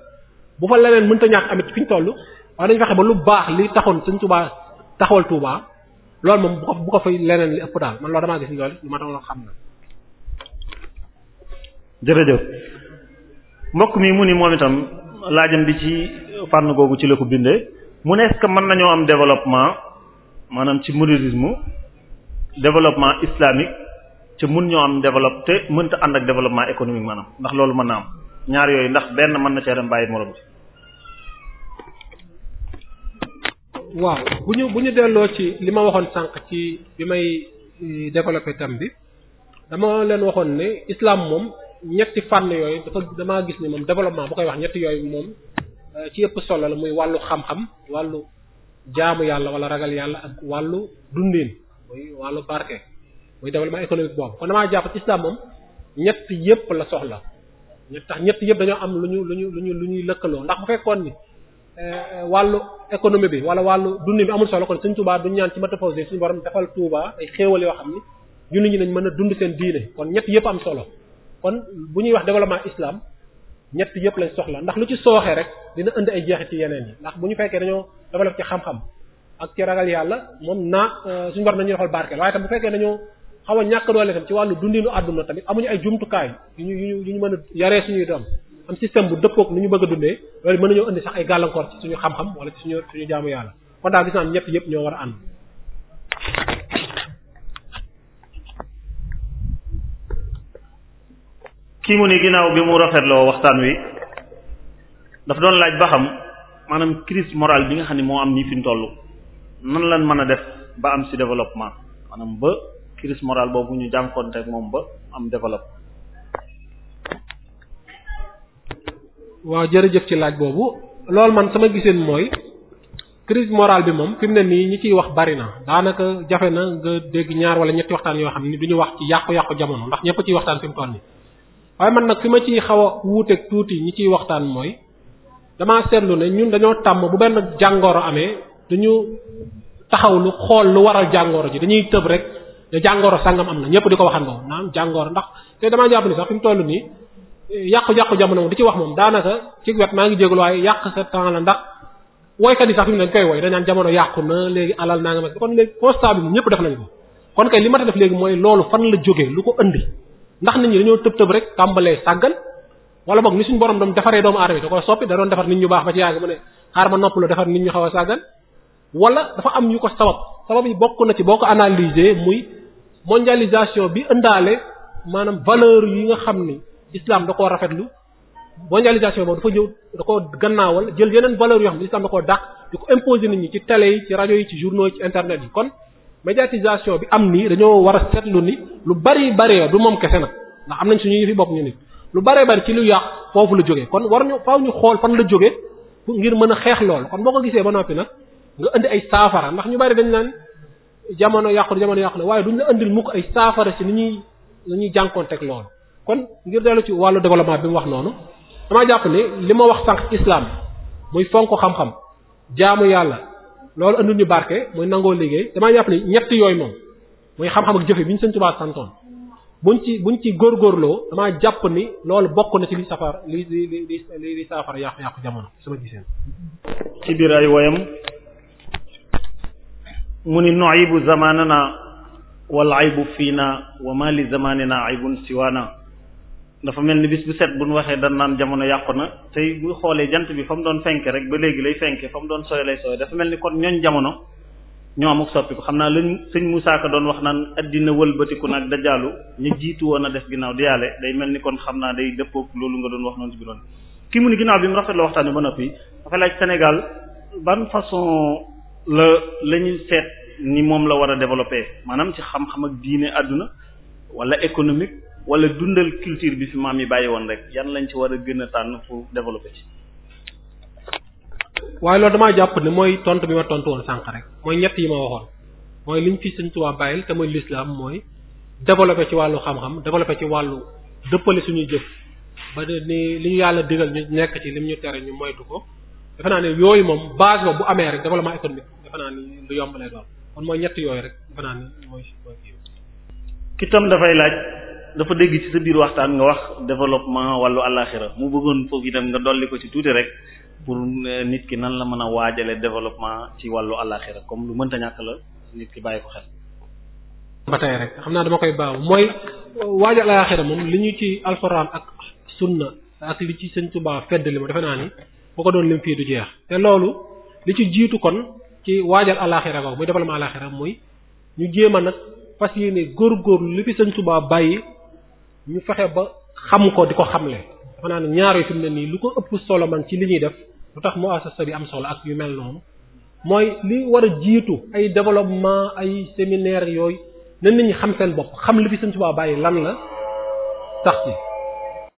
bu fa leneen mënta amit fi ñu toll waaye nañ fexe ba lu baax li taxoon suñ Touba taxawal Touba loolu moom bu ko bu ko fay leneen li ëpp daal man loolu damaa gis loolu lu ma doon xam na. mi mu ni moom itam bi ci fànn googu ci la ko bindee mu ne est mën nañoo am développement. maanaam ci mouridisme développement islamique ci mun ñoo am développe te mënta ànd ak développement économique maanaam ndax loolu mën na am ñaar yooyu ndax benn mën na cee dem bàyyi morom bi waaw bu ñu bu ñu delloo ci li ma waxoon sànq ci bi may eh, développé thème bi dama leen waxoon ne islam moom ñetti fànn yooyu dafa damaa gis ni moom développement bu koy wax ñetti yooyu moom eh, ci ëpp solo la muy wàllu xam-xam wàllu jaamu yàlla wala ragal yàlla ak wàllu dundin muy wàllu barke muy développement économique boobu kon damaa jàpp islam moom ñett yëpp la soxla ñett tax ñett yëpp dañoo am lu ñu lu ñu lu ñu lu ñuy lëkkaloo ndax bu fekkoon ni euh, wàllu économie bi wala wàllu dundin bi amul solo kon suñ Tuubaa du ñaan ci métaphore suñu borom defal Tuubaa ay xéewal yoo xam ni jullit ñi nañ mën a dund seen diine kon ñett yëpp am solo kon bu ñuy wax développement islam ñett yëpp lañ soxla ndax lu ci sooxee rek dina indi ay jeexit ci yeneen yi ndax bu ñu fekkee dañoo développé ci xam-xam ak ci ragal yàlla moom naa euh, suñu borom dañuy defal barkeel waaye tam bu fekkee dañoo xaw a ñàkk doole tam ci wàllu dundinu àdduna tamit amuñu ay jumtukaay yu ñu yu ñu yu ñu mën a yaree suñuy doom am système bu dëppook nu ñu bëgg a dundee loolu mën nañoo indi sax ay gàllankoor ci suñu xam-xam wala ci suñu suñu jaamu yàlla kon daal gis naa ñett yëpp ñoo war a kii mu ni ginnaaw bi mu rafetloo waxtaan wi dafa doon laaj ba xam maanaam crise morale bi nga xam ne moo am nii fi mu man nan lan mën a def ba am ci développement maanaam ba crise morale boobu ñu jànkoonte ak moom ba am développement. waaw jërëjëf ci laaj boobu loolu man sama giseen mooy crise morale bi moom fi mu ne nii ñi ciy wax bari na daanaka jafe na nga dégg ñaar wala ñetti waxtaan yoo xam ni duñu wax ci yàqu-yàqu jamono ndax ñëpp ciy waxtaan fi mu toll nii waaye man nag fi ma ciy xaw a wuuteeg tuuti ñi ciy waxtaan mooy damaa seetlu ne ñun dañoo tàmm bu benn jàngooro amee dañu taxaw lu xool lu waral jàngooro ji dañuy tëb rek ne jàngoro sangam am na ñëpp di ko waxandoo naan jàngoro ndax te damaa jàpp ni sax fi mu toll nii yàqu-yàqu jamono moom di ci wax moom daanaka ci wet maa ngi jégalu waaye yàq sa temps la ndax woykat yi sax fi mu dañ koy woy dañ naan jamono yàqu na léegi alal naa nga kon léegi constat ñëpp def nañ kon kay li ma ta def léegi mooy loolu fan la jógee lu ko indi ndax nit ñi dañoo tëb tëb rek tàmbalee sàggan wala boog ni suñu borom doom defaree doomu aadama yi da ko soppi da defar nit ñu baax ba ci yàgg mu ne xaar ma nopp la defar nit ñu xaw a sàggan wala dafa am yu ko sabab sabab yi bokk na ci boo ko analyser muy mondialisation bi ëndaale maanaam valeur yi nga xam ni islam da koo rafetlu mondialisation boobu dafa ñëw da koo gannaawal jël yeneen valeur yoo xam ne islam da koo dàq di ko imposer nit rajo yi ci journaux internet yi kon médiatisation bi am nii dañoo war a seetlu ni lu bari bari du moom kese nag ndax am nañ suñu yëfi bopp ñu nit lu bari bari ci lu yàq foofu la jógee kon war ñu faaw ñu xool fan la jógee ngir mën a xeex loolu kon boo ko gisee ba noppi nag nga indi ay saafara ndax ñu bari dañ naan jamono yàqu jamono yàqu waaye duñ la indil mukk ay saafara ci ni ñuy ni ñuy teg lool kon ngir dellu ci wàllu développement bi mu wax noonu damaa jàpp ne li ma wax sànq islaam muy fonk xam-xam jaamu yàlla. loolu andul ñu barke muy nangoo liggéey damaa jàpp ni ñett yooyu moom muy xam-xam ak jëfe bi ñu sëñ Tuubaa santoon buñ ci buñ ci góor góorloo damaa jàpp ni loolu bokk na ci li safar li li li li safar yàqu-yàqu jamono su ma gisee. ci biir ay woyam mu ni noibu zamanana wal aybu fiina wa ma li zamanina aybun siwaana dafa mel ni bis bu set bu nu waxee dan naan jamono yàqu na tey bu xoolee jant bi fa mu doon fenk rek ba léegi lay fenke fa mu doon sooy lay sooy dafa mel ni kon ñooñ jamono ñoo amuk soppi ko xam naa lañu sëñ Moussa Ka doon wax naan addina wëlbatiku nag dajaalu ñu jiitu woon a def ginnaaw di yaale day mel ni kon xam naa day dëppook loolu nga doon wax noonu si biroon kii mu ni ginnaaw bi mu rafet la waxtaane ba noppi dafa laaj Sénégal ban façon la la seet ni moom la war a développer maanaam ci xam-xam ak diine àdduna wala économique wala dundal culture bi fi maam yi bàyyi woon rek yan lañ ci war a gën a tànn pour développer ci. waaye loolu damaa jàpp ne mooy tont bi ma tontu woon sànq rek mooy ñett yi ma waxoon mooy liñ fi Sëriñ Tuubaa bàyyil te mooy lislaam mooy développer ci wàllu xam-xam développer ci wàllu dëppale suñuy jëf ba ni li ñu yàlla digal ñu nekk ci lim ñu tere ñu moytu ko defe naa ne yooyu moom base ba bu amee rek développement économique defe naa ni lu yomb lay doon kon mooy ñett yooyu rek defe mooy. dafa dégg ci sa biir waxtaan nga wax développement wàllu àllaaxira mu bëggoon foofu itam nga dolli ko ci tuuti rek pour euh, nit ki nan la mën a waajale développement ci wàllu àllaaxira comme lu mënta ñàkk la nit ki bàyyi ko xel. ba tey rek xam naa dama koy baaw mooy waajal àllaaxira moom li ñu ci alxuraan ak sunna ak li ci sëñ Tuubaa fedd li ma defe naa ni boo ko doon lim fii du jeex te loolu li ci jiitu kon ci waajal àllaaxira boobu muy développement àllaaxira muy ñu jéem a nag fas yéene góorgóorlu li fi sëñ Tuubaa bàyyi. ñu fexe ba xam ko di ko xamle dafa naa ne ñaar yi fi ne nii lu ko ëpp solo man ci li ñuy def lu tax mu assasa bi am solo ak yu mel noonu mooy li war a jiitu ay développement ay séminaire yooyu na nit xam seen bopp xam li fi Sëriñ Tuubaa bàyyi lan la tax ci